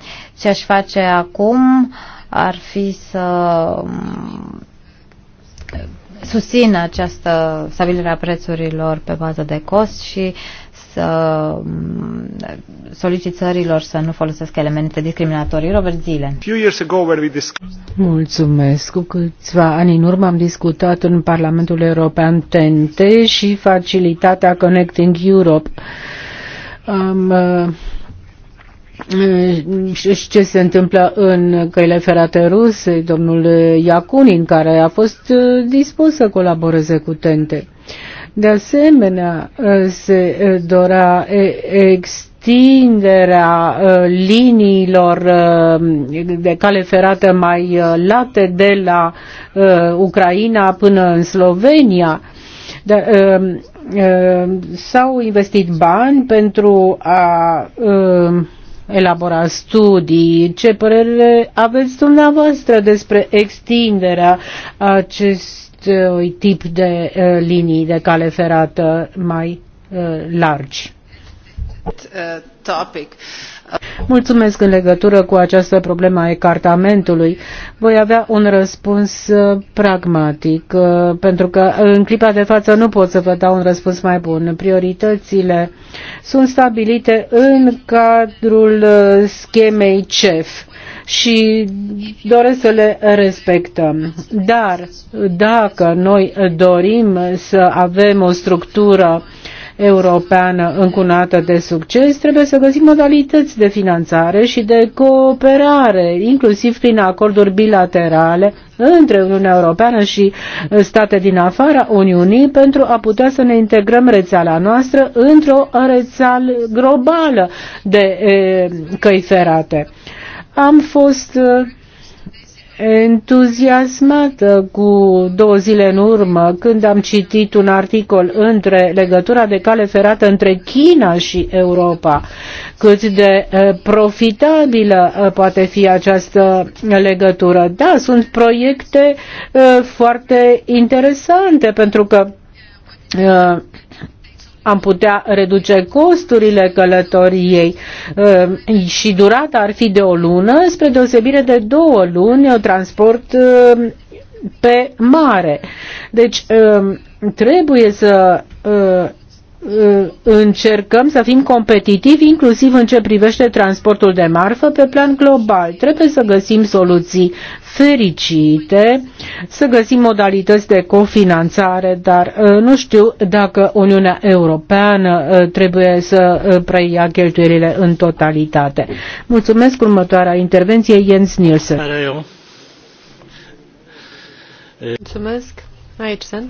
Speaker 6: Ce aș face acum ar fi să um, susțin această stabilire a prețurilor pe bază de cost și uh, să mm, solicit țărilor să nu folosească elemente discriminatorii. Robert Zile.
Speaker 3: Mulțumesc. Cu câțiva ani în urmă am discutat în Parlamentul European TNT și facilitatea Connecting Europe. Am uh, și ce se întâmplă în căile ferate ruse, domnul Iacunin, care a fost uh, dispus să colaboreze cu Tente. De asemenea, uh, se uh, dorea extinderea uh, liniilor de cale ferată mai late de la Ucraina până în Slovenia. Dar, s-au investit bani pentru a elabora studii. Ce părere aveți dumneavoastră despre extinderea acestui acestui uh, tip de uh, linii de cale ferată mai uh, largi. Topic. Mulțumesc în legătură cu această problemă a ecartamentului. Voi avea un răspuns pragmatic, pentru că în clipa de față nu pot să vă dau un răspuns mai bun. Prioritățile sunt stabilite în cadrul schemei CEF și doresc să le respectăm. Dar dacă noi dorim să avem o structură europeană încunată de succes, trebuie să găsim modalități de finanțare și de cooperare, inclusiv prin acorduri bilaterale între Uniunea Europeană și state din afara Uniunii pentru a putea să ne integrăm rețeala noastră într-o rețeală globală de eh, căi ferate. Am fost uh, entuziasmată cu două zile în urmă când am citit un articol între legătura de cale ferată între China și Europa, cât de uh, profitabilă uh, poate fi această legătură. Da, sunt proiecte foarte interesante pentru că am putea reduce costurile călătoriei ehm, și durata ar fi de o lună, spre deosebire de două luni o transport ehm, pe mare. Deci ehm, trebuie să Uh, încercăm să fim competitivi inclusiv în ce privește transportul de marfă pe plan global. Trebuie să găsim soluții fericite, să găsim modalități de cofinanțare, dar uh, nu știu dacă Uniunea Europeană uh, trebuie să preia cheltuielile în totalitate. Mulțumesc următoarea intervenție, Jens Nielsen.
Speaker 7: Mulțumesc. Aici sunt.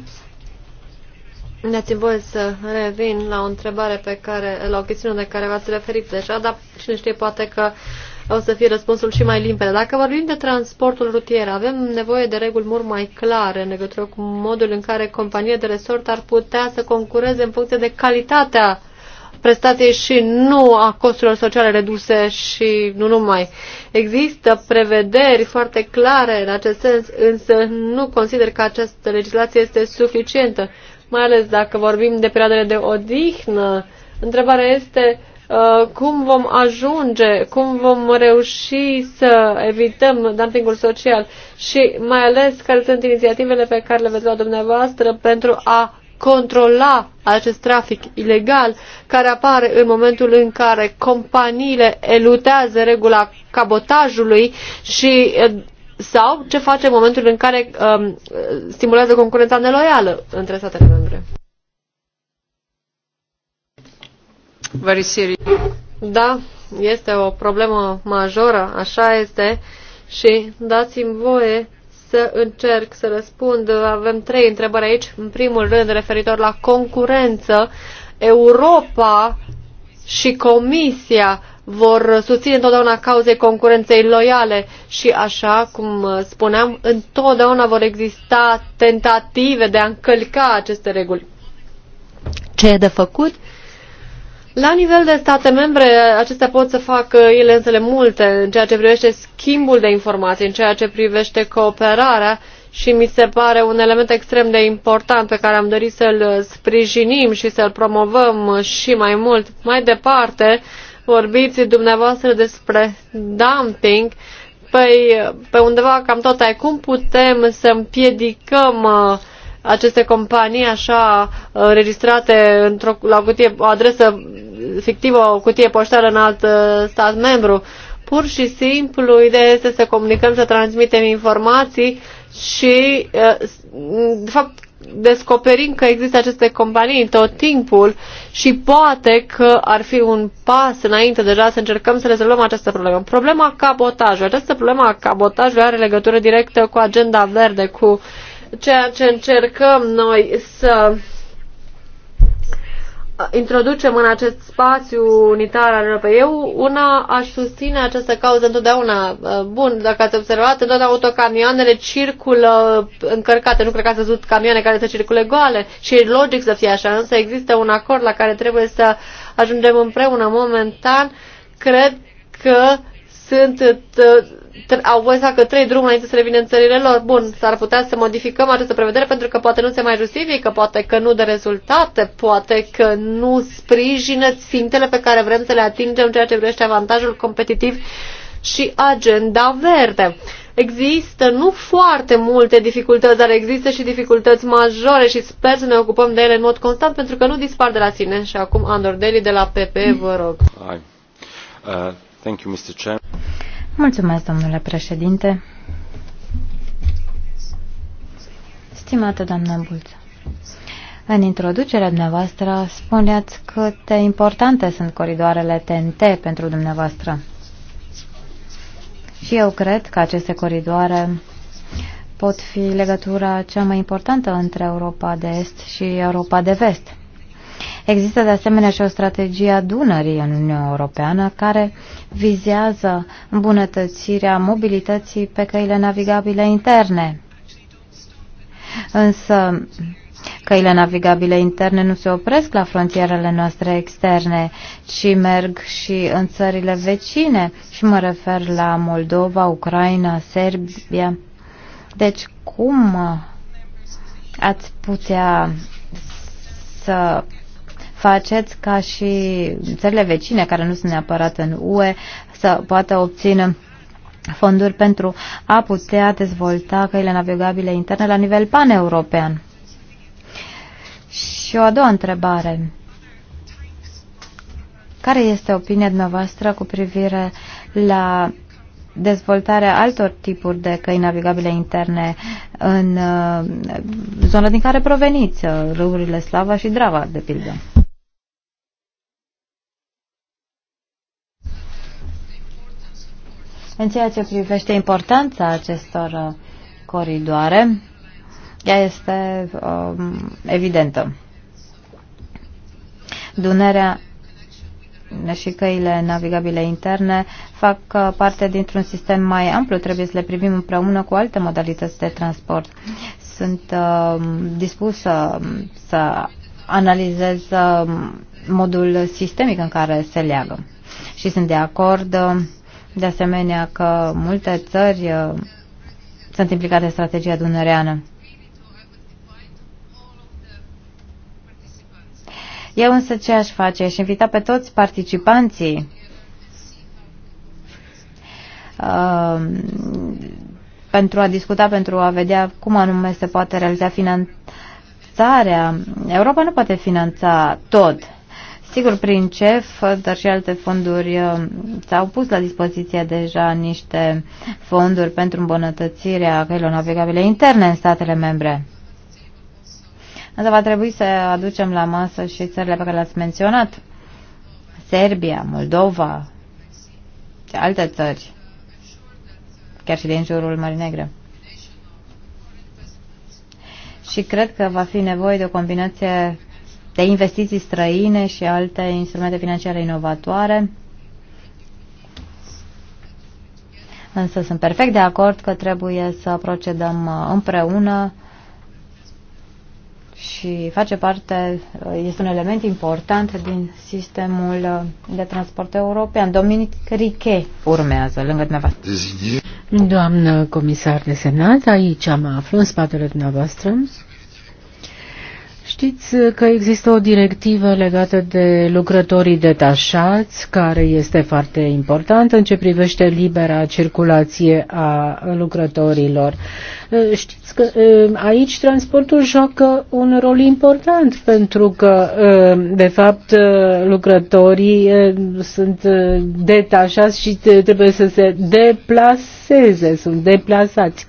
Speaker 7: Dați-mi voie să revin la o întrebare pe care, la o chestiune de care v-ați referit deja, dar cine știe, poate că o să fie răspunsul și mai limpede. Dacă vorbim de transportul rutier, avem nevoie de reguli mult mai clare în legătură cu modul în care companiile de resort ar putea să concureze în funcție de calitatea prestației și nu a costurilor sociale reduse și nu numai. Există prevederi foarte clare în acest sens, însă nu consider că această legislație este suficientă mai ales dacă vorbim de perioadele de odihnă. Întrebarea este uh, cum vom ajunge, cum vom reuși să evităm dumpingul social și mai ales care sunt inițiativele pe care le veți lua dumneavoastră pentru a controla acest trafic ilegal care apare în momentul în care companiile elutează regula cabotajului și uh, sau ce face în momentul în care um, stimulează concurența neloială între statele membre.
Speaker 3: Very serious.
Speaker 7: Da, este o problemă majoră, așa este, și dați-mi voie să încerc să răspund. Avem trei întrebări aici. În primul rând, referitor la concurență, Europa și Comisia vor susține întotdeauna cauze concurenței loiale și așa cum spuneam, întotdeauna vor exista tentative de a încălca aceste reguli. Ce e de făcut? La nivel de state membre, acestea pot să facă ele însele multe în ceea ce privește schimbul de informații, în ceea ce privește cooperarea și mi se pare un element extrem de important pe care am dorit să-l sprijinim și să-l promovăm și mai mult. Mai departe, vorbiți dumneavoastră despre dumping, păi, pe undeva cam tot ai cum putem să împiedicăm uh, aceste companii așa uh, registrate într-o, la o, cutie, o adresă fictivă, o cutie poștală în alt uh, stat membru. Pur și simplu, ideea este să comunicăm, să transmitem informații și, de fapt, descoperim că există aceste companii tot timpul și poate că ar fi un pas înainte deja să încercăm să rezolvăm această problemă. Problema cabotajului. Această problemă a cabotajului are legătură directă cu agenda verde, cu ceea ce încercăm noi să introducem în acest spațiu unitar al Europei. Eu una aș susține această cauză întotdeauna. Uh, bun, dacă ați observat, întotdeauna autocamioanele circulă încărcate. Nu cred că ați văzut camioane care să circule goale și e logic să fie așa, însă există un acord la care trebuie să ajungem împreună momentan. Cred că sunt uh, au voie să facă trei drumuri înainte să revină în țările lor. Bun, s-ar putea să modificăm această prevedere pentru că poate nu se mai justifică, poate că nu de rezultate, poate că nu sprijină țintele pe care vrem să le atingem ceea ce privește avantajul competitiv și agenda verde. Există nu foarte multe dificultăți, dar există și dificultăți majore și sper să ne ocupăm de ele în mod constant pentru că nu dispar de la sine. Și acum Andor Deli de la PP, vă rog.
Speaker 6: Hi. Uh, thank you, Mr. Chairman. Mulțumesc, domnule președinte. Stimată doamnă Bulț, în introducerea dumneavoastră spuneați cât de importante sunt coridoarele TNT pentru dumneavoastră. Și eu cred că aceste coridoare pot fi legătura cea mai importantă între Europa de Est și Europa de Vest. Există de asemenea și o strategie a Dunării în Uniunea Europeană care vizează îmbunătățirea mobilității pe căile navigabile interne. Însă căile navigabile interne nu se opresc la frontierele noastre externe, ci merg și în țările vecine și mă refer la Moldova, Ucraina, Serbia. Deci cum ați putea să faceți ca și țările vecine, care nu sunt neapărat în UE, să poată obțină fonduri pentru a putea dezvolta căile navigabile interne la nivel paneuropean. Și o a doua întrebare. Care este opinia dumneavoastră cu privire la dezvoltarea altor tipuri de căi navigabile interne în uh, zona din care proveniți, uh, râurile Slava și Drava, de pildă? În ceea ce privește importanța acestor uh, coridoare, ea este um, evidentă. Dunerea și căile navigabile interne fac uh, parte dintr-un sistem mai amplu, trebuie să le privim împreună cu alte modalități de transport. Sunt uh, dispusă um, să analizez uh, modul sistemic în care se leagă și sunt de acord uh, de asemenea că multe țări uh, sunt implicate în strategia dunăreană. Eu însă ce aș face? Aș invita pe toți participanții uh, pentru a discuta, pentru a vedea cum anume se poate realiza finanțarea. Europa nu poate finanța tot. Sigur, prin CEF, dar și alte fonduri uh, s-au pus la dispoziție deja niște fonduri pentru îmbunătățirea căilor navigabile interne în statele membre. Însă va trebui să aducem la masă și țările pe care le-ați menționat. Serbia, Moldova și alte țări, chiar și din jurul Mării Negre. Și cred că va fi nevoie de o combinație de investiții străine și alte instrumente financiare inovatoare. Însă sunt perfect de acord că trebuie să procedăm uh, împreună și face parte, uh, este un element important din sistemul uh, de transport european. Dominic Riche urmează lângă dumneavoastră.
Speaker 3: Doamnă comisar desemnat, aici am aflat în spatele dumneavoastră. Știți uh, că există o directivă legată de lucrătorii detașați, care este foarte importantă în ce privește libera circulație a lucrătorilor. Uh, știți că uh, aici transportul joacă un rol important, pentru că, de fapt, lucrătorii sunt detașați și trebuie să se deplaseze, sunt deplasați.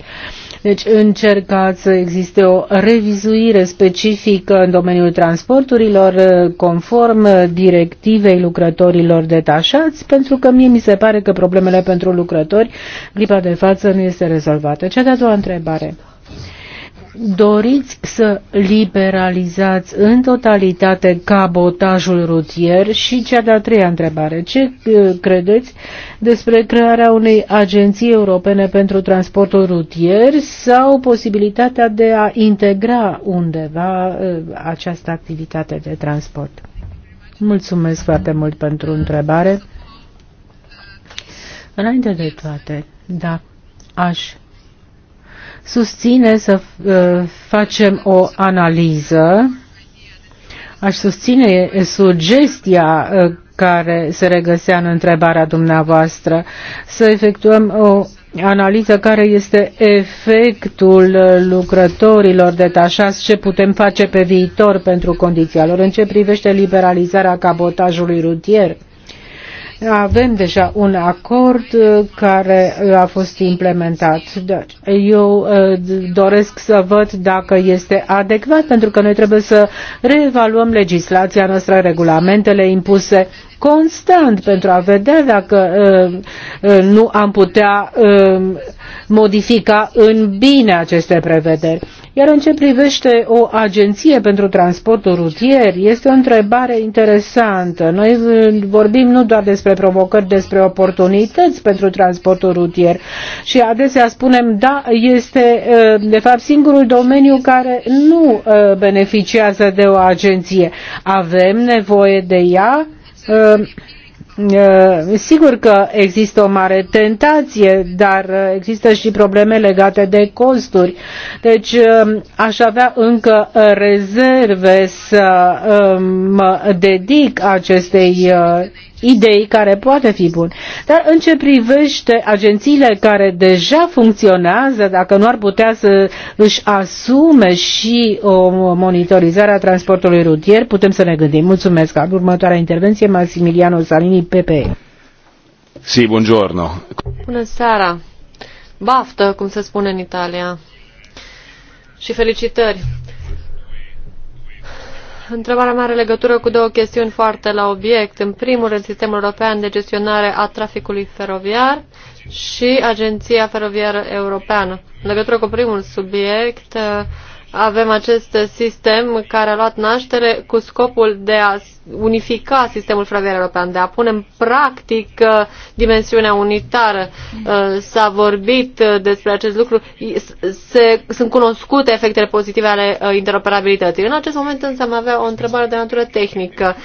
Speaker 3: Deci încercați să existe o revizuire specifică în domeniul transporturilor eh, conform directivei lucrătorilor detașați, pentru că mie mi se pare că problemele pentru lucrători clipa de față nu este rezolvată. Cea de-a doua întrebare doriți să liberalizați în totalitate cabotajul rutier? Și cea de-a treia întrebare, ce uh, credeți despre crearea unei agenții europene pentru transportul rutier sau posibilitatea de a integra undeva uh, această activitate de transport? Mulțumesc foarte mult pentru întrebare. Înainte de toate, da, aș susține să uh, facem o analiză. Aș susține sugestia uh, care se regăsea în întrebarea dumneavoastră, să efectuăm o analiză care este efectul uh, lucrătorilor detașați, ce putem face pe viitor pentru condiția lor, în ce privește liberalizarea cabotajului rutier avem deja un acord uh, care uh, a fost implementat. Da, eu uh, doresc să văd dacă este adecvat, pentru că noi trebuie să reevaluăm legislația noastră, regulamentele impuse constant pentru a vedea dacă nu am putea modifica în bine aceste prevederi. Iar în ce privește o agenție pentru transportul rutier, este o întrebare interesantă. Noi vorbim nu doar despre provocări, despre oportunități pentru transportul rutier și adesea spunem, da, este ă, de fapt singurul domeniu care nu ă, beneficiază de o agenție. Avem nevoie de ea? Ă, Eh, sigur că există o mare tentație, dar eh, există și probleme legate de costuri. Deci eh, aș avea încă rezerve să mă dedic acestei idei care poate fi bun. Dar în ce privește agențiile care deja funcționează, dacă nu ar putea să își asume și o monitorizare a transportului rutier, putem să ne gândim. Mulțumesc. Al următoarea intervenție, Massimiliano Salini, PPE.
Speaker 4: Si, buongiorno.
Speaker 7: Bună seara. Baftă, cum se spune în Italia. Și felicitări. Întrebarea mea are legătură cu două chestiuni foarte la obiect. În primul rând, Sistemul European de Gestionare a Traficului Feroviar și Agenția Feroviară Europeană. În legătură cu primul subiect, avem acest sistem care a luat naștere cu scopul de a unifica sistemul feroviar european, de a pune în practic uh, dimensiunea unitară. Uh, s-a vorbit uh, despre acest lucru. Se, sunt cunoscute efectele pozitive ale interoperabilității. În acest moment însă am avea o întrebare de natură tehnică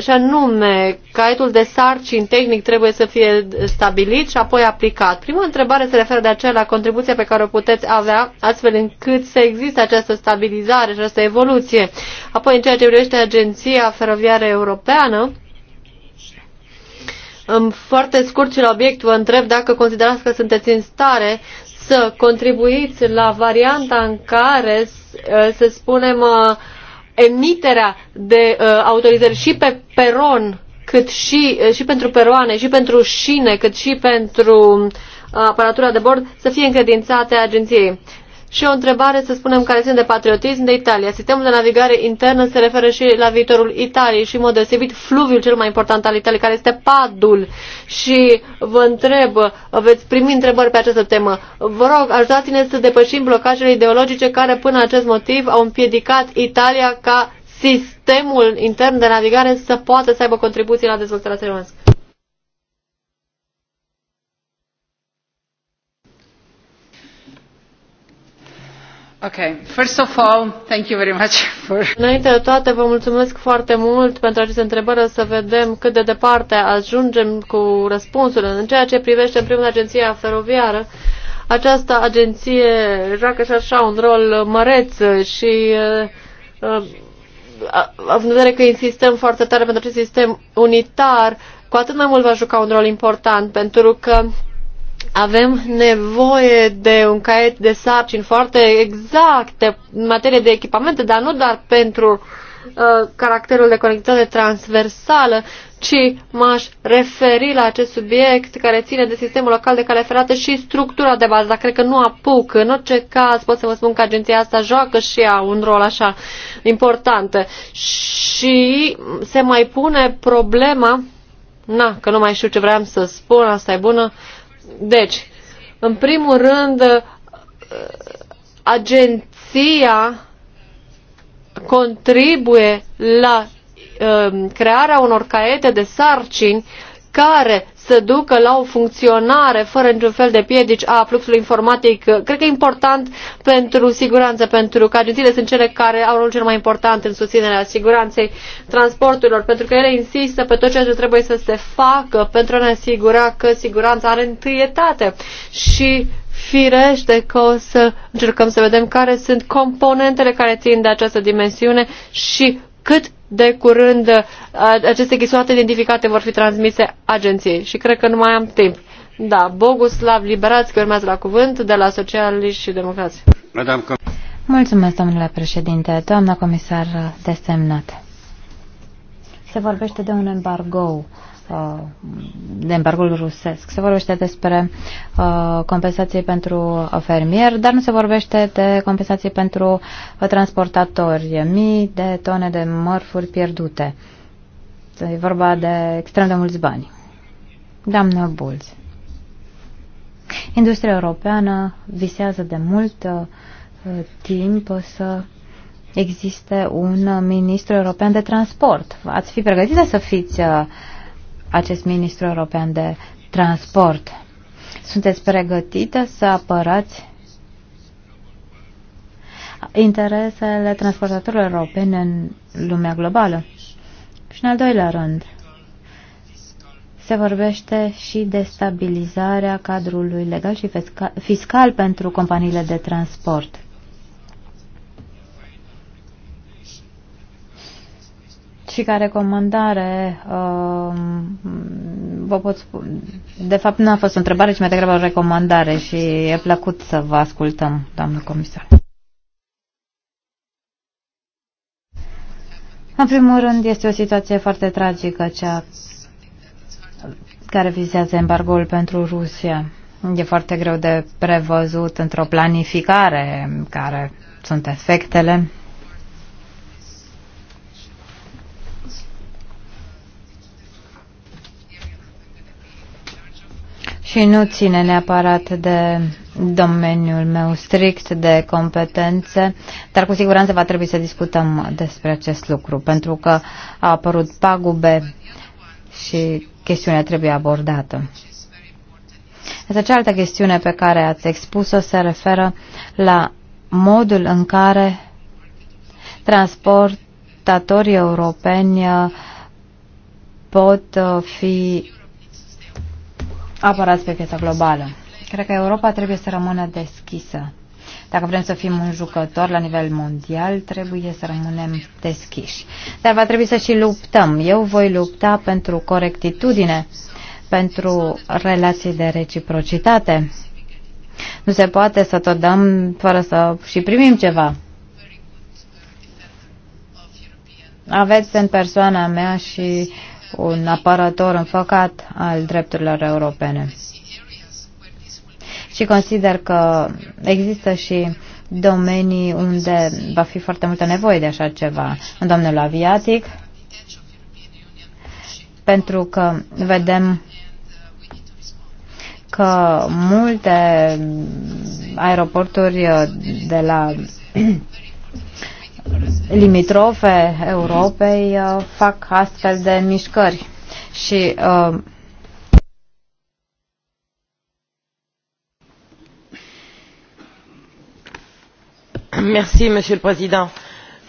Speaker 7: și anume, caietul de sarcini tehnic trebuie să fie stabilit și apoi aplicat. Prima întrebare se referă de aceea la contribuția pe care o puteți avea astfel încât să existe această stabilizare și această evoluție. Apoi, în ceea ce privește agenția feroviară Comunitară Europeană. Foarte scurt și la obiect vă întreb dacă considerați că sunteți în stare să contribuiți la varianta în care, eh, să spunem, eh, emiterea de eh, autorizări și pe peron, cât și, și pentru peroane, și pentru șine, cât și pentru aparatura de bord, să fie încredințate agenției. Și o întrebare, să spunem, care ține de patriotism de Italia. Sistemul de navigare internă se referă și la viitorul Italiei și, în mod deosebit, fluviul cel mai important al Italiei, care este padul. Și vă întreb, veți primi întrebări pe această temă. Vă rog, ajutați-ne să depășim blocajele ideologice care, până acest motiv, au împiedicat Italia ca sistemul intern de navigare să poată să aibă contribuții la dezvoltarea țării Okay. First of all, thank you very much for... Înainte de toate, vă mulțumesc foarte mult pentru aceste întrebări. să vedem cât de departe ajungem cu răspunsul. În ceea ce privește, în primul agenția feroviară, această agenție joacă și așa un rol măreț și uh, uh, având în vedere că insistăm foarte tare pentru acest sistem unitar, cu atât mai mult va juca un rol important pentru că avem nevoie de un caiet de sarcini foarte exacte în materie de echipamente, dar nu doar pentru uh, caracterul de conectivitate transversală, ci m-aș referi la acest subiect care ține de sistemul local de cale ferată și structura de bază, dar cred că nu apuc. În orice caz pot să vă spun că agenția asta joacă și ea un rol așa important. Și se mai pune problema, na, că nu mai știu ce vreau să spun, asta e bună, uh, deci, în primul rând, uh, agenția contribuie la uh, crearea unor caiete de sarcini care să ducă la o funcționare fără niciun fel de piedici a fluxului informatic. Cred că e important pentru siguranță, pentru că agențiile sunt cele care au rolul cel mai important în susținerea siguranței transporturilor, pentru că ele insistă pe tot ceea ce trebuie să se facă pentru a ne asigura că siguranța are întâietate și firește că o să încercăm să vedem care sunt componentele care țin de această dimensiune și cât de curând aceste chisoate identificate vor fi transmise agenției și cred că nu mai am timp. Da, Boguslav Liberați, că urmează la cuvânt, de la Socialiști și Democrați.
Speaker 6: Mulțumesc, domnule președinte, doamna comisar desemnat.
Speaker 7: Se vorbește de un embargo
Speaker 6: Uh, de embargoul rusesc. Se vorbește despre uh, compensații pentru fermieri, dar nu se vorbește de compensații pentru transportatori, mii de tone de mărfuri pierdute. E vorba de extrem de mulți bani. Doamnă Bulți, industria europeană visează de mult uh, timp să existe un ministru european de transport. Ați fi pregătiți să fiți acest ministru european de transport. Sunteți pregătită să apărați interesele transportatorilor europeni în lumea globală? Și în al doilea rând, se vorbește și de stabilizarea cadrului legal și fiscal pentru companiile de transport. și ca recomandare um, vă pot spune, de fapt nu a fost o întrebare, ci mai degrabă o recomandare și e plăcut să vă ascultăm, doamnă comisar. În primul rând, este o situație foarte tragică cea care vizează embargoul pentru Rusia. E foarte greu de prevăzut într-o planificare care sunt efectele și nu ține neapărat de domeniul meu strict de competențe, dar cu siguranță va trebui să discutăm despre acest lucru, pentru că a apărut pagube și chestiunea trebuie abordată. Însă cealaltă chestiune pe care ați expus-o se referă la modul în care transportatorii europeni pot fi apărați pe piața globală. Cred că Europa trebuie să rămână deschisă. Dacă vrem să fim un jucător la nivel mondial, trebuie să rămânem deschiși. Dar va trebui să și luptăm. Eu voi lupta pentru corectitudine, pentru relații de reciprocitate. Nu se poate să tot dăm fără să și primim ceva. Aveți în persoana mea și un aparator înfăcat al drepturilor europene. Și consider că există și domenii unde va fi foarte multă nevoie de așa ceva. În domeniul aviatic, pentru că vedem că multe aeroporturi de la limitrofe Europei uh, fac astfel de mișcări și uh,
Speaker 3: Merci, Monsieur le Président.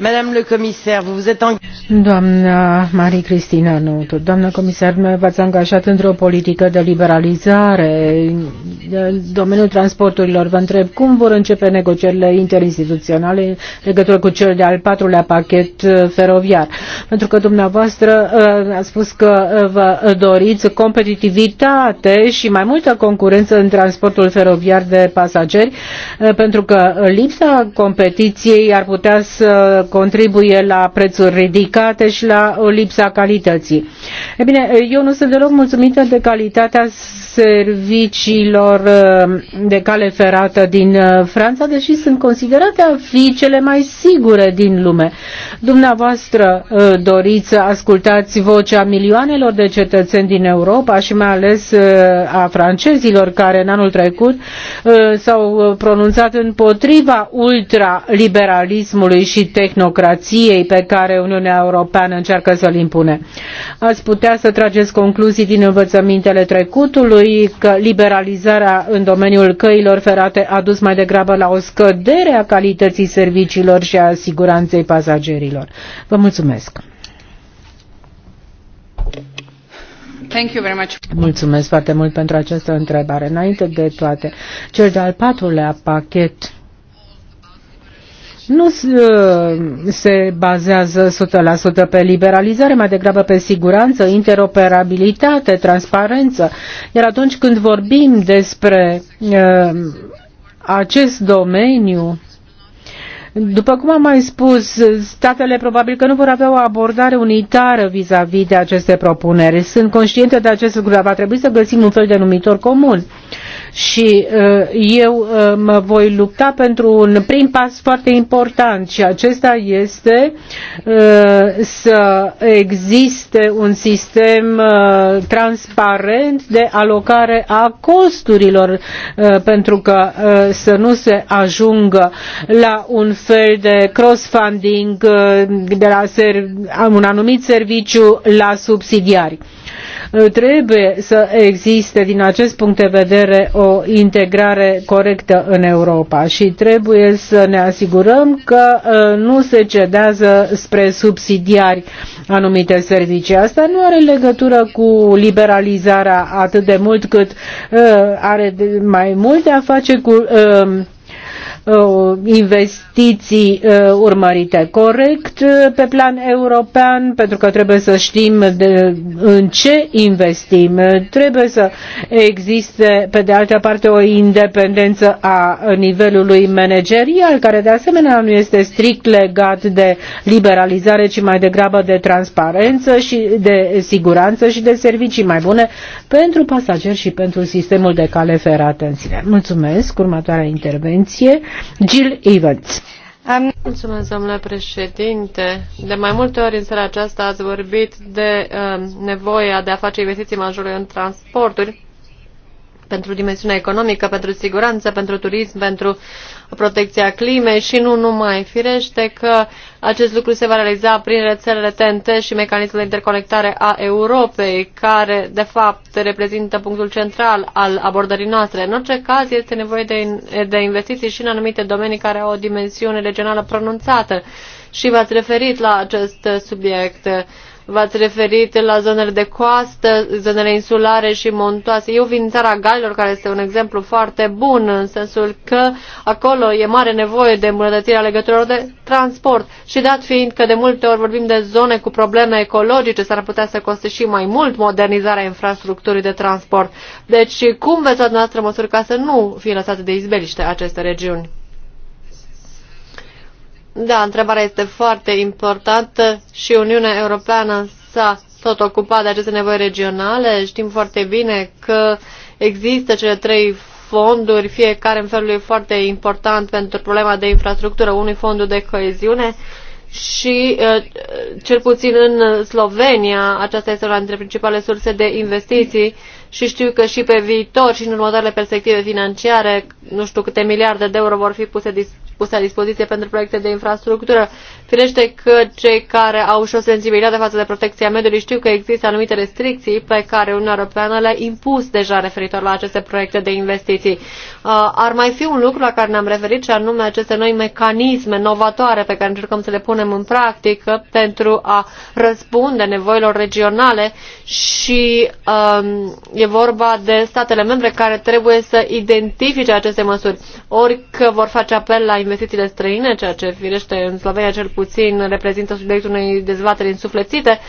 Speaker 3: Madame le commissaire, vous vous êtes Doamna Marie Cristina Notu, doamna comisar, v-ați angajat într-o politică de liberalizare în domeniul transporturilor. Vă întreb cum vor începe negocierile interinstituționale în legătură cu cel de-al patrulea pachet uh, feroviar. Pentru că dumneavoastră uh, a spus că uh, vă doriți competitivitate și mai multă concurență în transportul feroviar de pasageri, pentru că lipsa competiției ar putea să contribuie la prețuri ridicate și la o lipsa calității. E bine, eu nu sunt deloc mulțumită de calitatea serviciilor uh, de cale ferată din uh, Franța, deși sunt considerate a fi cele mai sigure din lume. Dumneavoastră uh, doriți să ascultați vocea milioanelor de cetățeni din Europa și mai ales a francezilor care în anul trecut s-au pronunțat împotriva ultraliberalismului și tehnologiei tehnocrației pe care Uniunea Europeană încearcă să-l impune. Ați putea să trageți concluzii din învățămintele trecutului că liberalizarea în domeniul căilor ferate a dus mai degrabă la o scădere a calității serviciilor și a siguranței pasagerilor. Vă mulțumesc!
Speaker 1: Thank you very much.
Speaker 3: Mulțumesc foarte mult pentru această întrebare. Înainte de toate, cel de-al patrulea pachet nu uh, se bazează 100% pe liberalizare, mai degrabă pe siguranță, interoperabilitate, transparență. Iar atunci când vorbim despre uh, acest domeniu, după cum am mai spus, statele probabil că nu vor avea o abordare unitară vis-a-vis -vis de aceste propuneri. Sunt conștiente de acest lucru, dar va trebui să găsim un fel de numitor comun. Uh, și uh, eu uh, mă voi lupta pentru un prim pas foarte important și acesta este uh, să existe un sistem transparent de alocare a costurilor pentru că să nu se ajungă la un fel de cross-funding de la un anumit serviciu la subsidiari. Trebuie să existe din acest punct de vedere o integrare corectă în Europa și trebuie să ne asigurăm că uh, nu se cedează spre subsidiari anumite servicii. Asta nu are legătură cu liberalizarea atât de mult cât uh, are mai mult de a face cu uh, Uh, investiții uh, urmărite corect uh, pe plan european, pentru că trebuie să știm de, în ce investim. Trebuie să existe, pe de altă parte, o independență a nivelului managerial, care de asemenea nu este strict legat de liberalizare, ci mai degrabă de transparență și de siguranță și de servicii mai bune pentru pasageri și pentru sistemul de cale ferată în sine. Mulțumesc. Următoarea intervenție Jill Evans.
Speaker 7: Am... Mulțumesc, domnule președinte. De mai multe ori în seara aceasta ați vorbit de uh, nevoia de a face investiții majore în transporturi pentru dimensiunea economică, pentru siguranță, pentru turism, pentru protecția climei și nu numai. Firește că acest lucru se va realiza prin rețelele TNT și mecanismele de interconectare a Europei, care de fapt reprezintă punctul central al abordării noastre. În orice caz, este nevoie de, de investiții și în anumite domenii care au o dimensiune regională pronunțată. Și v-ați referit la acest subiect. V-ați referit la zonele de coastă, zonele insulare și montoase. Eu vin în țara Galilor, care este un exemplu foarte bun, în sensul că acolo e mare nevoie de îmbunătățirea legăturilor de transport. Și dat fiind că de multe ori vorbim de zone cu probleme ecologice, s-ar putea să coste și mai mult modernizarea infrastructurii de transport. Deci, cum veți lua dumneavoastră măsuri ca să nu fie lăsate de izbeliște aceste regiuni? Da, întrebarea este foarte importantă și Uniunea Europeană s-a tot ocupat de aceste nevoi regionale. Știm foarte bine că există cele trei fonduri, fiecare în felul lui foarte important pentru problema de infrastructură, unui fondul de coeziune și cel puțin în Slovenia aceasta este una dintre principale surse de investiții și știu că și pe viitor și în următoarele perspective financiare nu știu câte miliarde de euro vor fi puse puse la dispoziție pentru proiecte de infrastructură. Firește că cei care au și o sensibilitate față de protecția mediului știu că există anumite restricții pe care Uniunea Europeană le-a impus deja referitor la aceste proiecte de investiții. Uh, ar mai fi un lucru la care ne-am referit și anume aceste noi mecanisme novatoare pe care încercăm să le punem în practică pentru a răspunde nevoilor regionale și um, e vorba de statele membre care trebuie să identifice aceste măsuri. Ori că vor face apel la investiții investițiile străine, ceea ce, firește, în Slovenia cel puțin reprezintă subiectul unei dezbateri însuflețite,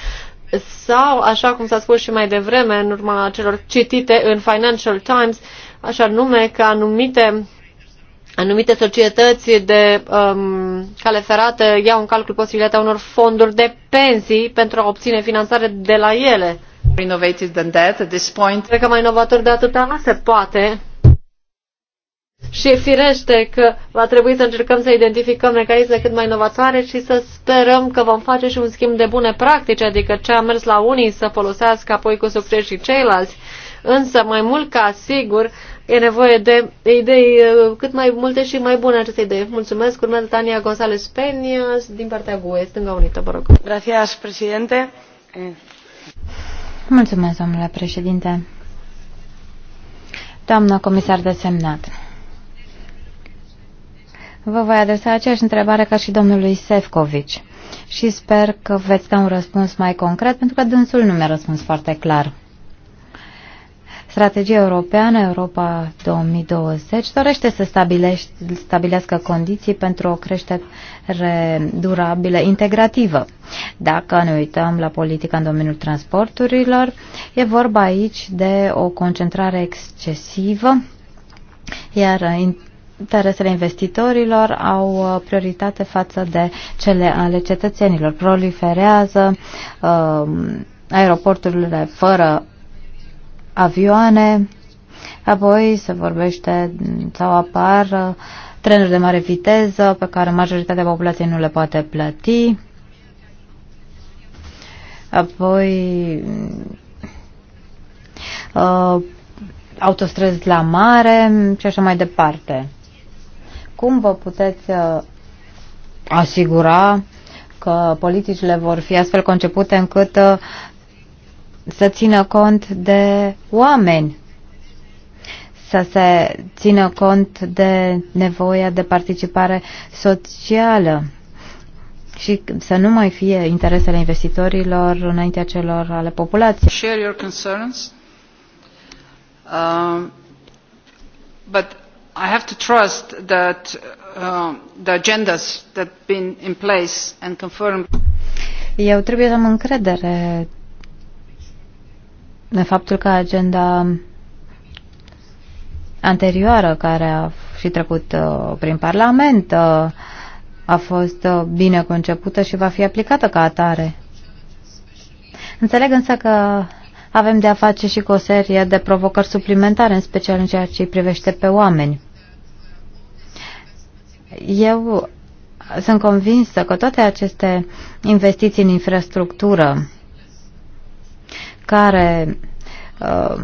Speaker 7: sau, așa cum s-a spus și mai devreme, în urma celor citite în Financial Times, așa nume că anumite anumite societăți de um, cale ferată iau în calcul posibilitatea unor fonduri de pensii pentru a obține finanțare de la ele. Cred că mai inovator de atâta se poate și firește că va trebui să încercăm să identificăm mecanisme cât mai inovatoare și să sperăm că vom face și un schimb de bune practici, adică ce a mers la unii să folosească apoi cu succes și ceilalți. Însă, mai mult ca sigur, e nevoie de idei uh, cât mai multe și mai bune aceste idei. Mulțumesc. Urmează Tania González Peñas din partea GUE, Stânga Unită, vă rog. Gracias, președinte.
Speaker 6: Mulțumesc, domnule președinte. Doamna comisar desemnat. Vă voi adresa aceeași întrebare ca și domnului Sefcovici și sper că veți da un răspuns mai concret, pentru că dânsul nu mi-a răspuns foarte clar. Strategia europeană Europa 2020 dorește să stabilească condiții pentru o creștere durabilă, integrativă. Dacă ne uităm la politica în domeniul transporturilor, e vorba aici de o concentrare excesivă, iar interesele investitorilor au uh, prioritate față de cele ale cetățenilor. Proliferează uh, aeroporturile fără avioane, apoi se vorbește sau apar uh, trenuri de mare viteză pe care majoritatea populației nu le poate plăti, apoi uh, autostrăzi la mare și așa mai departe. Cum vă puteți uh, asigura că politicile vor fi astfel concepute încât uh, să țină cont de oameni, să se țină cont de nevoia de participare socială și să nu mai fie interesele investitorilor înaintea celor ale populației. Share your
Speaker 1: concerns. Um, but I have to trust that uh, the agendas that have been in place and confirmed.
Speaker 6: Eu trebuie să am încredere în faptul că agenda anterioară care a și trecut uh, prin Parlament uh, a fost uh, bine concepută și va fi aplicată ca atare. Înțeleg însă că avem de a face și cu o serie de provocări suplimentare, în special în ceea ce îi privește pe oameni. Eu sunt convinsă că toate aceste investiții în infrastructură care uh,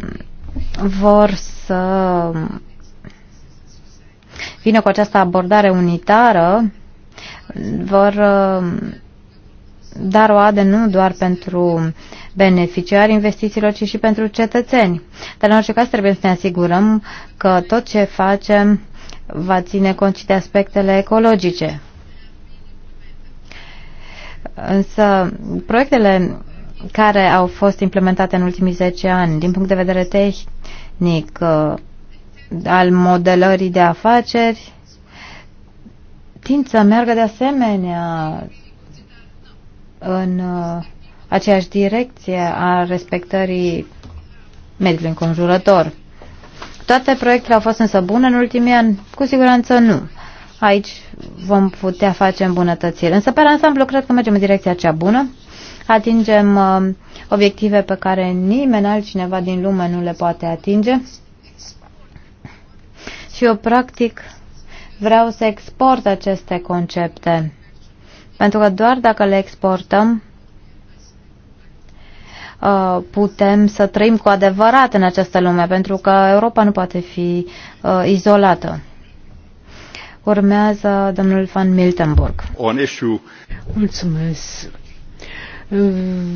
Speaker 6: vor să vină cu această abordare unitară vor uh, da roade nu doar pentru beneficiari investițiilor, ci și pentru cetățeni. Dar în orice caz trebuie să ne asigurăm că tot ce facem va ține cont și de aspectele ecologice. Însă proiectele care au fost implementate în ultimii 10 ani din punct de vedere tehnic al modelării de afaceri tind să meargă de asemenea în aceeași direcție a respectării mediului înconjurător. Toate proiectele au fost însă bune în ultimii ani? Cu siguranță nu. Aici vom putea face îmbunătățiri. Însă, pe ansamblu, cred că mergem în direcția cea bună. Atingem uh, obiective pe care nimeni altcineva din lume nu le poate atinge. Și eu, practic, vreau să export aceste concepte. Pentru că doar dacă le exportăm, Uh, putem să trăim cu adevărat în această lume, pentru că Europa nu poate fi uh, izolată. Urmează domnul Van Miltenburg.
Speaker 3: Mulțumesc.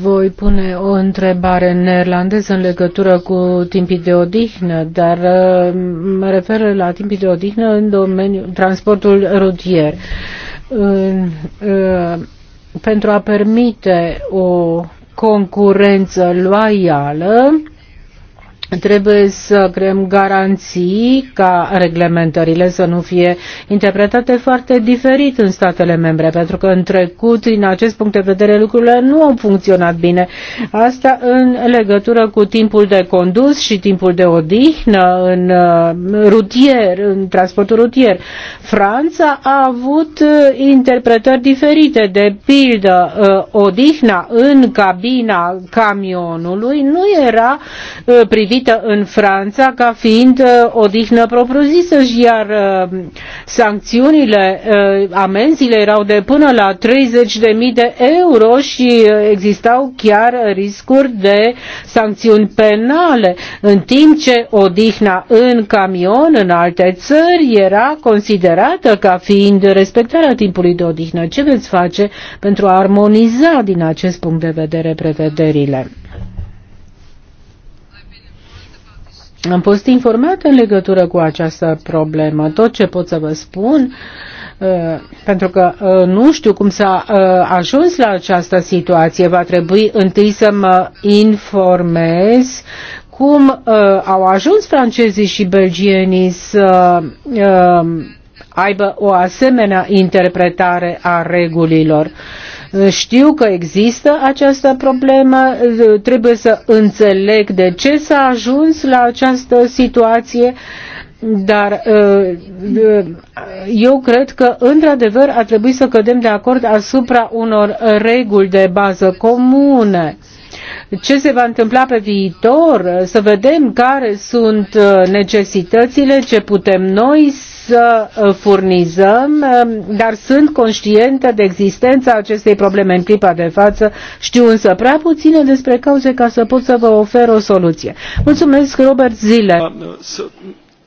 Speaker 3: Voi pune o întrebare în neerlandeză în legătură cu timpii de odihnă, dar uh, mă refer la timpii de odihnă în domeniul transportul rutier. Pentru a permite o concurență loială Trebuie să creăm garanții ca reglementările să nu fie interpretate foarte diferit în statele membre, pentru că în trecut, din acest punct de vedere, lucrurile nu au funcționat bine. Asta în legătură cu timpul de condus și timpul de odihnă în uh, rutier, în transportul rutier. Franța a avut uh, interpretări diferite. De pildă, uh, odihna în cabina camionului nu era privit primită în Franța ca fiind uh, odihnă propriu-zisă, iar uh, sancțiunile, uh, amenziile erau de până la 30.000 de euro și existau chiar riscuri de sancțiuni penale, în timp ce odihna în camion în alte țări era considerată ca fiind respectarea timpului de odihnă. Ce veți face pentru a armoniza din acest punct de vedere prevederile? Am fost informat în legătură cu această problemă. Tot ce pot să vă spun, uh, pentru că uh, nu știu cum s-a uh, ajuns la această situație, va trebui întâi să mă informez cum au ajuns francezii și belgienii să aibă o asemenea interpretare a regulilor. Știu că există această problemă, trebuie să înțeleg de ce s-a ajuns la această situație, dar uh, eu cred că, într-adevăr, ar trebui să cădem de acord asupra unor reguli de bază comune ce se va întâmpla pe viitor, să vedem care sunt uh, necesitățile, ce putem noi să uh, furnizăm, um, dar sunt conștientă de existența acestei probleme în clipa de față, știu însă prea puține despre cauze ca să pot să vă ofer o soluție. Mulțumesc, Robert Zile.
Speaker 1: Um,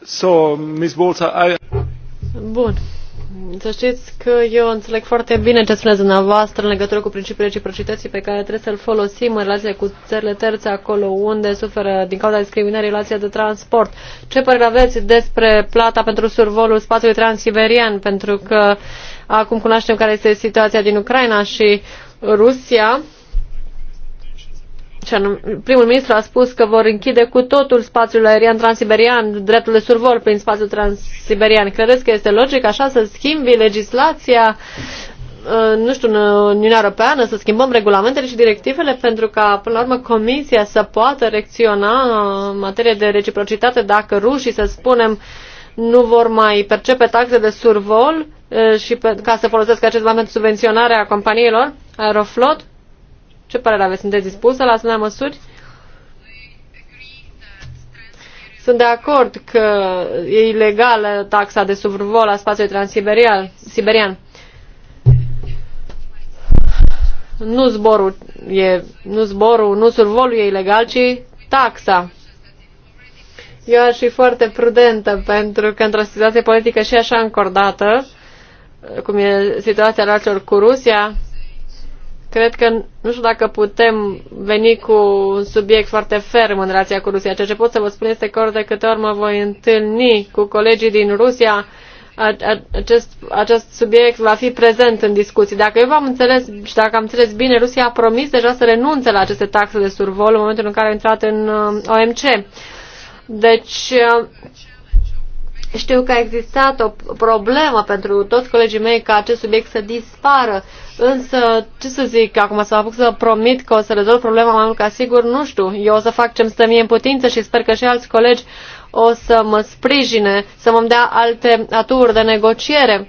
Speaker 1: so,
Speaker 7: Bun. Să știți că eu înțeleg foarte bine ce spuneți dumneavoastră în legătură cu principiul reciprocității pe care trebuie să-l folosim în relație cu țările terțe acolo unde suferă din cauza discriminării relația de transport. Ce părere aveți despre plata pentru survolul spațiului transiberian? Pentru că acum cunoaștem care este situația din Ucraina și Rusia primul ministru a spus că vor închide cu totul spațiul aerian transiberian, dreptul de survol prin spațiul transiberian. Credeți că este logic așa să schimbi legislația uh, nu știu, în Uniunea Europeană, să schimbăm regulamentele și directivele pentru ca, până la urmă, Comisia să poată reacționa în materie de reciprocitate dacă rușii, să spunem, nu vor mai percepe taxe de survol uh, și pe, ca să folosesc acest moment subvenționare a companiilor Aeroflot? Ce părere aveți? Sunteți dispusă la asemenea măsuri? Sunt de acord că e ilegală taxa de survol a spațiului transiberian. Nu zborul, e, nu zborul, nu survolul e ilegal, ci taxa. Eu aș fi foarte prudentă pentru că într-o situație politică și așa încordată, cum e situația relațiilor cu Rusia, Cred că nu știu dacă putem veni cu un subiect foarte ferm în relația cu Rusia. Ceea ce pot să vă spun este că ori de câte ori mă voi întâlni cu colegii din Rusia, acest, acest subiect va fi prezent în discuții. Dacă eu v-am înțeles și dacă am înțeles bine, Rusia a promis deja să renunțe la aceste taxe de survol în momentul în care a intrat în uh, OMC. Deci, uh, știu că a existat o problemă pentru toți colegii mei ca acest subiect să dispară, însă, ce să zic, acum să mă apuc să promit că o să rezolv problema mai mult ca sigur, nu știu. Eu o să fac ce-mi stă mie în putință și sper că și alți colegi o să mă sprijine, să mă dea alte aturi de negociere,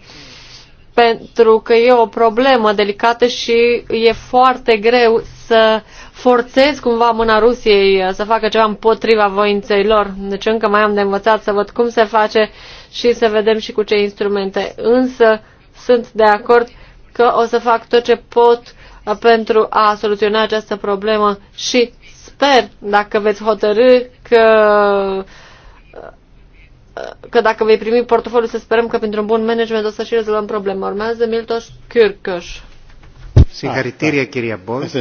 Speaker 7: pentru că e o problemă delicată și e foarte greu să forțez cumva mâna Rusiei uh, să facă ceva împotriva voinței lor. Deci încă mai am de învățat să văd cum se face și să vedem și cu ce instrumente. Însă sunt de acord că o să fac tot ce pot uh, pentru a soluționa această problemă și sper, dacă veți hotărâ că uh, că dacă vei primi portofoliul, să sperăm că pentru un bun management o să și rezolvăm problema. Urmează Miltos Kyrkos.
Speaker 5: Singharitiria, ah, da. Kiria Bolz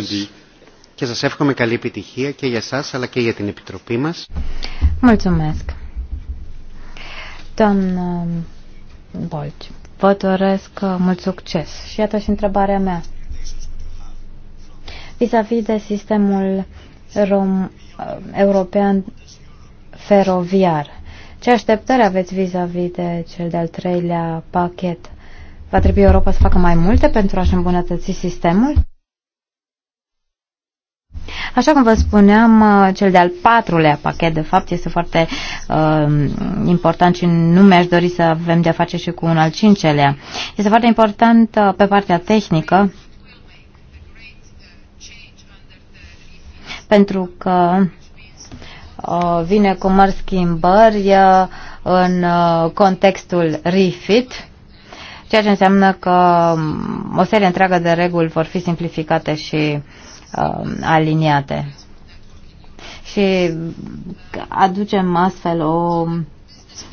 Speaker 5: και σας εύχομαι καλή επιτυχία και για σας αλλά και για την Επιτροπή μας.
Speaker 6: Mulțumesc. Doamnă Bolci, vă doresc mult succes. Și iată și întrebarea mea. Vis-a-vis -vis de sistemul rom, european feroviar, ce așteptări aveți vis-a-vis -vis de cel de-al treilea pachet? Va trebui Europa să facă mai multe pentru a-și îmbunătăți sistemul? Așa cum vă spuneam, uh, cel de-al patrulea pachet, de fapt, este foarte uh, important și nu mi-aș dori să avem de-a face și cu un al cincelea. Este foarte important uh, pe partea tehnică, pentru că uh, vine cu mari schimbări uh, în uh, contextul refit, ceea ce înseamnă că um, o serie întreagă de reguli vor fi simplificate și uh, uh, aliniate. Și aducem astfel o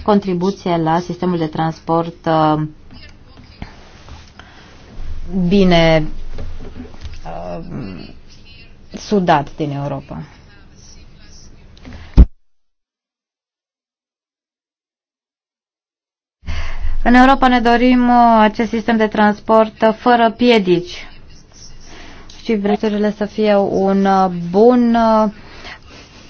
Speaker 6: contribuție la sistemul de transport uh, bine uh, sudat din Europa. În Europa ne dorim uh, acest sistem de transport uh, fără piedici, și vrețurile să fie un uh, bun uh,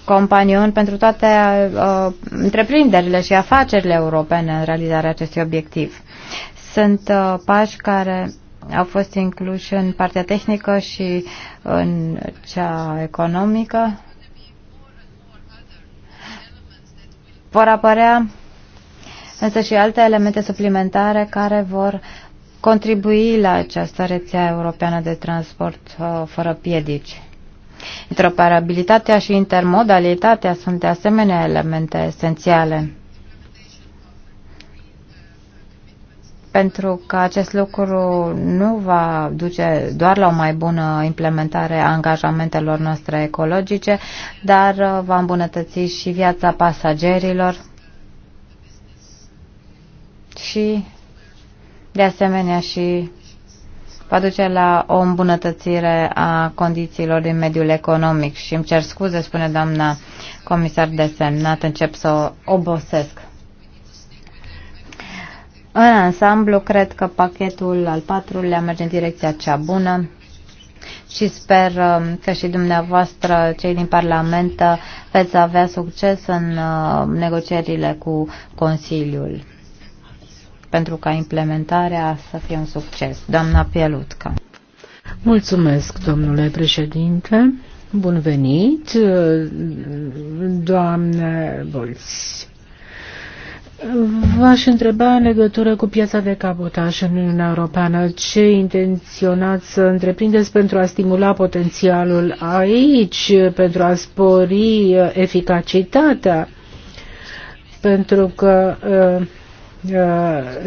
Speaker 6: companion pentru toate uh, întreprinderile și afacerile europene în realizarea acestui obiectiv. Sunt uh, pași care au fost incluși în partea tehnică și în cea economică. Vor apărea însă și alte elemente suplimentare care vor contribui la această rețea europeană de transport uh, fără piedici. Interoperabilitatea și intermodalitatea sunt de asemenea elemente esențiale. Pentru că acest lucru nu va duce doar la o mai bună implementare a angajamentelor noastre ecologice, dar uh, va îmbunătăți și viața pasagerilor și de asemenea și va duce la o îmbunătățire a condițiilor din mediul economic. Și îmi cer scuze, spune doamna comisar semnat, încep să obosesc. În ansamblu, cred că pachetul al patrulea merge în direcția cea bună și sper um, că și dumneavoastră, cei din Parlament, veți avea succes în uh, negocierile cu Consiliul pentru ca implementarea să fie un succes. Doamna Pielutca.
Speaker 3: Mulțumesc, domnule președinte. Bun venit, doamne Bolți. V-aș întreba în legătură cu piața de cabotaj în Uniunea Europeană. Ce intenționați să întreprindeți pentru a stimula potențialul aici, pentru a spori eficacitatea? Pentru că uh, Uh,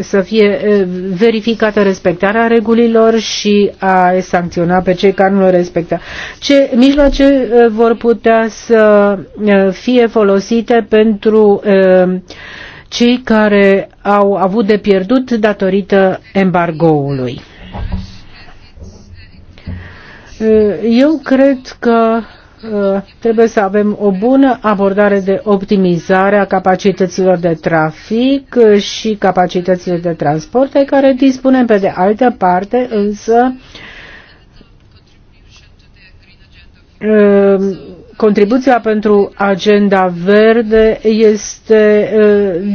Speaker 3: să fie uh, verificată respectarea regulilor și a sancționa pe cei care nu le respectă. Ce mijloace uh, vor putea să fie folosite pentru cei care au avut de pierdut datorită embargoului? Eu cred că Uh, trebuie să avem o bună abordare de optimizare a capacităților de trafic și capacitățile de transport pe care dispunem pe de altă parte, însă uh, Contribuția pentru agenda verde este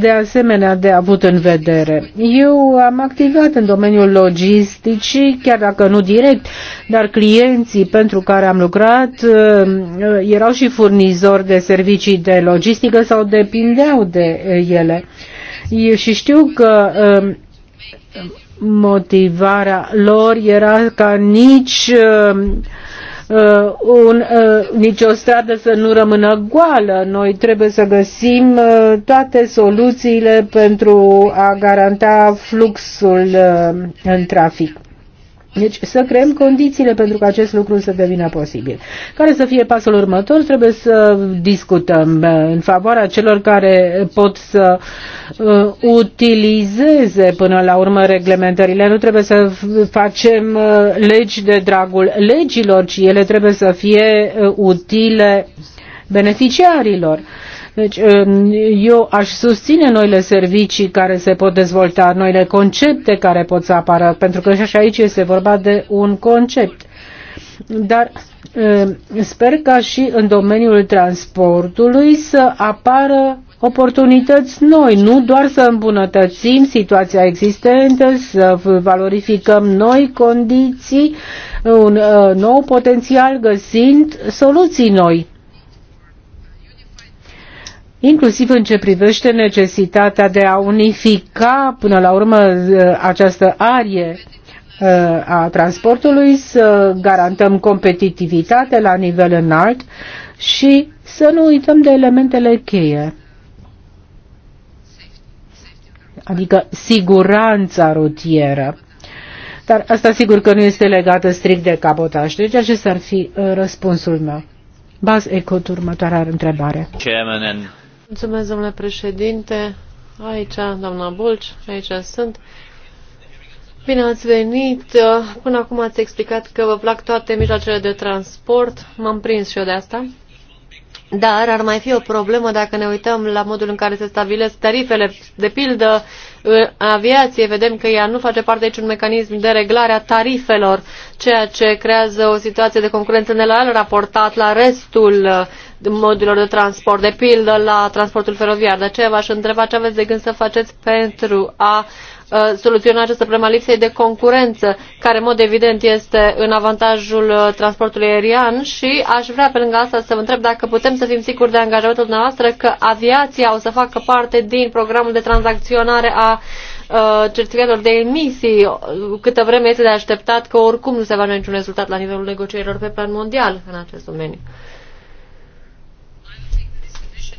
Speaker 3: de asemenea de avut în vedere. Eu am activat în domeniul logisticii, chiar dacă nu direct, dar clienții pentru care am lucrat erau și furnizori de servicii de logistică sau depindeau de ele. Și știu că motivarea lor era ca nici uh, un, uh, nicio stradă să nu rămână goală. Noi trebuie să găsim uh, toate soluțiile pentru a garanta fluxul uh, în trafic. Deci să creăm condițiile pentru ca acest lucru să devină posibil. Care să fie pasul următor? Trebuie să discutăm uh, în favoarea celor care pot să uh, utilizeze până la urmă reglementările. Nu trebuie să facem uh, legi de dragul legilor, ci ele trebuie să fie uh, utile beneficiarilor. Uh, deci um, eu aș susține noile servicii care se pot dezvolta, noile concepte care pot să apară, pentru că și aici este vorba de un concept. Dar um, sper ca și în domeniul transportului să apară oportunități noi, nu doar să îmbunătățim situația existentă, să valorificăm noi condiții, un uh, nou potențial găsind soluții noi inclusiv în ce privește necesitatea de a unifica până la urmă ă, această arie ă, a transportului, să garantăm competitivitate la nivel înalt și să nu uităm de elementele cheie, adică siguranța rutieră. Dar asta sigur că nu este legată strict de cabotaj. Deci acesta ar fi ă, răspunsul meu. Baz Ecot, următoarea întrebare.
Speaker 6: Chairman and
Speaker 7: Mulțumesc, domnule președinte. Aici, doamna Bulci, aici sunt. Bine ați venit. Până acum ați explicat că vă plac toate mijloacele de transport. M-am prins și eu de asta. Dar ar mai fi o problemă dacă ne uităm la modul în care se stabilesc tarifele. De pildă, în aviație vedem că ea nu face parte aici un mecanism de reglare a tarifelor, ceea ce creează o situație de concurență neloială raportat la restul uh, modurilor de transport, de pildă la transportul feroviar. De aceea v-aș întreba ce aveți de gând să faceți pentru a Uh, soluționa această problemă a lipsei de concurență, care în mod evident este în avantajul uh, transportului aerian și aș vrea pe lângă asta să vă întreb dacă putem să fim siguri de angajamentul dumneavoastră că aviația o să facă parte din programul de tranzacționare a uh, certificatelor de emisii, câtă vreme este de așteptat că oricum nu se va niciun rezultat la nivelul negocierilor pe plan mondial în acest domeniu.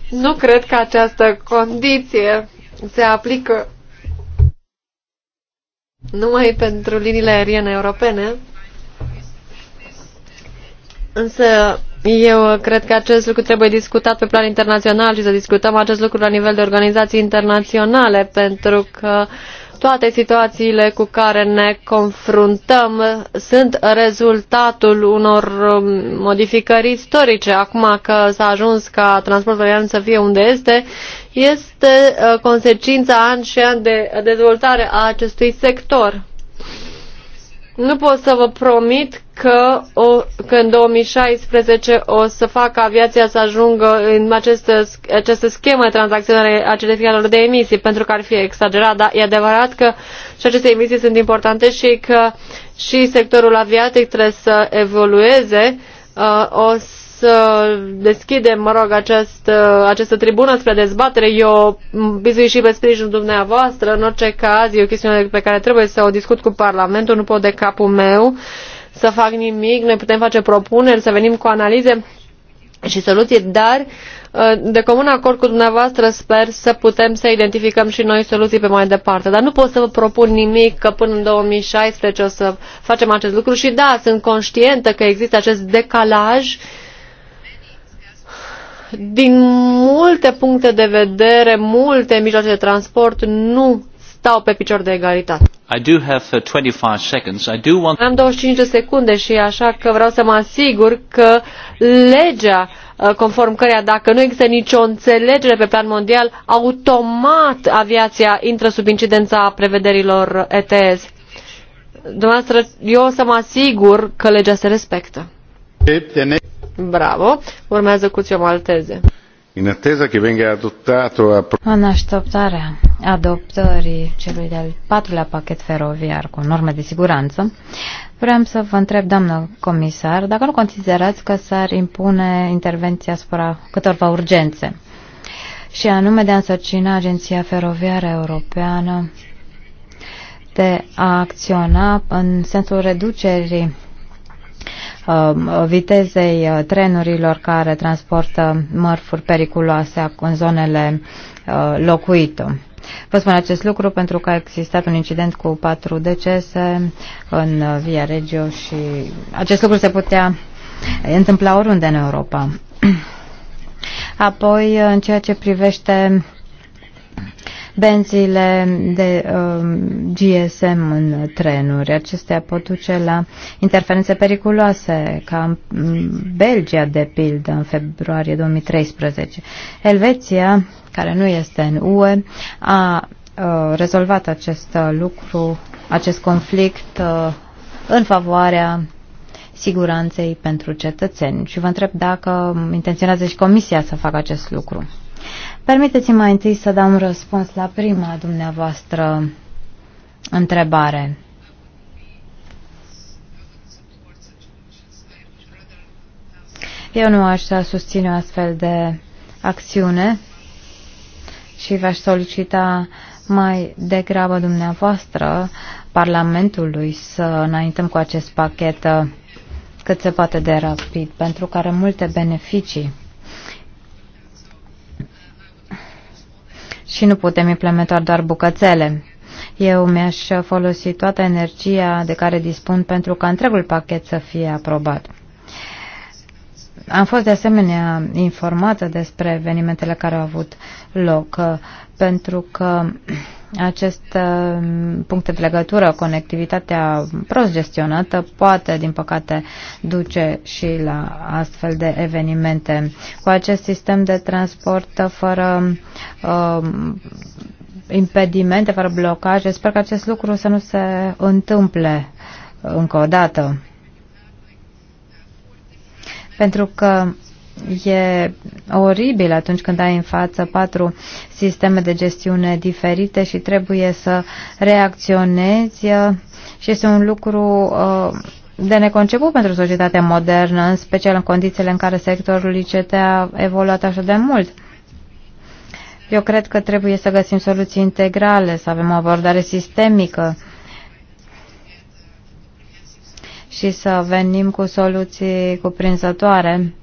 Speaker 7: Nu cred că această condiție se aplică numai pentru liniile aeriene europene. Însă eu cred că acest lucru trebuie discutat pe plan internațional și să discutăm acest lucru la nivel de organizații internaționale, pentru că toate situațiile cu care ne confruntăm sunt rezultatul unor um, modificări istorice. Acum că s-a ajuns ca transportul aerian să fie unde este, este uh, consecința an și an de dezvoltare a acestui sector. Nu pot să vă promit că, o, că în 2016 o să facă aviația să ajungă în aceste, aceste schemă tranzacționare a certificatelor de emisii, pentru că ar fi exagerat, dar e adevărat că și aceste emisii sunt importante și că și sectorul aviatic trebuie să evolueze. Uh, o să deschidem, mă rog, acest, uh, această tribună spre dezbatere. Eu bizui și pe sprijinul dumneavoastră. În orice caz, e o chestiune pe care trebuie să o discut cu Parlamentul. Nu pot de capul meu să fac nimic. Noi putem face propuneri, să venim cu analize și soluții, dar uh, de comun acord cu dumneavoastră sper să putem să identificăm și noi soluții pe mai departe. Dar nu pot să vă propun nimic că până în 2016 o să facem acest lucru și da, sunt conștientă că există acest decalaj uh, din multe puncte de vedere, multe mijloace de transport nu stau pe picior de egalitate. I do have 25 uh, seconds. I do want... Am 25 de secunde și așa că vreau să mă asigur că legea uh, conform căreia dacă nu există nicio înțelegere pe plan mondial, automat aviația intră sub incidența prevederilor ETS. Dumneavoastră, eu o să mă asigur că legea se respectă. Bravo! Urmează Cuțio Malteze.
Speaker 1: În attesa che venga adottato a...
Speaker 7: În așteptarea adoptării celui
Speaker 6: de-al patrulea pachet feroviar cu norme de siguranță, vreau să vă întreb, doamnă comisar, dacă nu considerați că s-ar impune intervenția asupra câtorva urgențe, și anume de a însărcina Agenția Feroviară Europeană de a acționa în sensul reducerii Um, vitezei uh, trenurilor care transportă mărfuri periculoase în zonele uh, locuite. Vă spun acest lucru pentru că a existat un incident cu patru decese în uh, Via Regio și acest lucru se putea întâmpla oriunde în Europa. Apoi, în ceea ce privește benzile de uh, um, GSM în trenuri. Acestea pot duce la interferențe periculoase, ca în Belgia, de pildă, în februarie 2013. Elveția, care nu este în UE, a uh, rezolvat acest uh, lucru, acest conflict uh, în favoarea siguranței pentru cetățeni. Și vă întreb dacă intenționează și Comisia să facă acest lucru. Permiteți-mi mai întâi să dau un răspuns la prima dumneavoastră întrebare. Eu nu aș susține o astfel de acțiune și v-aș solicita mai degrabă dumneavoastră Parlamentului să înaintăm cu acest pachet cât se poate de rapid, pentru că are multe beneficii. și nu putem implementa doar bucățele. Eu mi-aș folosi toată energia de care dispun pentru ca întregul pachet să fie aprobat. Am fost de asemenea informată despre evenimentele care au avut loc, pentru că acest uh, punct de legătură, conectivitatea prost gestionată, poate, din păcate, duce și la astfel de evenimente. Cu acest sistem de transport fără uh, impedimente, fără blocaje, sper că acest lucru să nu se întâmple încă o dată. Pentru că e oribil atunci când ai în față patru sisteme de gestiune diferite și trebuie să reacționezi uh, și este un lucru uh, de neconceput pentru societatea modernă, în special în condițiile în care sectorul ICT a evoluat așa de mult. Eu cred că trebuie să găsim soluții integrale, să avem o abordare sistemică și să venim cu soluții cuprinzătoare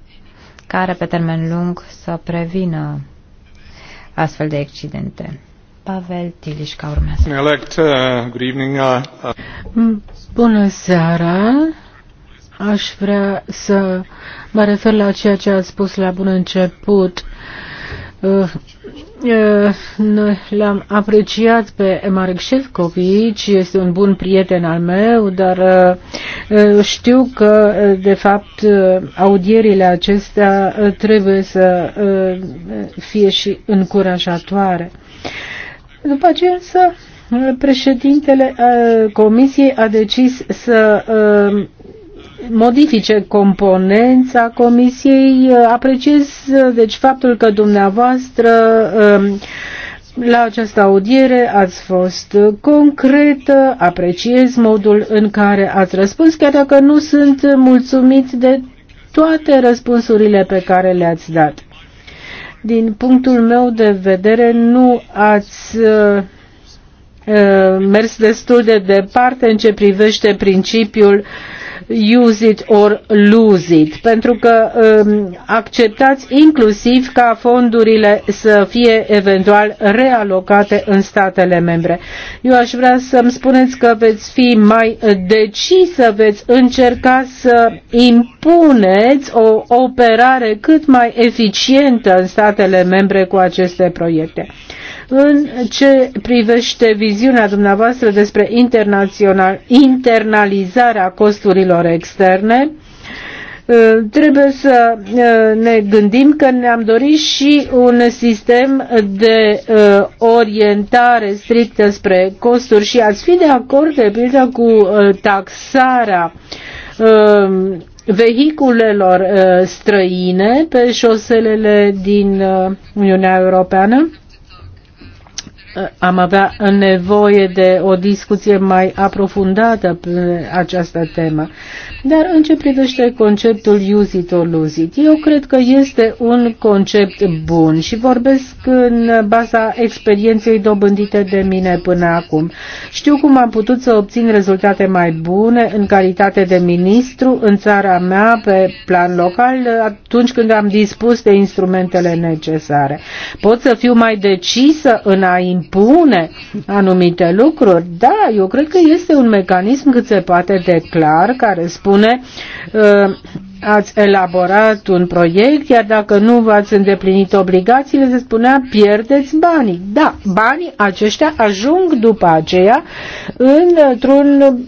Speaker 6: care pe termen lung să prevină astfel de accidente. Pavel Tiliș, ca urmează.
Speaker 4: Elect, uh, good evening, uh, uh. Mm,
Speaker 3: bună seara! Aș vrea să mă refer la ceea ce ați spus la bun început. Uh, l-am apreciat pe Marek Șefcovici, este un bun prieten al meu, dar știu că, de fapt, audierile acestea trebuie să fie și încurajatoare. După aceea, însă, președintele Comisiei a decis să modifice componența comisiei. Apreciez deci faptul că dumneavoastră um, la această audiere ați fost concretă, apreciez modul în care ați răspuns, chiar dacă nu sunt mulțumit de toate răspunsurile pe care le-ați dat. Din punctul meu de vedere, nu ați uh, uh mers destul de departe în ce privește principiul uh, use it or lose it, pentru că um, acceptați inclusiv ca fondurile să fie eventual realocate în statele membre. Eu aș vrea să-mi spuneți că veți fi mai decisă, veți încerca să impuneți o operare cât mai eficientă în statele membre cu aceste proiecte. În ce privește viziunea dumneavoastră despre internațional, internalizarea costurilor externe, ă, trebuie să ă, ne gândim că ne-am dorit și un sistem de ă, orientare strictă spre costuri și ați fi de acord, de pildă, cu taxarea vehiculelor străine pe șoselele din Uniunea Europeană? Eh, am avea nevoie de o discuție mai aprofundată pe această temă. Dar în ce privește conceptul use it or lose it, eu cred că este un concept bun și vorbesc în baza experienței dobândite de mine până acum. Știu cum am putut să obțin rezultate mai bune în calitate de ministru în țara mea pe plan local atunci când am dispus de instrumentele necesare. Pot să fiu mai decisă în a impune anumite lucruri. Da, eu cred că este un mecanism cât se poate de clar care spune uh, ați elaborat un proiect, iar dacă nu v-ați îndeplinit obligațiile, se spunea pierdeți banii. Da, banii aceștia ajung după aceea într-un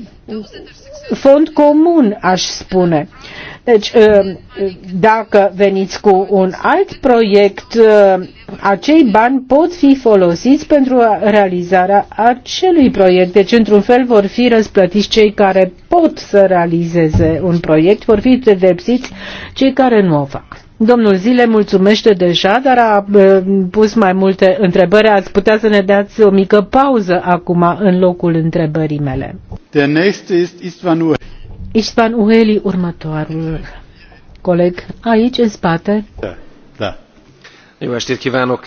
Speaker 3: fond comun, aș spune. Uh, deci, ă, dacă veniți cu un alt proiect, ă, acei bani pot fi folosiți pentru realizarea acelui proiect. Deci, într-un fel, vor fi răsplătiți cei care pot să realizeze un proiect, vor fi pedepsiți cei care nu o fac. Domnul Zile mulțumește deja, dar a ă, pus mai multe întrebări. Ați putea să ne dați o mică pauză acum în locul întrebării mele.
Speaker 1: Der nächste ist
Speaker 3: Ispan Uheli,
Speaker 7: următorul coleg, aici, în spate.
Speaker 4: Da, da. Eu estét kívánok,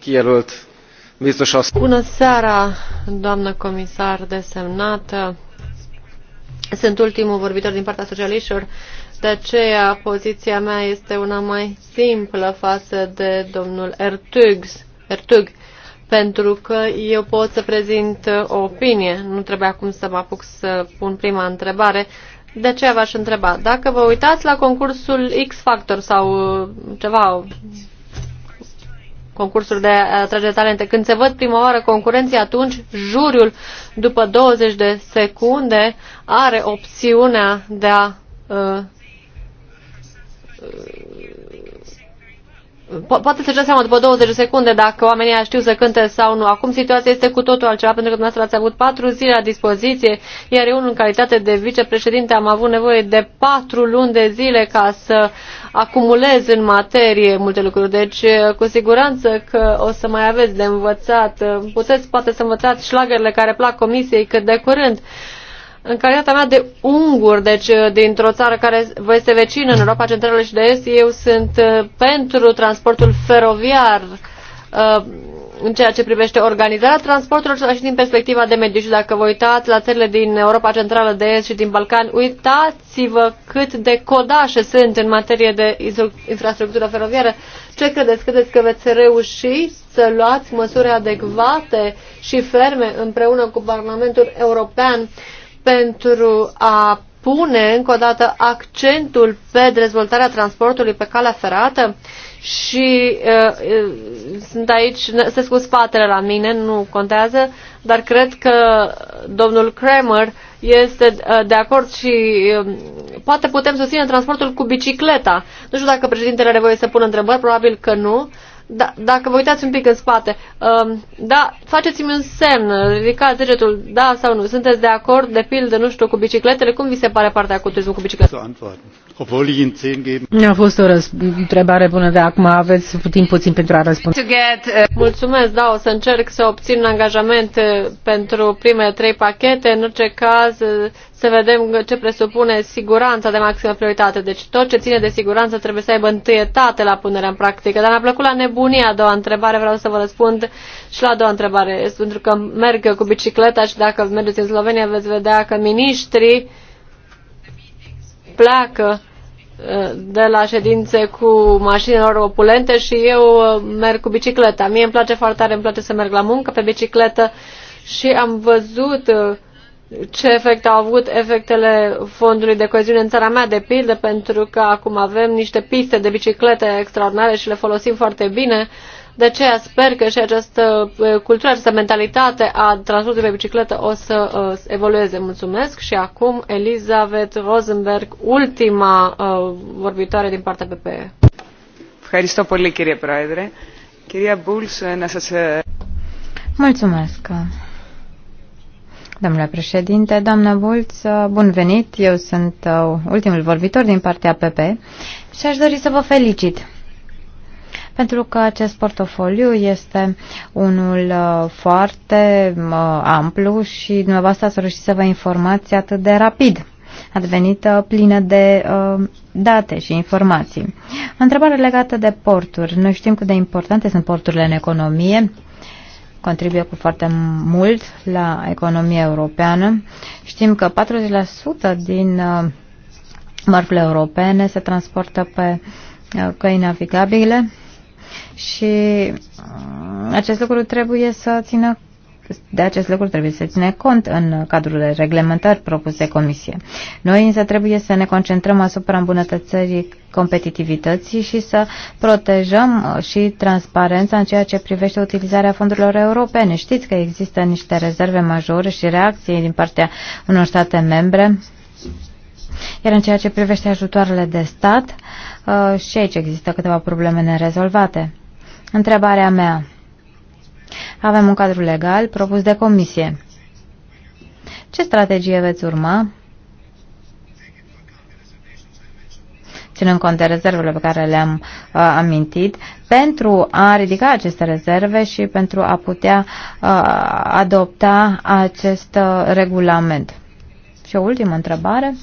Speaker 4: kijelölt biztos asszony. Bună
Speaker 7: seara, doamnă comisar desemnată. Sunt ultimul vorbitor din partea socialiștilor, de aceea poziția mea este una mai simplă față de domnul Ertugs, Ertug, pentru că eu pot să prezint o opinie. Nu trebuie acum să mă apuc să pun prima întrebare. Uh, de ce v-aș întreba, dacă vă uitați la concursul X Factor sau uh, ceva, concursul de atrage talente, când se văd prima oară concurenții, atunci juriul, după 20 de secunde, are opțiunea de a uh, po poate să-și seama după 20 secunde dacă oamenii știu să cânte sau nu. Acum situația este cu totul altceva, pentru că dumneavoastră ați avut patru zile la dispoziție, iar eu, în calitate de vicepreședinte, am avut nevoie de patru luni de zile ca să acumulez în materie multe lucruri. Deci, cu siguranță că o să mai aveți de învățat. Puteți, poate, să învățați șlagările care plac comisiei cât de curând în calitatea mea de ungur, deci uh, dintr-o țară care vă este vecină în Europa Centrală și de Est, eu sunt uh, pentru transportul feroviar uh, în ceea ce privește organizarea transportului și din perspectiva de mediu. Și dacă vă uitați la țările din Europa Centrală de Est și din Balcani, uitați-vă cât de codașe sunt în materie de infrastructură feroviară. Ce credeți? Credeți că veți reuși să luați măsuri adecvate și ferme împreună cu Parlamentul European pentru a pune încă o dată accentul pe dezvoltarea transportului pe calea ferată și uh, uh sunt aici, se scuz spatele la mine, nu contează, dar cred că domnul Kramer este uh, de acord și um, poate putem susține transportul cu bicicleta. Nu știu dacă președintele are voie să pună întrebări, probabil că nu, da, dacă vă uitați un pic în spate, um, da, faceți-mi un semn, ridicați degetul, da sau nu. Sunteți de acord, de pildă, nu știu, cu bicicletele? Cum vi se pare partea cu turismul cu bicicletele?
Speaker 3: Nu A fost o întrebare bună, de acum aveți timp puțin pentru a răspunde.
Speaker 7: Uh, Mulțumesc, da, o să încerc să obțin un angajament uh, pentru primele trei pachete. În orice caz, uh, să vedem ce presupune siguranța de maximă prioritate. Deci tot ce ține de siguranță trebuie să aibă întâietate la punerea în practică. Dar mi-a plăcut la nebunia a doua întrebare, vreau să vă răspund și la a doua întrebare. Este pentru că merg cu bicicleta și dacă mergeți în Slovenia veți vedea că miniștrii pleacă de la ședințe cu mașinilor opulente și eu uh, merg cu bicicleta. Mie îmi place foarte tare, îmi place să merg la muncă pe bicicletă și am văzut uh, ce efect au avut efectele fondului de coeziune în țara mea, de pildă, pentru că acum avem niște piste de biciclete extraordinare și le folosim foarte bine de aceea sper că și această cultură, această mentalitate a transportului pe bicicletă o să evolueze. Mulțumesc și acum Elizabeth Rosenberg, ultima
Speaker 2: vorbitoare din partea PPE.
Speaker 1: Ευχαριστώ πολύ κύριε Πρόεδρε. Κυρία Μπούλς, να
Speaker 6: Mulțumesc. Domnule președinte, doamnă Bulț, bun venit. Eu sunt ultimul vorbitor din partea PP și aș dori să vă felicit pentru că acest portofoliu este unul uh, foarte uh, amplu și dumneavoastră ați reușit să vă informați atât de rapid advenită uh, plină de date și informații. Întrebare legată de porturi. Noi știm cât de importante sunt porturile în economie, contribuie cu foarte mult la economia europeană. Știm că 40% din mărfurile europene se transportă pe căi navigabile și uh, acest lucru trebuie să țină de acest lucru trebuie să ține cont în cadrul de reglementări propuse Comisie. Noi însă trebuie să ne concentrăm asupra îmbunătățării competitivității și să protejăm uh, și transparența în ceea ce privește utilizarea fondurilor europene. Știți că există niște rezerve majore și reacții din partea unor state membre iar în ceea ce privește ajutoarele de stat, uh, și aici există câteva probleme nerezolvate. Întrebarea mea. Avem un cadru legal propus de comisie. Ce strategie veți urma? ținând cont de rezervele pe care le-am uh, amintit, pentru a ridica aceste rezerve și pentru a putea uh, adopta acest uh, regulament. Și o ultimă întrebare.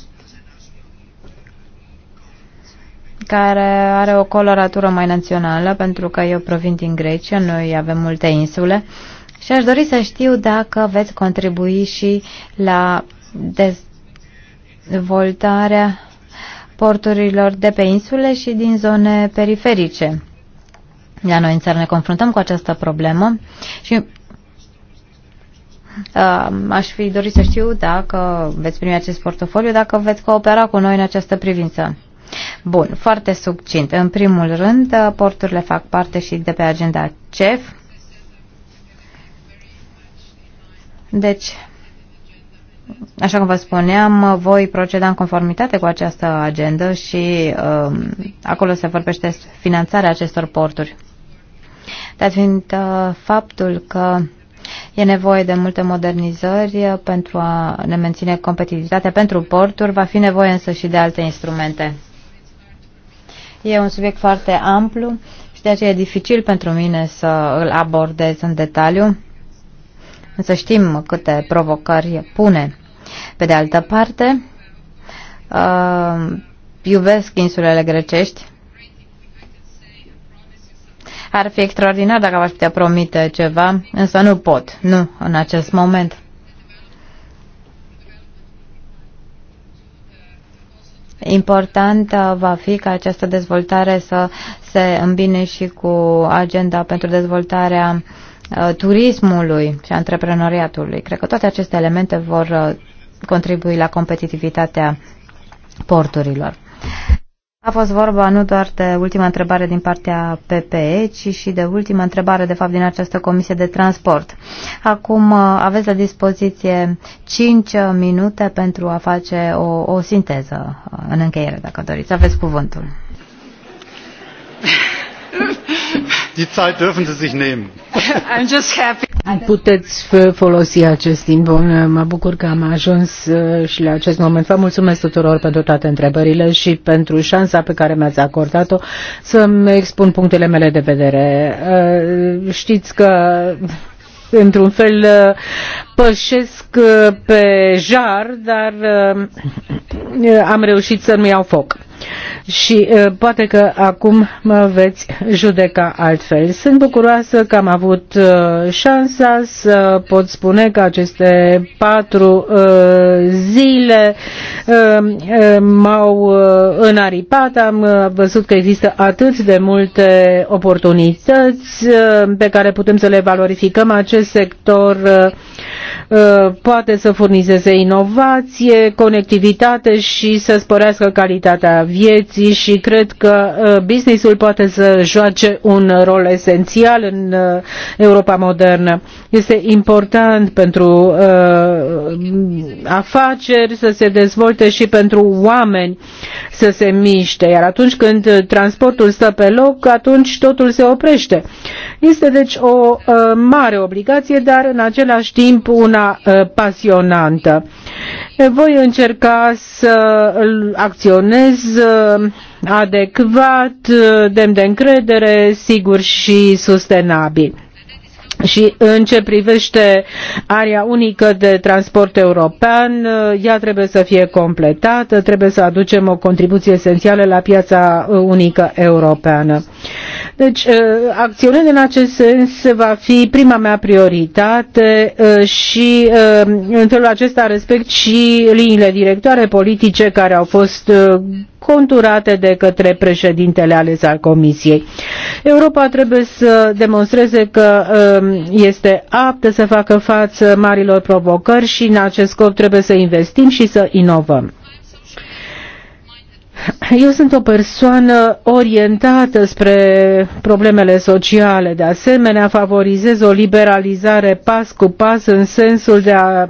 Speaker 6: care are o coloratură mai națională, pentru că eu provin din Grecia, noi avem multe insule și aș dori să știu dacă veți contribui și la dezvoltarea porturilor de pe insule și din zone periferice. La noi în țară ne confruntăm cu această problemă și uh, aș fi dorit să știu dacă veți primi acest portofoliu, dacă veți coopera cu noi în această privință. Bun, foarte succint. În primul rând, uh, porturile fac parte și de pe agenda CEF. Deci, așa cum vă spuneam, voi proceda în conformitate cu această agendă și uh, acolo se vorbește finanțarea acestor porturi. Dar fiind uh, faptul că e nevoie de multe modernizări uh, pentru a ne menține competitivitatea pentru porturi, va fi nevoie însă și de alte instrumente. E un subiect foarte amplu și de aceea e dificil pentru mine să îl abordez în detaliu, să știm câte provocări pune. Pe de altă parte, uh, iubesc insulele grecești. Ar fi extraordinar dacă v-aș putea promite ceva, însă nu pot, nu în acest moment. Important uh, va fi ca această dezvoltare să se îmbine și cu agenda pentru dezvoltarea uh, turismului și antreprenoriatului. Cred că toate aceste elemente vor uh, contribui la competitivitatea porturilor. A fost vorba nu doar de ultima întrebare din partea PPE, ci și de ultima întrebare, de fapt, din această comisie de transport. Acum uh, aveți la dispoziție 5 uh, minute pentru a face o, o sinteză uh, în încheiere, dacă
Speaker 3: doriți. Aveți cuvântul.
Speaker 1: Die Zeit dürfen Sie sich nehmen. I'm just happy.
Speaker 3: Puteți folosi acest timp bun. Mă bucur că am ajuns uh, și la acest moment. Vă mulțumesc tuturor pentru toate întrebările și pentru șansa pe care mi-ați acordat-o să-mi expun punctele mele de vedere. Uh, știți că într-un fel uh, pășesc pe jar, dar am reușit să nu iau foc și poate că acum mă veți judeca altfel. Sunt bucuroasă că am avut șansa să pot spune că aceste patru zile m-au înaripat, am văzut că există atât de multe oportunități pe care putem să le valorificăm. Acest sector poate să furnizeze inovație, conectivitate și să sporească calitatea vieții și cred că uh, businessul poate să joace un rol esențial în uh, Europa modernă. Este important pentru uh, afaceri să se dezvolte și pentru oameni să se miște, iar atunci când transportul stă pe loc, atunci totul se oprește. Este deci o mare obligație, dar în același timp una pasionantă. Voi încerca să acționez adecvat, demn de încredere, sigur și sustenabil. Și în ce privește area unică de transport european, ea trebuie să fie completată, trebuie să aducem o contribuție esențială la piața uh, unică europeană. Deci, uh, acțiunea în acest sens va fi prima mea prioritate uh, și în felul acesta respect și liniile directoare politice care au fost conturate de către președintele ales al Comisiei. Europa trebuie să demonstreze că um, este aptă să facă față marilor provocări și în acest scop trebuie să investim și să inovăm. Eu sunt o persoană orientată spre problemele sociale, de asemenea favorizez o liberalizare pas cu pas în sensul de a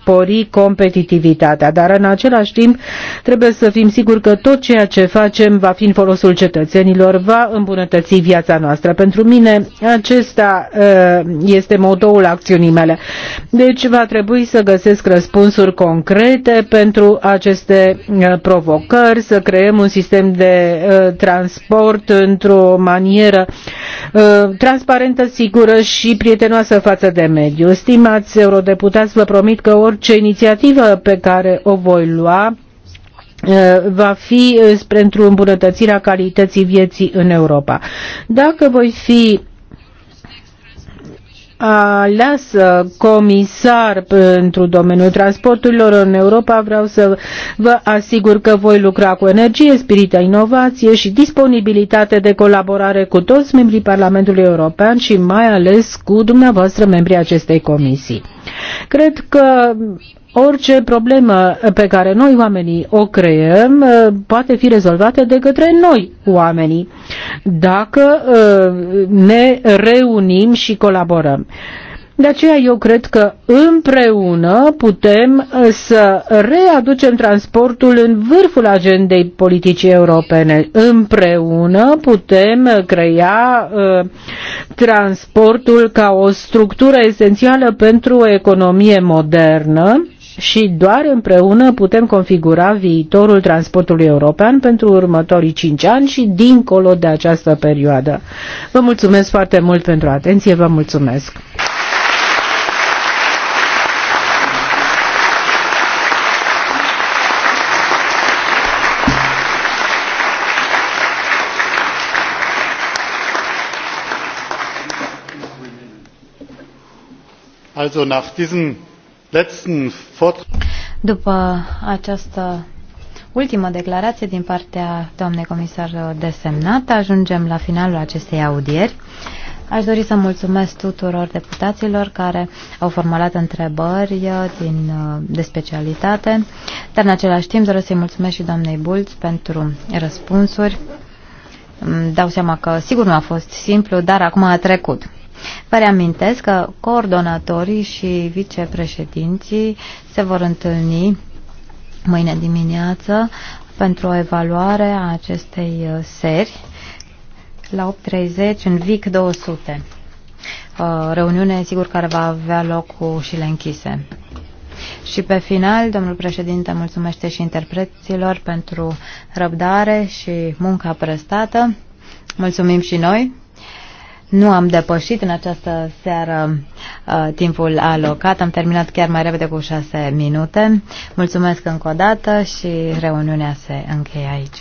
Speaker 3: spori competitivitatea, dar în același timp trebuie să fim siguri că tot ceea ce facem va fi în folosul cetățenilor, va îmbunătăți viața noastră. Pentru mine acesta este motoul acțiunii mele. Deci va trebui să găsesc răspunsuri concrete pentru aceste provocări, să creăm creăm un sistem de uh, transport într-o manieră uh, transparentă, sigură și prietenoasă față de mediu. Stimați eurodeputați, vă promit că orice inițiativă pe care o voi lua uh, va fi uh, pentru îmbunătățirea calității vieții în Europa. Dacă voi fi aleasă comisar pentru domeniul transporturilor în Europa, vreau să vă asigur că voi lucra cu energie, spirită, inovație și disponibilitate de colaborare cu toți membrii Parlamentului European și mai ales cu dumneavoastră membrii acestei comisii. Cred că orice problemă pe care noi oamenii o creăm uh, poate fi rezolvată de către noi oamenii, dacă uh, ne reunim și colaborăm. De aceea eu cred că împreună putem uh, să readucem transportul în vârful agendei politicii europene. Împreună putem crea uh, transportul ca o structură esențială pentru o economie modernă și doar împreună putem configura viitorul transportului european pentru următorii 5 ani și dincolo de această perioadă. Vă mulțumesc foarte mult pentru atenție, vă mulțumesc!
Speaker 1: Also nach diesen
Speaker 6: după această ultimă declarație din partea doamnei comisar desemnată, ajungem la finalul acestei audieri. Aș dori să mulțumesc tuturor deputaților care au formulat întrebări uh, din, uh, de specialitate, dar în același timp doresc să-i mulțumesc și doamnei Bulț pentru răspunsuri. dau seama că sigur nu a fost simplu, dar acum a trecut. Vă reamintesc că coordonatorii și vicepreședinții se vor întâlni mâine dimineață pentru o evaluare a acestei uh, seri la 8.30 în VIC 200. Uh, reuniune, sigur, care va avea loc cu ușile închise. Și pe final, domnul președinte mulțumește și interpreților pentru răbdare și munca prestată. Mulțumim și noi! Nu am depășit în această seară uh, timpul alocat, am terminat chiar mai repede cu șase minute. Mulțumesc încă o dată și reuniunea se încheie aici.